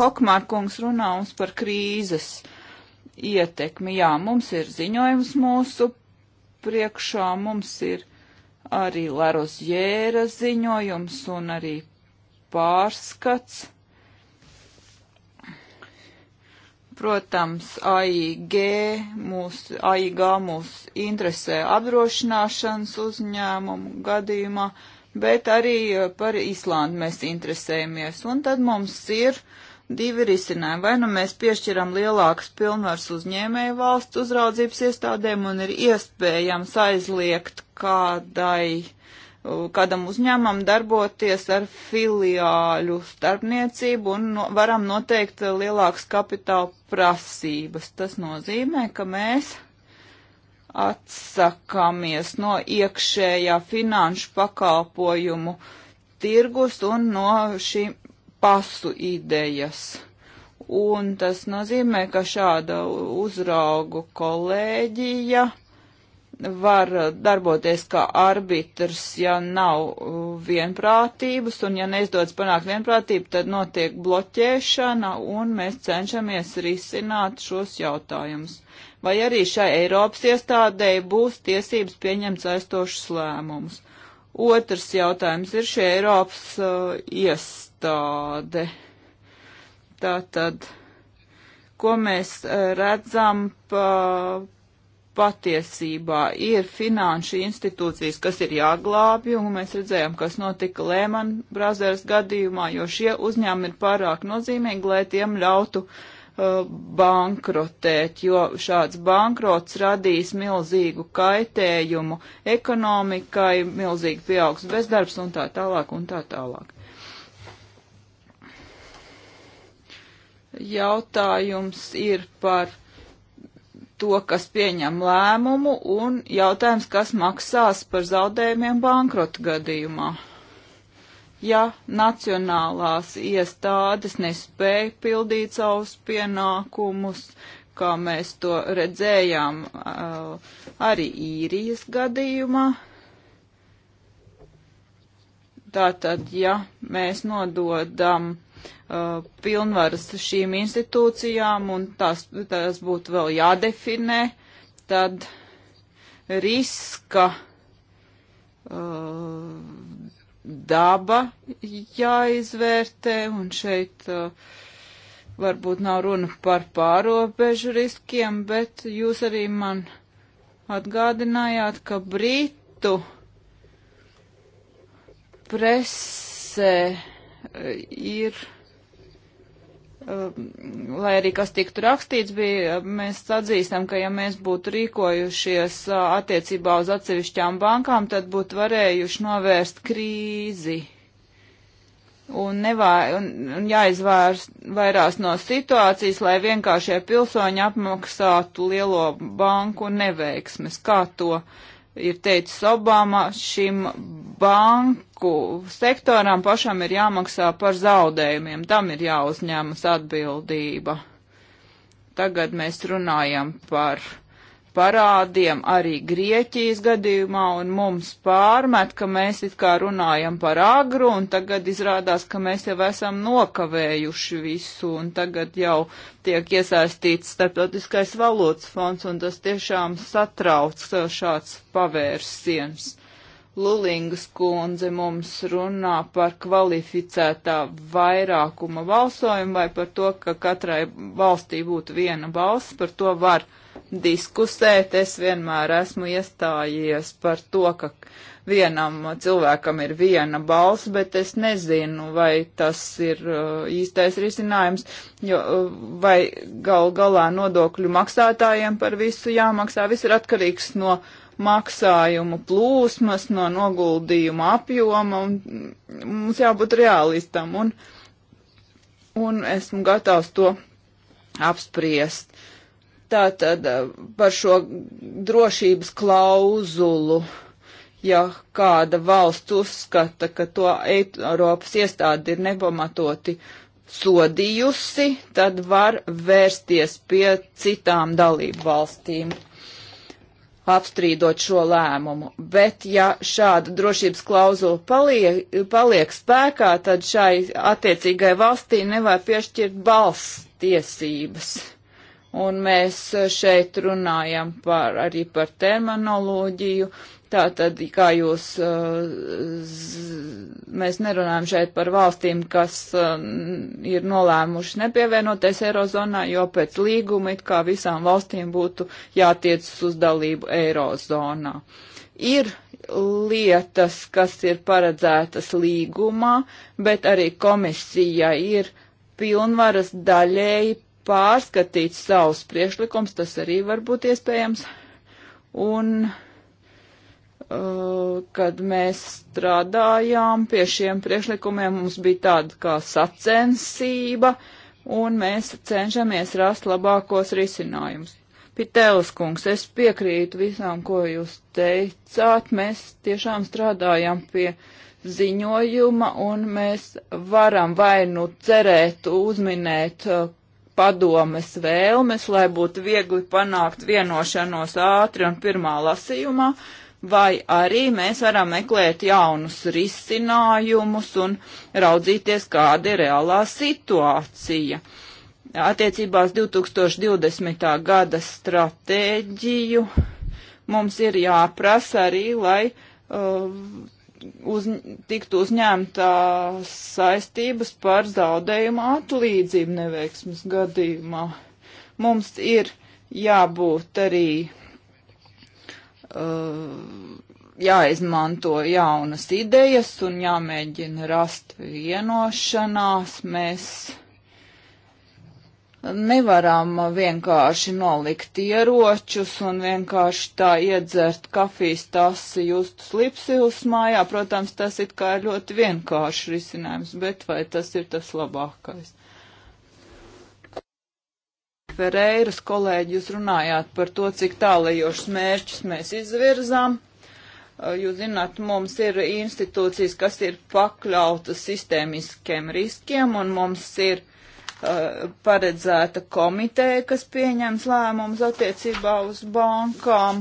Hokmārkungs runā mums par krīzes ietekmi. Jā, mums ir ziņojums mūsu priekšā, mums ir arī Laros Jēra ziņojums un arī pārskats. Protams, AIG mūs, AIG mūs interesē apdrošināšanas uzņēmumu gadījumā, bet arī eh, par Islandu mēs interesējamies. Un tad mums ir uh, divi risinājumi. Vai nu mēs piešķiram lielākas pilnvaras uzņēmēju valsts uzraudzības iestādēm un ir iespējams aizliegt kādai, kādam uzņēmumam darboties ar filiāļu starpniecību un no, varam noteikt lielākas kapitāla prasības. Tas nozīmē, ka mēs atsakāmies no iekšējā finanšu pakalpojumu tirgus un no šīm pasu idejas. Un tas nozīmē, ka šāda uzraugu kolēģija var darboties kā arbitrs, ja nav vienprātības, un ja neizdodas panākt vienprātību, tad notiek bloķēšana, un mēs cenšamies risināt šos jautājumus. Vai arī šai Eiropas iestādēji būs tiesības pieņemt saistošus lēmumus. Otrs jautājums ir šie Eiropas uh, iestādes iestāde. Tātad, ko mēs e, redzam pa, patiesībā, ir finanšu institūcijas, kas ir jāglābj, un mēs redzējām, kas notika Lehman Brothers gadījumā, jo šie uzņēmumi ir pārāk nozīmīgi, lai tiem ļautu uh, bankrotēt, jo šāds bankrots radīs milzīgu kaitējumu ekonomikai, milzīgi pieaugs bezdarbs un tā tālāk un tā tālāk. jautājums ir par to, kas pieņem lēmumu, un jautājums, kas maksās par zaudējumiem bankrota gadījumā. Ja nacionālās iestādes nespēja pildīt savus pienākumus, kā mēs to redzējām uh, arī īrijas gadījumā, tātad, ja mēs nododam uh, uh, pilnvaras šīm institūcijām un tās, tās būtu vēl jādefinē, tad riska uh, daba jāizvērtē un šeit uh, varbūt nav runa par pārobežu riskiem, bet jūs arī man atgādinājāt, ka Britu presē ir, um, lai arī kas tiktu rakstīts, bija, mēs atzīstam, ka ja mēs būtu rīkojušies uh, attiecībā uz atsevišķām bankām, tad būtu varējuši novērst krīzi. Un, nevā, un, un jāizvairās no situācijas, lai vienkāršie pilsoņi apmaksātu lielo banku neveiksmes. Kā to uh, ir teicis Obama, šim banku sektoram pašam ir jāmaksā par zaudējumiem, tam ir jāuzņemas atbildība. Tagad mēs runājam par uh, parādiem arī Grieķijas gadījumā, un mums pārmet, ka mēs it kā runājam par agru, un tagad izrādās, ka mēs jau esam nokavējuši visu, un tagad jau tiek iesaistīts starptautiskais valodas fonds, un tas tiešām satrauc uh, šāds pavērsiens. Lulingas kundze mums runā par kvalificētā vairākuma balsojumu vai par to, ka katrai valstī būtu viena balss, par to var diskusēt. Es vienmēr esmu iestājies par to, ka vienam cilvēkam ir viena balss, bet es nezinu, vai tas ir uh, īstais risinājums, jo uh, vai gal galā nodokļu maksātājiem par visu jāmaksā. Viss ir atkarīgs no maksājumu plūsmas, no noguldījuma apjoma, un mums jābūt realistam, un, un esmu gatavs to apspriest. Uh, Tātad eh, par šo drošības klauzulu, ja kāda valsts uzskata, ka to Eiropas iestādi ir nepamatoti sodījusi, tad var vērsties pie citām dalību valstīm apstrīdot šo lēmumu. Bet, ja šāda drošības klauzula paliek, paliek spēkā, tad šai attiecīgai valstī nevar piešķirt balss tiesības un mēs šeit runājam par, arī par terminoloģiju. Tātad, kā jūs, eh, mēs nerunājam šeit par valstīm, kas eh, ir nolēmuši nepievienoties Eirozonā, jo pēc līguma it kā visām valstīm būtu jātiec uz dalību Eirozonā. Ir lietas, kas ir paredzētas līgumā, bet arī komisija ir pilnvaras daļēji pārskatīt savus priekšlikums, tas arī var būt iespējams. Un uh, kad mēs strādājām pie šiem priekšlikumiem, mums bija tāda kā sacensība, un mēs cenšamies rast labākos risinājumus. Pitēlis kungs, es piekrītu visām, ko jūs teicāt. Mēs tiešām strādājam pie ziņojuma, un mēs varam vai nu cerēt, uzminēt uh, padomes vēlmes, lai būtu viegli panākt vienošanos ātri un pirmā lasījumā, vai arī mēs varam meklēt jaunus risinājumus un raudzīties, kāda ir reālā situācija. Attiecībās 2020. gada stratēģiju mums ir jāprasa arī, lai uh, uz, tiktu uzņemtā saistības par zaudējumu atlīdzību neveiksmas gadījumā. Mums ir jābūt arī uh, jāizmanto jaunas idejas un jāmēģina rast vienošanās. Mēs uh, nevaram vienkārši nolikt ieročus un vienkārši tā iedzert kafijas tasi justus lipsils mājā. Protams, tas it kā ir ļoti vienkārši risinājums, bet vai tas ir tas labākais? Pereiras kolēģi, jūs runājāt par to, cik tālajošs mērķus mēs izvirzām. Jūs zināt, mums ir institūcijas, kas ir pakļautas sistēmiskiem riskiem, un mums ir paredzēta komiteja, kas pieņems lēmumus attiecībā uz bankām,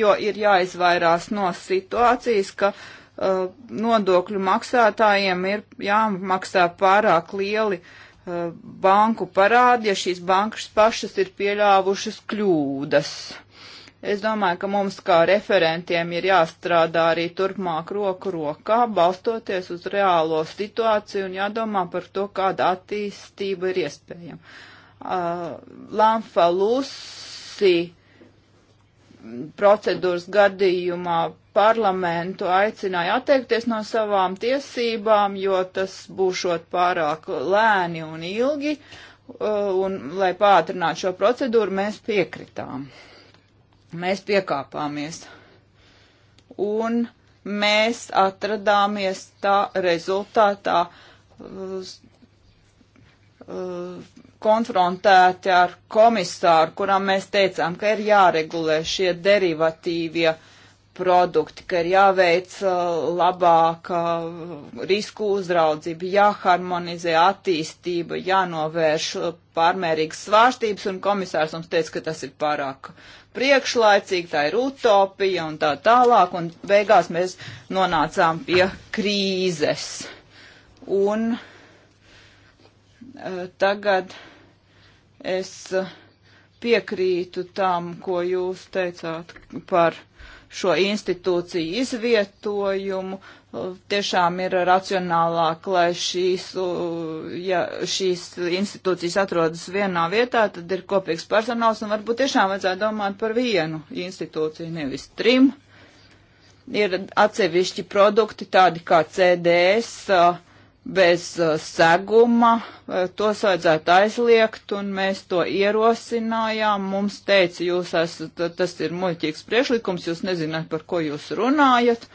jo ir jāizvairās no situācijas, ka uh, nodokļu maksātājiem ir jāmaksā pārāk lieli uh, banku parādi, ja šīs bankas pašas ir pieļāvušas kļūdas. Uh, Es domāju, ka mums kā referentiem ir jāstrādā arī turpmāk roku rokā, balstoties uz reālo situāciju un jādomā par to, kāda attīstība ir iespējama. Uh, Lamfa Lusi procedūras gadījumā parlamentu aicināja atteikties no savām tiesībām, jo tas būšot pārāk lēni un ilgi, uh, un lai pātrinātu šo procedūru, mēs piekritām. Uh, mēs piekāpāmies. Un mēs atradāmies tā rezultātā uh, uh, konfrontēti ar komisāru, kuram mēs teicām, ka ir jāregulē šie derivatīvie uh, produkti, ka ir jāveic uh, labāka risku uzraudzība, jāharmonizē attīstība, jānovērš uh, pārmērīgas svārstības, un komisārs mums teica, ka tas ir pārāk priekšlaicīgi, tā ir utopija un tā tālāk, un beigās mēs nonācām pie krīzes. Un uh, tagad es piekrītu tam, ko jūs teicāt par šo institūciju izvietojumu. Tiešām ir racionālāk, lai šīs, ja šīs institūcijas atrodas vienā vietā, tad ir kopīgs personāls un varbūt tiešām vajadzētu domāt par vienu institūciju, nevis trim. Ir atsevišķi produkti tādi kā CDS, uh, bez uh, seguma, uh, tos vajadzētu aizliegt, un mēs to ierosinājām. Mums teica, jūs esat, tas ir muļķīgs priešlikums, jūs nezināt, par ko jūs runājat,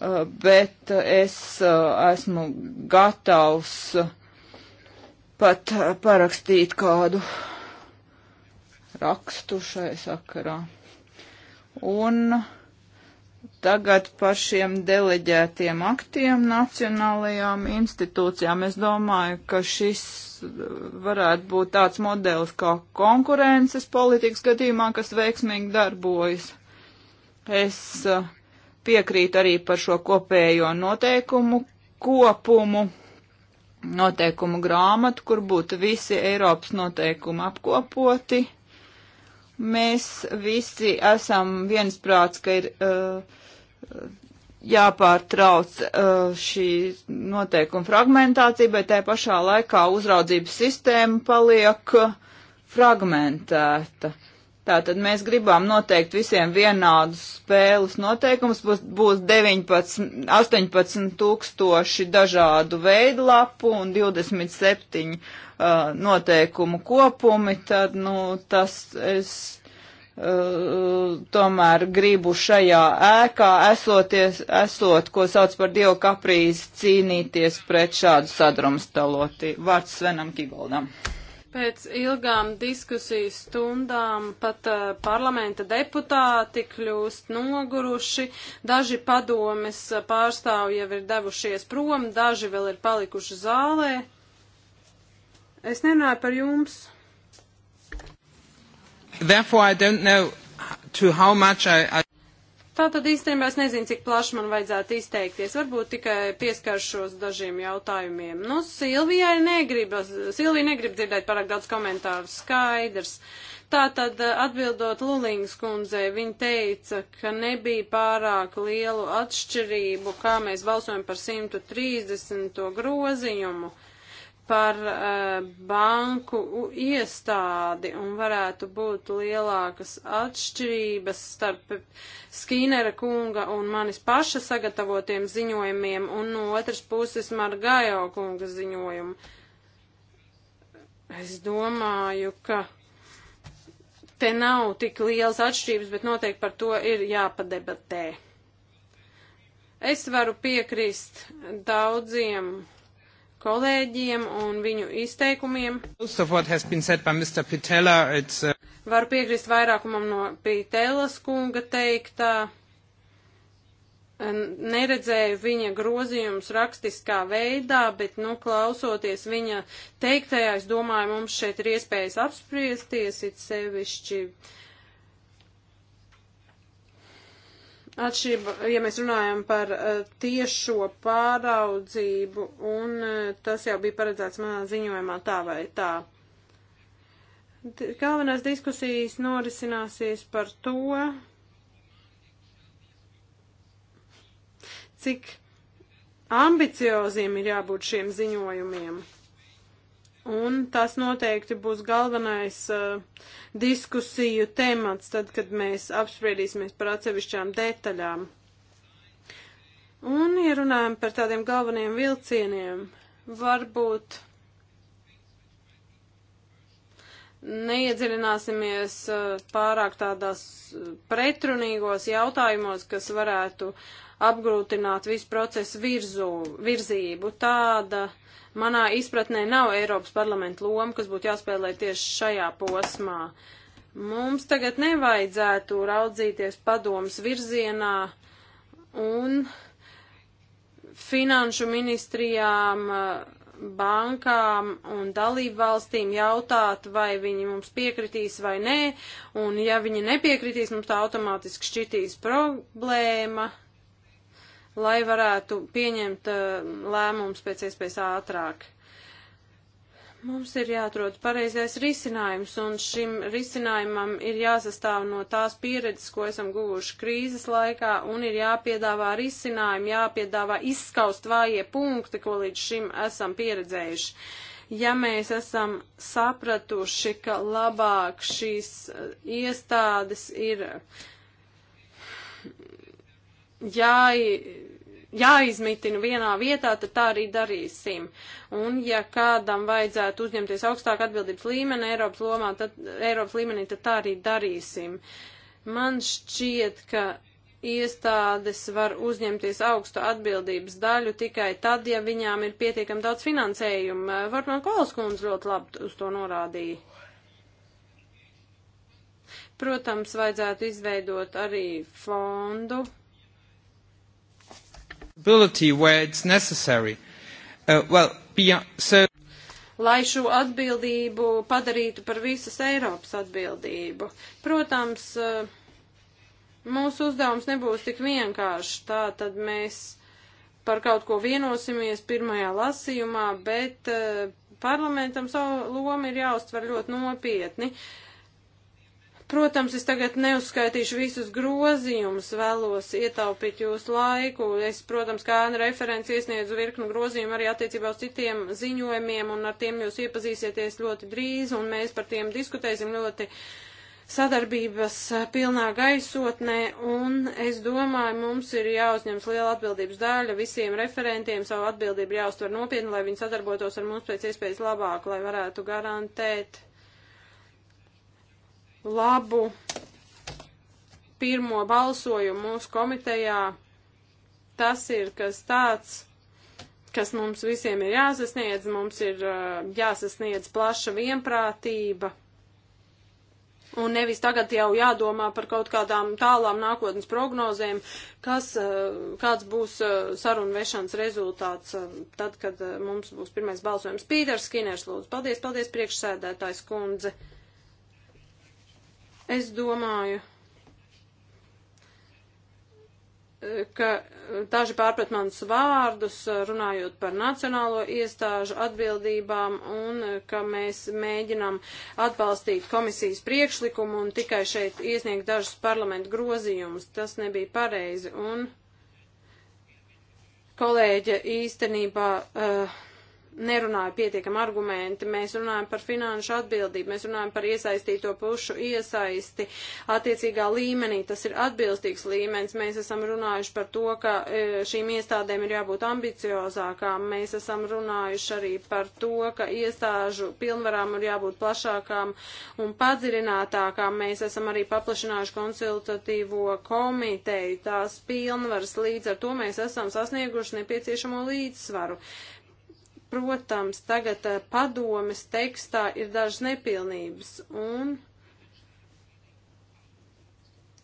uh, bet es esmu gatavs pat parakstīt kādu rakstu šai sakarā. Un uh, Tagad par šiem deleģētiem aktiem nacionālajām institūcijām. Es domāju, ka šis uh, varētu būt tāds modelis kā konkurences politikas gadījumā, kas veiksmīgi darbojas. Es uh, piekrītu arī par šo kopējo noteikumu kopumu, noteikumu grāmatu, kur būtu visi Eiropas noteikumi apkopoti. Mēs visi esam viensprāts, ka ir uh, jāpārtrauc uh, šī noteikuma fragmentācija, bet tajā pašā laikā uzraudzības sistēma paliek fragmentēta. Uh, Tātad mēs gribam noteikt visiem vienādus spēles noteikumus, būs, būs 19, 18 tūkstoši dažādu veidu lapu un 27 uh, noteikumu kopumi, tad, nu, tas es uh, tomēr gribu šajā ēkā esoties, esot, ko sauc par Dievu kaprīzi, cīnīties pret šādu sadrumstalotību. Vārds Svenam Kigoldam. Pēc ilgām diskusiju stundām pat uh, parlamenta deputāti kļūst noguruši, daži padomes pārstāvji jau ir devušies prom, daži vēl ir palikuši zālē. Es nerunāju par jums. Therefore, I don't know to how much I, I... Tā tad īstenībā es nezinu, cik plaši man vajadzētu izteikties. Varbūt tikai pieskaršos dažiem jautājumiem. Nu, Silvijai negribas, Silvija negrib dzirdēt pārāk daudz komentāru. Skaidrs. Tā tad eh, atbildot Lulīngas kundzei, viņa teica, ka nebija pārāk lielu atšķirību, kā mēs balsojam par 130. groziņumu. Uh, par uh, banku iestādi un varētu būt lielākas atšķirības starp Skīnera kunga un manis paša sagatavotiem ziņojumiem un no otras puses Margajo kunga ziņojumu. Es domāju, ka te nav tik liels atšķirības, bet noteikti par to ir jāpadebatē. Es varu piekrist daudziem kolēģiem un viņu izteikumiem. Pitella, uh... Varu piekrist vairākumam no Pitellas kunga teiktā. Neredzēju viņa grozījumus rakstiskā veidā, bet, nu, klausoties viņa teiktajā, es domāju, mums šeit ir iespējas apspriesties, it sevišķi uh, atšķirība, ja mēs runājam par uh, tiešo pāraudzību, un uh, tas jau bija paredzēts manā ziņojumā tā vai tā. Galvenās diskusijas norisināsies par to, cik ambicioziem ir jābūt šiem ziņojumiem. Un tas noteikti būs galvenais uh, diskusiju temats, tad, kad mēs apspriedīsimies par atsevišķām detaļām. Un, ja runājam par tādiem galveniem vilcieniem, varbūt neiedziļināsimies uh, pārāk tādās uh, pretrunīgos jautājumos, kas varētu apgrūtināt visu procesu virzu, virzību. Tāda Manā izpratnē nav Eiropas parlamenta loma, kas būtu jāspēlē tieši šajā posmā. Mums tagad nevajadzētu raudzīties padomas virzienā un finanšu ministrijām bankām un dalību valstīm jautāt, vai viņi mums piekritīs vai nē, un ja viņi nepiekritīs, mums tā automātiski šķitīs problēma lai varētu pieņemt eh, lēmumus pēc iespējas ātrāk. Mums ir jāatrod pareizais risinājums, un šim risinājumam ir jāsastāv no tās pieredzes, ko esam guvuši krīzes laikā, un ir jāpiedāvā risinājumi, jāpiedāvā izskaust vājie punkti, ko līdz šim esam pieredzējuši. Ja mēs esam sapratuši, ka labāk šīs eh, iestādes ir jā, jāizmitina vienā vietā, tad tā arī darīsim. Un ja kādam vajadzētu uzņemties augstāk atbildības līmeni Eiropas lomā, tad Eiropas līmenī, tad tā arī darīsim. Man šķiet, ka iestādes var uzņemties augstu atbildības daļu tikai tad, ja viņām ir pietiekami daudz finansējuma. Varbūt Kolskundze ļoti labi uz to norādīja. Protams, vajadzētu izveidot arī fondu Ability where it's necessary. Uh, well, beyond, so lai šo atbildību padarītu par visas Eiropas atbildību. Protams, uh, mūsu uzdevums nebūs tik vienkāršs, tā tad mēs par kaut ko vienosimies pirmajā lasījumā, bet uh, parlamentam savu lomu ir jāuztver ļoti nopietni. Uh, Protams, es tagad neuzskaitīšu visus grozījumus, vēlos ietaupīt jūsu laiku. Es, protams, kā referents iesniedzu virknu grozījumu arī attiecībā uz citiem ziņojumiem, un ar tiem jūs iepazīsieties ļoti drīz, un mēs par tiem diskutēsim ļoti sadarbības pilnā gaisotnē, un es domāju, mums ir jāuzņems liela atbildības dāļa visiem referentiem, savu atbildību jāuztver nopietni, lai viņi sadarbotos ar mums pēc iespējas labāk, lai varētu garantēt labu pirmo balsojumu mūsu komitejā. Tas ir kas tāds, kas mums visiem ir jāsasniedz, mums ir uh, jāsasniedz plaša vienprātība. Un nevis tagad jau jādomā par kaut kādām tālām nākotnes prognozēm, kas, uh, kāds būs uh, sarunu vešanas rezultāts tad, kad mums būs pirmais balsojums. Pīters Skiners, lūdzu. Paldies, paldies, priekšsēdētājs kundze. Es domāju, ka daži pārprat manus vārdus, runājot par nacionālo iestāžu atbildībām un ka mēs mēģinām atbalstīt komisijas priekšlikumu un tikai šeit iesniegt dažus parlamentu grozījumus. Tas nebija pareizi un kolēģe īstenībā. Uh, nerunāja pietiekami argumenti, mēs runājam par finanšu atbildību, mēs runājam par iesaistīto pušu iesaisti attiecīgā līmenī, tas ir atbilstīgs līmenis, mēs esam runājuši par to, ka e, šīm iestādēm ir jābūt ambiciozākām, mēs esam runājuši arī par to, ka iestāžu pilnvarām ir jābūt plašākām un padziļinātākām, mēs esam arī paplašinājuši konsultatīvo komiteju, tās pilnvaras līdz ar to mēs esam sasnieguši nepieciešamo līdzsvaru. Uh, Protams, tagad eh, padomes tekstā ir dažas nepilnības un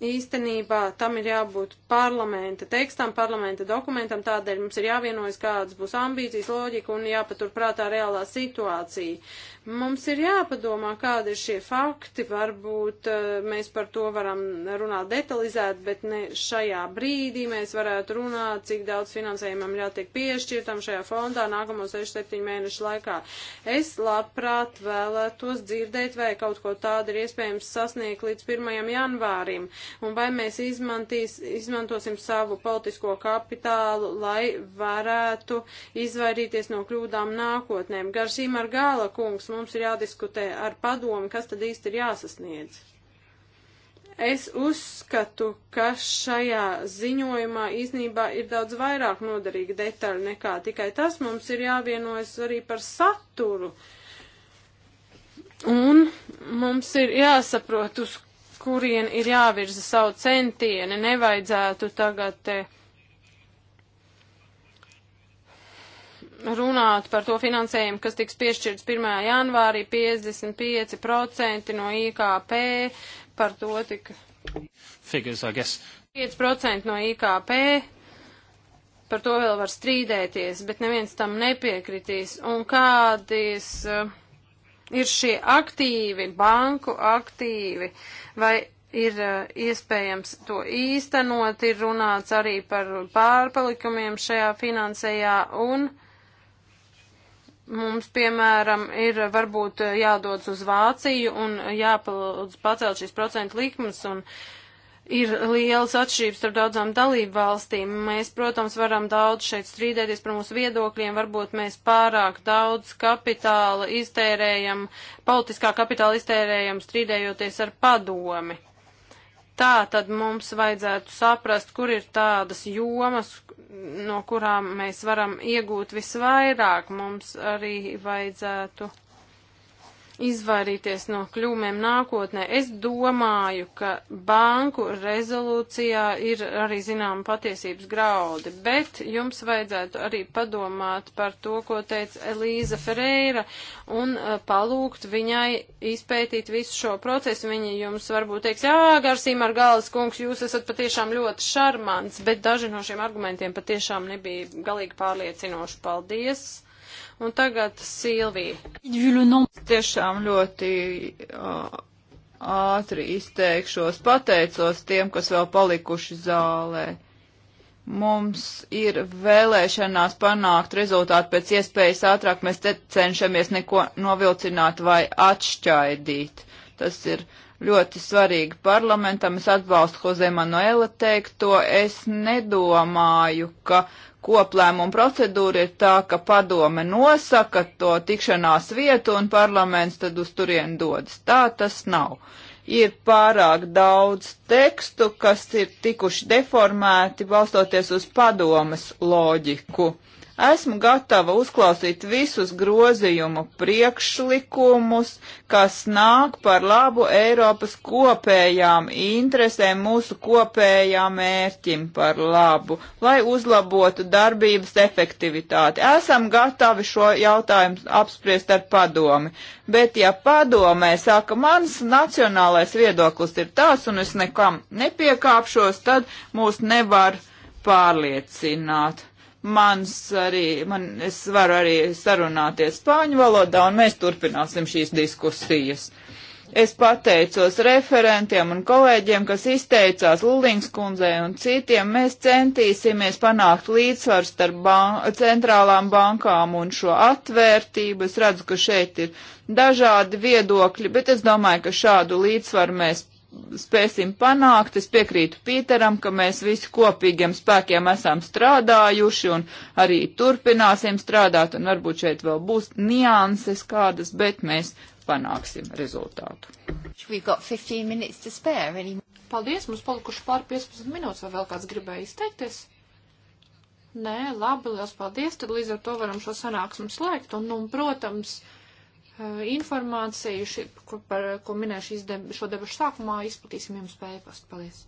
īstenībā tam ir jābūt parlamenta tekstam, parlamenta dokumentam, tādēļ mums ir jāvienojas, kādas būs ambīcijas, loģika un jāpaturprātā reālā situācija. Mums ir jāpadomā, kādi ir šie fakti, varbūt eh, mēs par to varam runāt detalizēt, bet ne šajā brīdī mēs varētu runāt, cik daudz finansējumam jātiek piešķirtam šajā fondā nākamo 6-7 mēnešu laikā. Es labprāt vēlētos dzirdēt, vai kaut ko tādu ir iespējams sasniegt līdz 1. janvārim, un vai mēs izmantosim savu politisko kapitālu, lai varētu izvairīties no kļūdām nākotnēm. Garšīm ar gala kungs mums ir jādiskutē ar padomi, kas tad īsti ir jāsasniedz. Es uzskatu, ka šajā ziņojumā īsnībā ir daudz vairāk noderīga detaļa nekā tikai tas. Mums ir jāvienojas arī par saturu. Un mums ir jāsaprot, uz kurien ir jāvirza savu centieni. Nevajadzētu tagad. Eh, runāt par to finansējumu, kas tiks piešķirts 1. janvārī 55% no IKP, par to tika. Figures, I guess. 5% no IKP, par to vēl var strīdēties, bet neviens tam nepiekritīs. Un kādīs uh, eh, ir šie aktīvi, banku aktīvi, vai ir uh, iespējams to īstenot, ir runāts arī par pārpalikumiem šajā finansējā un. Uh, Mums, piemēram, ir varbūt jādodas uz Vāciju un jāpalūdz pacelt šīs procentu likmes un ir lielas atšķirības starp daudzām dalību valstīm. Mēs, protams, varam daudz šeit strīdēties par mūsu viedokļiem, varbūt mēs pārāk daudz kapitāla iztērējam, politiskā kapitāla iztērējam strīdējoties ar padomi. Tā tad mums vajadzētu saprast, kur ir tādas jomas, no kurām mēs varam iegūt visvairāk. Mums arī vajadzētu izvairīties no kļūmēm nākotnē. Es domāju, ka banku rezolūcijā ir arī zinām patiesības graudi, bet jums vajadzētu arī padomāt par to, ko teica Elīza Ferreira un uh, palūgt viņai izpētīt visu šo procesu. Viņa jums varbūt teiks, jā, Garsīm ar galvas kungs, jūs esat patiešām ļoti šarmants, bet daži no šiem argumentiem patiešām nebija galīgi pārliecinoši. Paldies! Un tagad Silvija. Tiešām ļoti uh, ātri izteikšos. Pateicos tiem, kas vēl palikuši zālē. Mums ir vēlēšanās panākt rezultātu pēc iespējas ātrāk. Mēs te cenšamies neko novilcināt vai atšķaidīt. Tas ir ļoti svarīgi parlamentam. Es atbalstu Jose Manuela teikto. Es nedomāju, ka koplēmuma procedūra ir tā, ka padome nosaka to tikšanās vietu un parlaments tad uz turien dodas. Tā tas nav. Ir pārāk daudz tekstu, kas ir tikuši deformēti balstoties uz padomas loģiku. Esmu gatava uzklausīt visus grozījumu priekšlikumus, kas nāk par labu Eiropas kopējām interesēm, mūsu kopējām mērķim par labu, lai uzlabotu darbības efektivitāti. Esam gatavi šo jautājumu apspriest ar padomi, bet ja padomē saka, mans nacionālais viedoklis ir tāds un es nekam nepiekāpšos, tad mūs nevar pārliecināt. Mans arī, man, es varu arī sarunāties spāņu valodā, un mēs turpināsim šīs diskusijas. Es pateicos referentiem un kolēģiem, kas izteicās Lulīngas kundzei un citiem. Mēs centīsimies panākt līdzsvaru starp ban centrālām bankām un šo atvērtību. Es redzu, ka šeit ir dažādi viedokļi, bet es domāju, ka šādu līdzsvaru mēs spēsim panākt. Es piekrītu Pīteram, ka mēs visi kopīgiem spēkiem esam strādājuši un arī turpināsim strādāt, un varbūt šeit vēl būs nianses kādas, bet mēs panāksim rezultātu. Spare, Paldies, mums palikuši pār 15 minūtes, vai vēl kāds gribēja izteikties? Nē, labi, liels paldies, tad līdz ar to varam šo sanāksmu slēgt, un, nu, protams, uh, Eh, informāciju, ši, par ko minēju šīs deb šo debašu sākumā, izplatīsim jums pēpastu. Paldies!